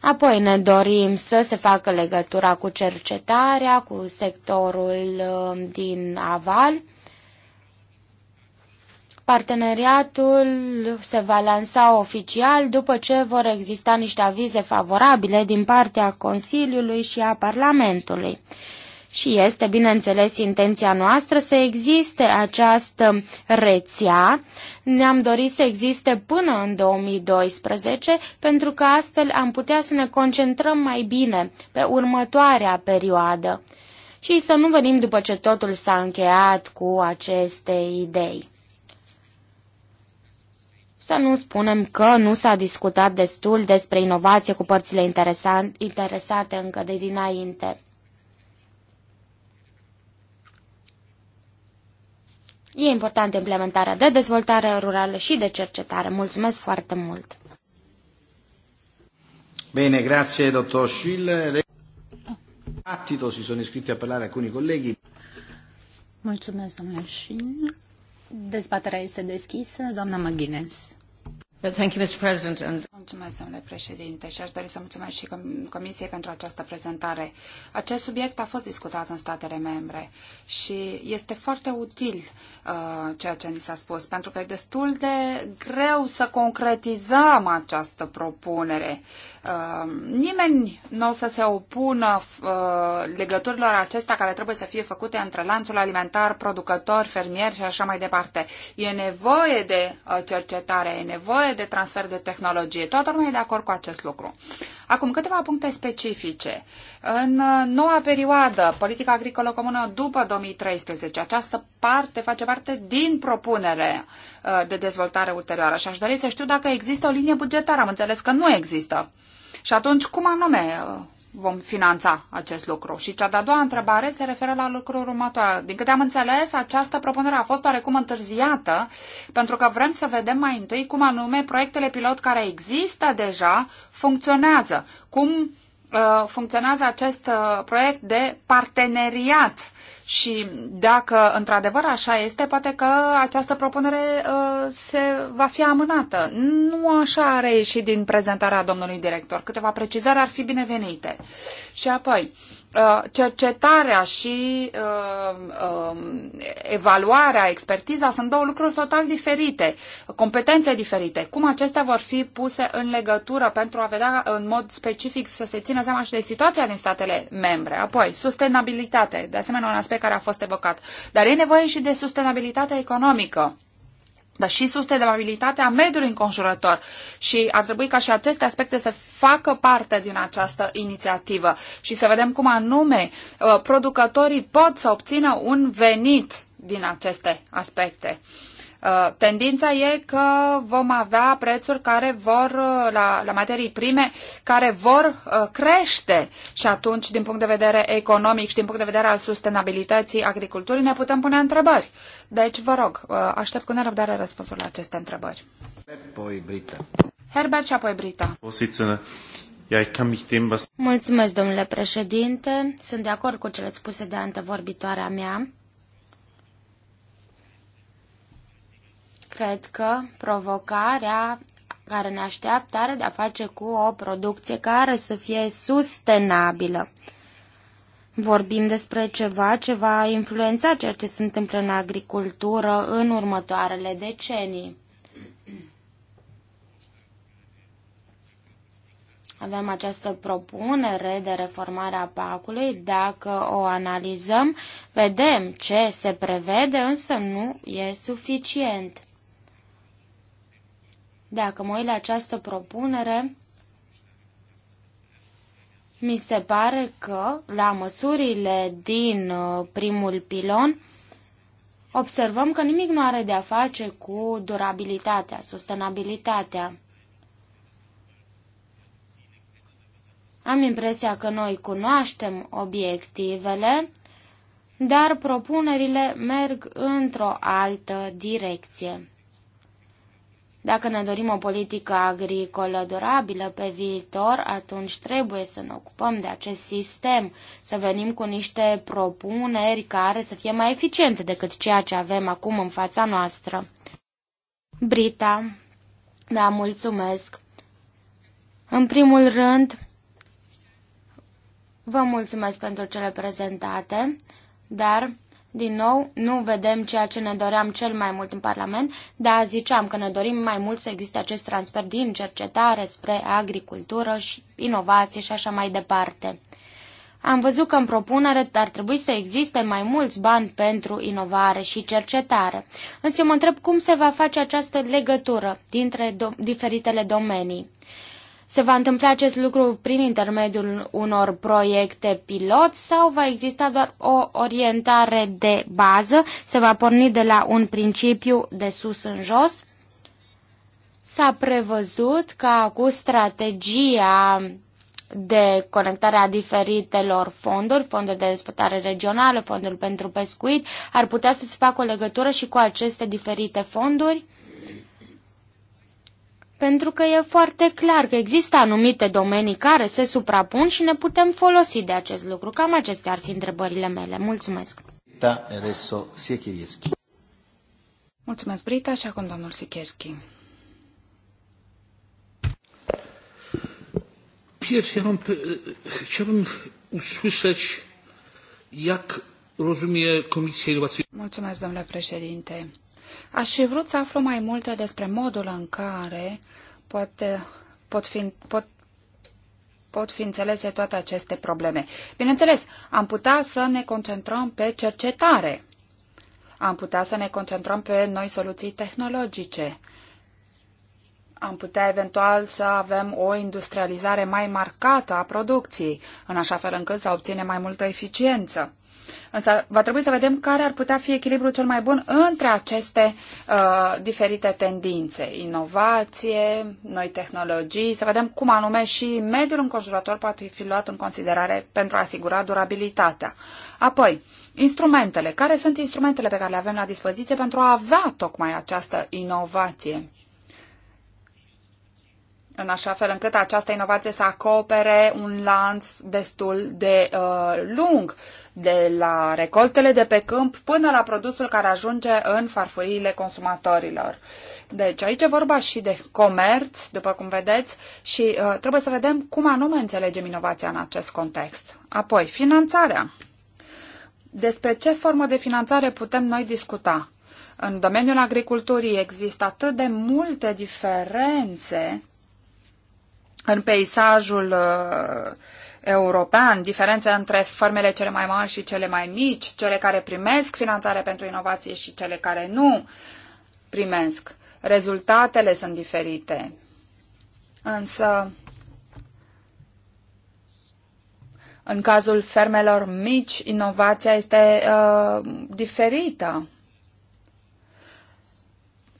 Apoi ne dorim să se facă legătura cu cercetarea, cu sectorul um, din aval Parteneriatul se va lansa oficial după ce vor exista niște avize favorabile din partea Consiliului și a Parlamentului. Și este, bineînțeles, intenția noastră să existe această rețea. Ne-am dorit să existe până în 2012, pentru că astfel am putea să ne concentrăm mai bine pe următoarea perioadă și să nu venim după ce totul s-a încheiat cu aceste idei. Să nu spunem că nu s-a discutat destul despre inovație cu părțile interesate încă de dinainte. E importantă implementarea de dezvoltare rurală și de cercetare. Mulțumesc foarte mult! Bine, grazie dottor Schiller. Attito, si sono iscritti a parlare alcuni colleghi. Mulțumesc, domnule Schiller. Dezbaterea este deschisă. Doamna Maghinez. Mulțumesc, domnule președinte, și aș dori să mulțumesc și Comisiei pentru această prezentare. Acest subiect a fost discutat în statele membre și este foarte util uh, ceea ce ni s-a spus, pentru că e destul de greu să concretizăm această propunere. Uh, nimeni nu o să se opună uh, legăturilor acestea care trebuie să fie făcute între lanțul alimentar, producător, fermier și așa mai departe. E nevoie de uh, cercetare, e nevoie nevoie de transfer de tehnologie. Toată lumea e de acord cu acest lucru. Acum, câteva puncte specifice. În noua perioadă, politica agricolă comună după 2013, această parte face parte din propunere uh, de dezvoltare ulterioară și aș dori să știu dacă există o linie bugetară. Am înțeles că nu există. Și atunci, cum anume uh, vom finanța acest lucru? Și cea de-a doua întrebare se referă la lucrul următor. Din câte am înțeles, această propunere a fost oarecum întârziată, pentru că vrem să vedem mai întâi cum anume proiectele pilot care există deja funcționează. Cum uh, funcționează acest uh, proiect de parteneriat și dacă într-adevăr așa este, poate că această propunere uh, se va fi amânată. Nu așa a reieșit din prezentarea domnului director. Câteva precizări ar fi binevenite. Și apoi, uh, Uh, cercetarea și uh, uh, evaluarea, expertiza sunt două lucruri total diferite, competențe diferite. Cum acestea vor fi puse în legătură pentru a vedea în mod specific să se țină seama și de situația din statele membre. Apoi, sustenabilitate, de asemenea un aspect care a fost evocat. Dar e nevoie și de sustenabilitate economică dar și sustenabilitatea mediului înconjurător. Și ar trebui ca și aceste aspecte să facă parte din această inițiativă și să vedem cum anume uh, producătorii pot să obțină un venit din aceste aspecte. Uh, tendința e că vom avea prețuri care vor, uh, la, la materii prime, care vor uh, crește și atunci, din punct de vedere economic și din punct de vedere al sustenabilității agriculturii, ne putem pune întrebări. Deci, vă rog, aștept cu nerăbdare răspunsul la aceste întrebări. Apoi Brita. Herbert și apoi Brita. Mulțumesc, domnule președinte. Sunt de acord cu cele spuse de antevorbitoarea mea. cred că provocarea care ne așteaptă are de-a face cu o producție care să fie sustenabilă. Vorbim despre ceva ce va influența ceea ce se întâmplă în agricultură în următoarele decenii. Avem această propunere de reformare a pacului. Dacă o analizăm, vedem ce se prevede, însă nu e suficient. Dacă mă uit la această propunere, mi se pare că la măsurile din uh, primul pilon observăm că nimic nu are de-a face cu durabilitatea, sustenabilitatea. Am impresia că noi cunoaștem obiectivele, dar propunerile merg într-o altă direcție. Dacă ne dorim o politică agricolă durabilă pe viitor, atunci trebuie să ne ocupăm de acest sistem, să venim cu niște propuneri care să fie mai eficiente decât ceea ce avem acum în fața noastră. Brita, da, mulțumesc. În primul rând, vă mulțumesc pentru cele prezentate, dar din nou, nu vedem ceea ce ne doream cel mai mult în Parlament, dar ziceam că ne dorim mai mult să existe acest transfer din cercetare spre agricultură și inovație și așa mai departe. Am văzut că în propunere ar trebui să existe mai mulți bani pentru inovare și cercetare. Însă eu mă întreb cum se va face această legătură dintre do- diferitele domenii. Se va întâmpla acest lucru prin intermediul unor proiecte pilot sau va exista doar o orientare de bază? Se va porni de la un principiu de sus în jos? S-a prevăzut ca cu strategia de conectare a diferitelor fonduri, fondul de dezvoltare regională, fondul pentru pescuit, ar putea să se facă o legătură și cu aceste diferite fonduri? Pentru că e foarte clar că există anumite domenii care se suprapun și ne putem folosi de acest lucru. Cam acestea ar fi întrebările mele. Mulțumesc. adesso Mulțumesc, Brita, și acum domnul Siechirieschi. Pierw ja mam, chciałbym usłyszeć, jak rozumie Komisja Innowacyjna. Mulțumesc, domnule președinte. Aș fi vrut să aflu mai multe despre modul în care poate, pot, fi, pot, pot fi înțelese toate aceste probleme. Bineînțeles, am putea să ne concentrăm pe cercetare, am putea să ne concentrăm pe noi soluții tehnologice, am putea eventual să avem o industrializare mai marcată a producției, în așa fel încât să obținem mai multă eficiență. Însă va trebui să vedem care ar putea fi echilibrul cel mai bun între aceste uh, diferite tendințe, inovație, noi tehnologii, să vedem cum anume și mediul înconjurător poate fi luat în considerare pentru a asigura durabilitatea. Apoi, instrumentele. Care sunt instrumentele pe care le avem la dispoziție pentru a avea tocmai această inovație? în așa fel încât această inovație să acopere un lanț destul de uh, lung, de la recoltele de pe câmp până la produsul care ajunge în farfuriile consumatorilor. Deci aici e vorba și de comerț, după cum vedeți, și uh, trebuie să vedem cum anume înțelegem inovația în acest context. Apoi, finanțarea. Despre ce formă de finanțare putem noi discuta? În domeniul agriculturii există atât de multe diferențe în peisajul uh, european, diferențe între formele cele mai mari și cele mai mici, cele care primesc finanțare pentru inovație și cele care nu primesc. Rezultatele sunt diferite. Însă, în cazul fermelor mici, inovația este uh, diferită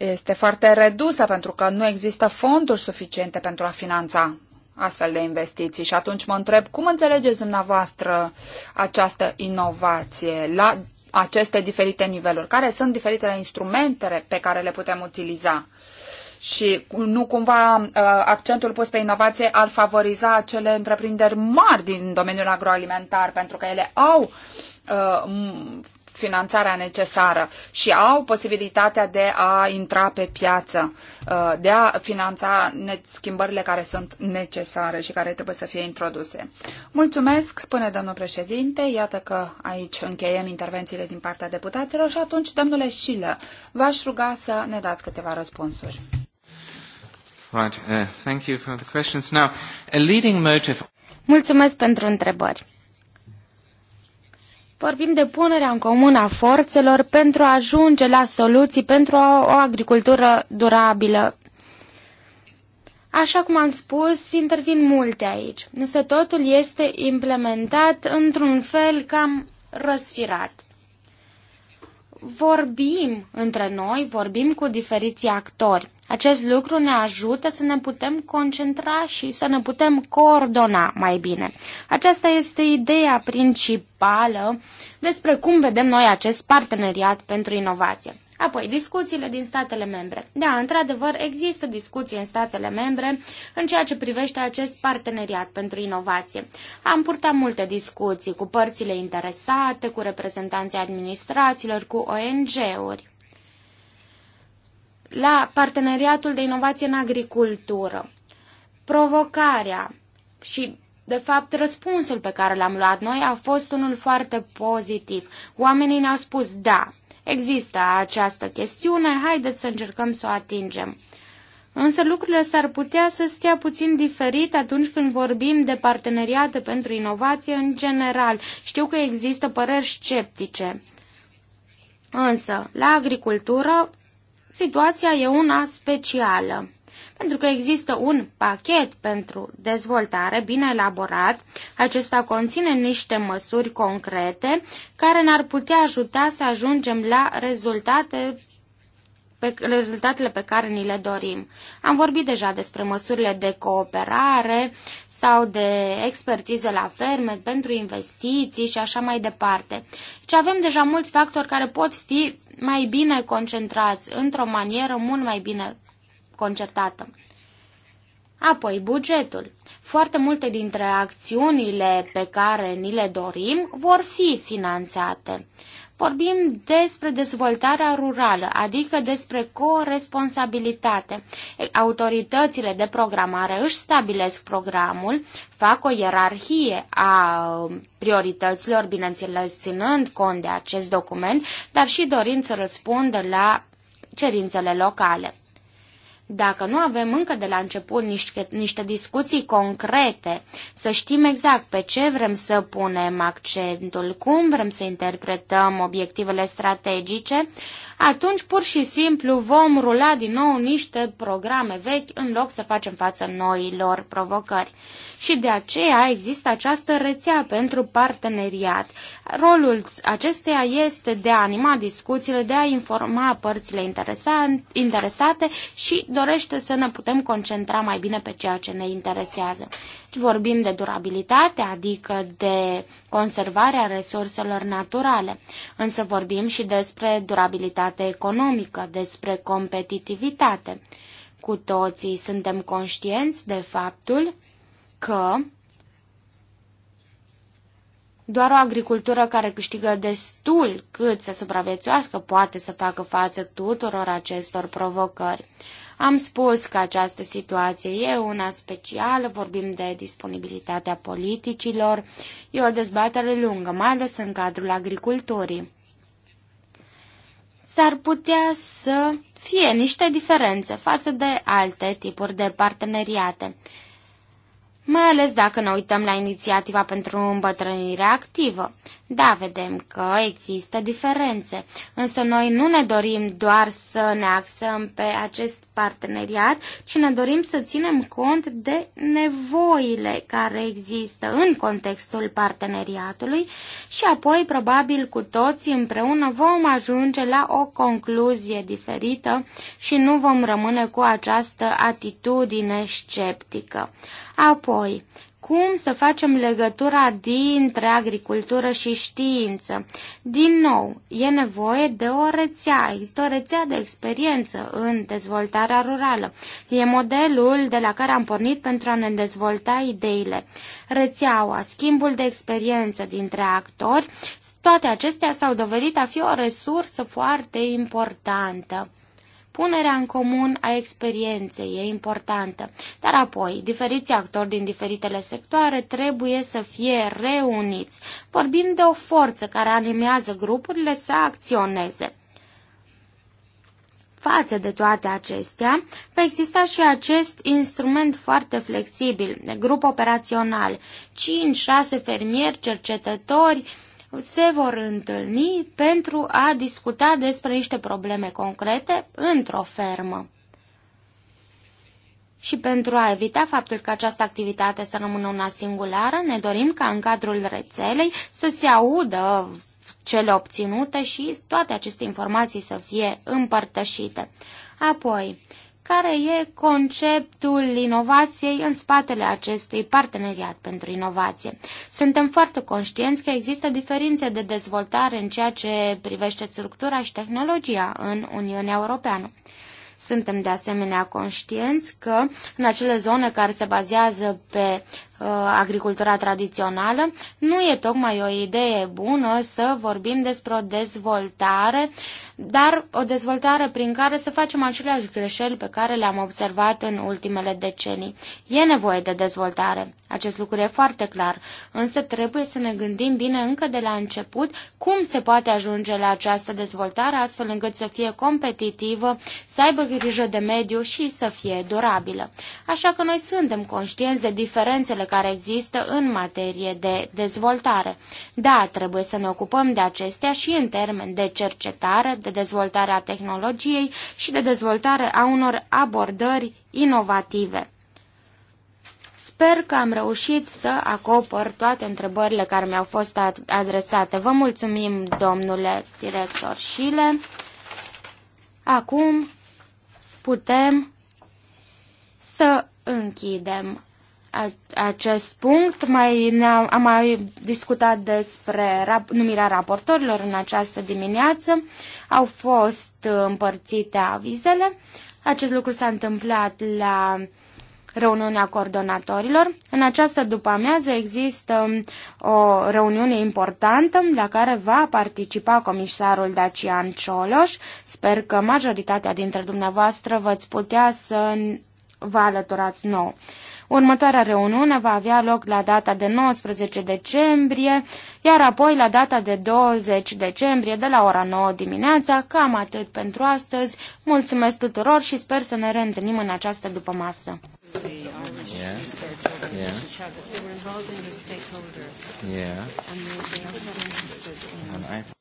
este foarte redusă pentru că nu există fonduri suficiente pentru a finanța astfel de investiții. Și atunci mă întreb, cum înțelegeți dumneavoastră această inovație la aceste diferite niveluri? Care sunt diferitele instrumente pe care le putem utiliza? Și nu cumva uh, accentul pus pe inovație ar favoriza acele întreprinderi mari din domeniul agroalimentar, pentru că ele au uh, finanțarea necesară și au posibilitatea de a intra pe piață, uh, de a finanța schimbările care sunt necesare și care trebuie să fie introduse. Mulțumesc, spune domnul președinte. Iată că aici încheiem intervențiile din partea deputaților și atunci, domnule Șilă, v-aș ruga să ne dați câteva răspunsuri. Right. Uh, thank you for the questions. Now, a leading motive... Mulțumesc pentru întrebări. Vorbim de punerea în comun a forțelor pentru a ajunge la soluții pentru o, o agricultură durabilă. Așa cum am spus, intervin multe aici, însă totul este implementat într-un fel cam răsfirat vorbim între noi, vorbim cu diferiții actori. Acest lucru ne ajută să ne putem concentra și să ne putem coordona mai bine. Aceasta este ideea principală despre cum vedem noi acest parteneriat pentru inovație. Apoi, discuțiile din statele membre. Da, într-adevăr, există discuții în statele membre în ceea ce privește acest parteneriat pentru inovație. Am purtat multe discuții cu părțile interesate, cu reprezentanții administrațiilor, cu ONG-uri la parteneriatul de inovație în agricultură. Provocarea și, de fapt, răspunsul pe care l-am luat noi a fost unul foarte pozitiv. Oamenii ne-au spus, da, Există această chestiune, haideți să încercăm să o atingem. Însă lucrurile s-ar putea să stea puțin diferit atunci când vorbim de parteneriate pentru inovație în general. Știu că există păreri sceptice. Însă, la agricultură, situația e una specială pentru că există un pachet pentru dezvoltare bine elaborat. Acesta conține niște măsuri concrete care ne-ar putea ajuta să ajungem la rezultate pe rezultatele pe care ni le dorim. Am vorbit deja despre măsurile de cooperare sau de expertiză la ferme pentru investiții și așa mai departe. Deci avem deja mulți factori care pot fi mai bine concentrați într-o manieră mult mai bine concertată. Apoi, bugetul. Foarte multe dintre acțiunile pe care ni le dorim vor fi finanțate. Vorbim despre dezvoltarea rurală, adică despre corresponsabilitate. Autoritățile de programare își stabilesc programul, fac o ierarhie a um, priorităților, bineînțeles ținând cont de acest document, dar și dorind să răspundă la cerințele locale. Dacă nu avem încă de la început niște, niște discuții concrete, să știm exact pe ce vrem să punem accentul, cum vrem să interpretăm obiectivele strategice, atunci pur și simplu vom rula din nou niște programe vechi în loc să facem față noilor provocări. Și de aceea există această rețea pentru parteneriat. Rolul acesteia este de a anima discuțiile, de a informa părțile interesate și dorește să ne putem concentra mai bine pe ceea ce ne interesează vorbim de durabilitate, adică de conservarea resurselor naturale, însă vorbim și despre durabilitate economică, despre competitivitate. Cu toții suntem conștienți de faptul că doar o agricultură care câștigă destul cât să supraviețuiască poate să facă față tuturor acestor provocări. Am spus că această situație e una specială, vorbim de disponibilitatea politicilor, e o dezbatere lungă, mai ales în cadrul agriculturii. S-ar putea să fie niște diferențe față de alte tipuri de parteneriate mai ales dacă ne uităm la inițiativa pentru îmbătrânire activă. Da, vedem că există diferențe, însă noi nu ne dorim doar să ne axăm pe acest parteneriat, ci ne dorim să ținem cont de nevoile care există în contextul parteneriatului și apoi probabil cu toții împreună vom ajunge la o concluzie diferită și nu vom rămâne cu această atitudine sceptică. Apoi, Apoi, cum să facem legătura dintre agricultură și știință? Din nou, e nevoie de o rețea, există o rețea de experiență în dezvoltarea rurală. E modelul de la care am pornit pentru a ne dezvolta ideile. Rețeaua, schimbul de experiență dintre actori, toate acestea s-au dovedit a fi o resursă foarte importantă. Punerea în comun a experienței e importantă, dar apoi diferiți actori din diferitele sectoare trebuie să fie reuniți. Vorbim de o forță care animează grupurile să acționeze. Față de toate acestea, va exista și acest instrument foarte flexibil, grup operațional, 5-6 fermieri, cercetători, se vor întâlni pentru a discuta despre niște probleme concrete într-o fermă. Și pentru a evita faptul că această activitate să rămână una singulară, ne dorim ca în cadrul rețelei să se audă cele obținute și toate aceste informații să fie împărtășite. Apoi, care e conceptul inovației în spatele acestui parteneriat pentru inovație. Suntem foarte conștienți că există diferențe de dezvoltare în ceea ce privește structura și tehnologia în Uniunea Europeană. Suntem de asemenea conștienți că în acele zone care se bazează pe Uh, agricultura tradițională, nu e tocmai o idee bună să vorbim despre o dezvoltare, dar o dezvoltare prin care să facem aceleași greșeli pe care le-am observat în ultimele decenii. E nevoie de dezvoltare, acest lucru e foarte clar, însă trebuie să ne gândim bine încă de la început cum se poate ajunge la această dezvoltare astfel încât să fie competitivă, să aibă grijă de mediu și să fie durabilă. Așa că noi suntem conștienți de diferențele care există în materie de dezvoltare. Da, trebuie să ne ocupăm de acestea și în termen de cercetare, de dezvoltare a tehnologiei și de dezvoltare a unor abordări inovative. Sper că am reușit să acopăr toate întrebările care mi-au fost adresate. Vă mulțumim, domnule director Șile. Acum putem să închidem acest punct. Mai ne-am am mai discutat despre rap, numirea raportorilor în această dimineață. Au fost împărțite avizele. Acest lucru s-a întâmplat la reuniunea coordonatorilor. În această după-amiază există o reuniune importantă la care va participa comisarul Dacian Cioloș. Sper că majoritatea dintre dumneavoastră vă putea să vă alăturați nou. Următoarea reuniune va avea loc la data de 19 decembrie, iar apoi la data de 20 decembrie de la ora 9 dimineața. Cam atât pentru astăzi. Mulțumesc tuturor și sper să ne reîntâlnim în această după masă. Yeah. Yeah. Yeah.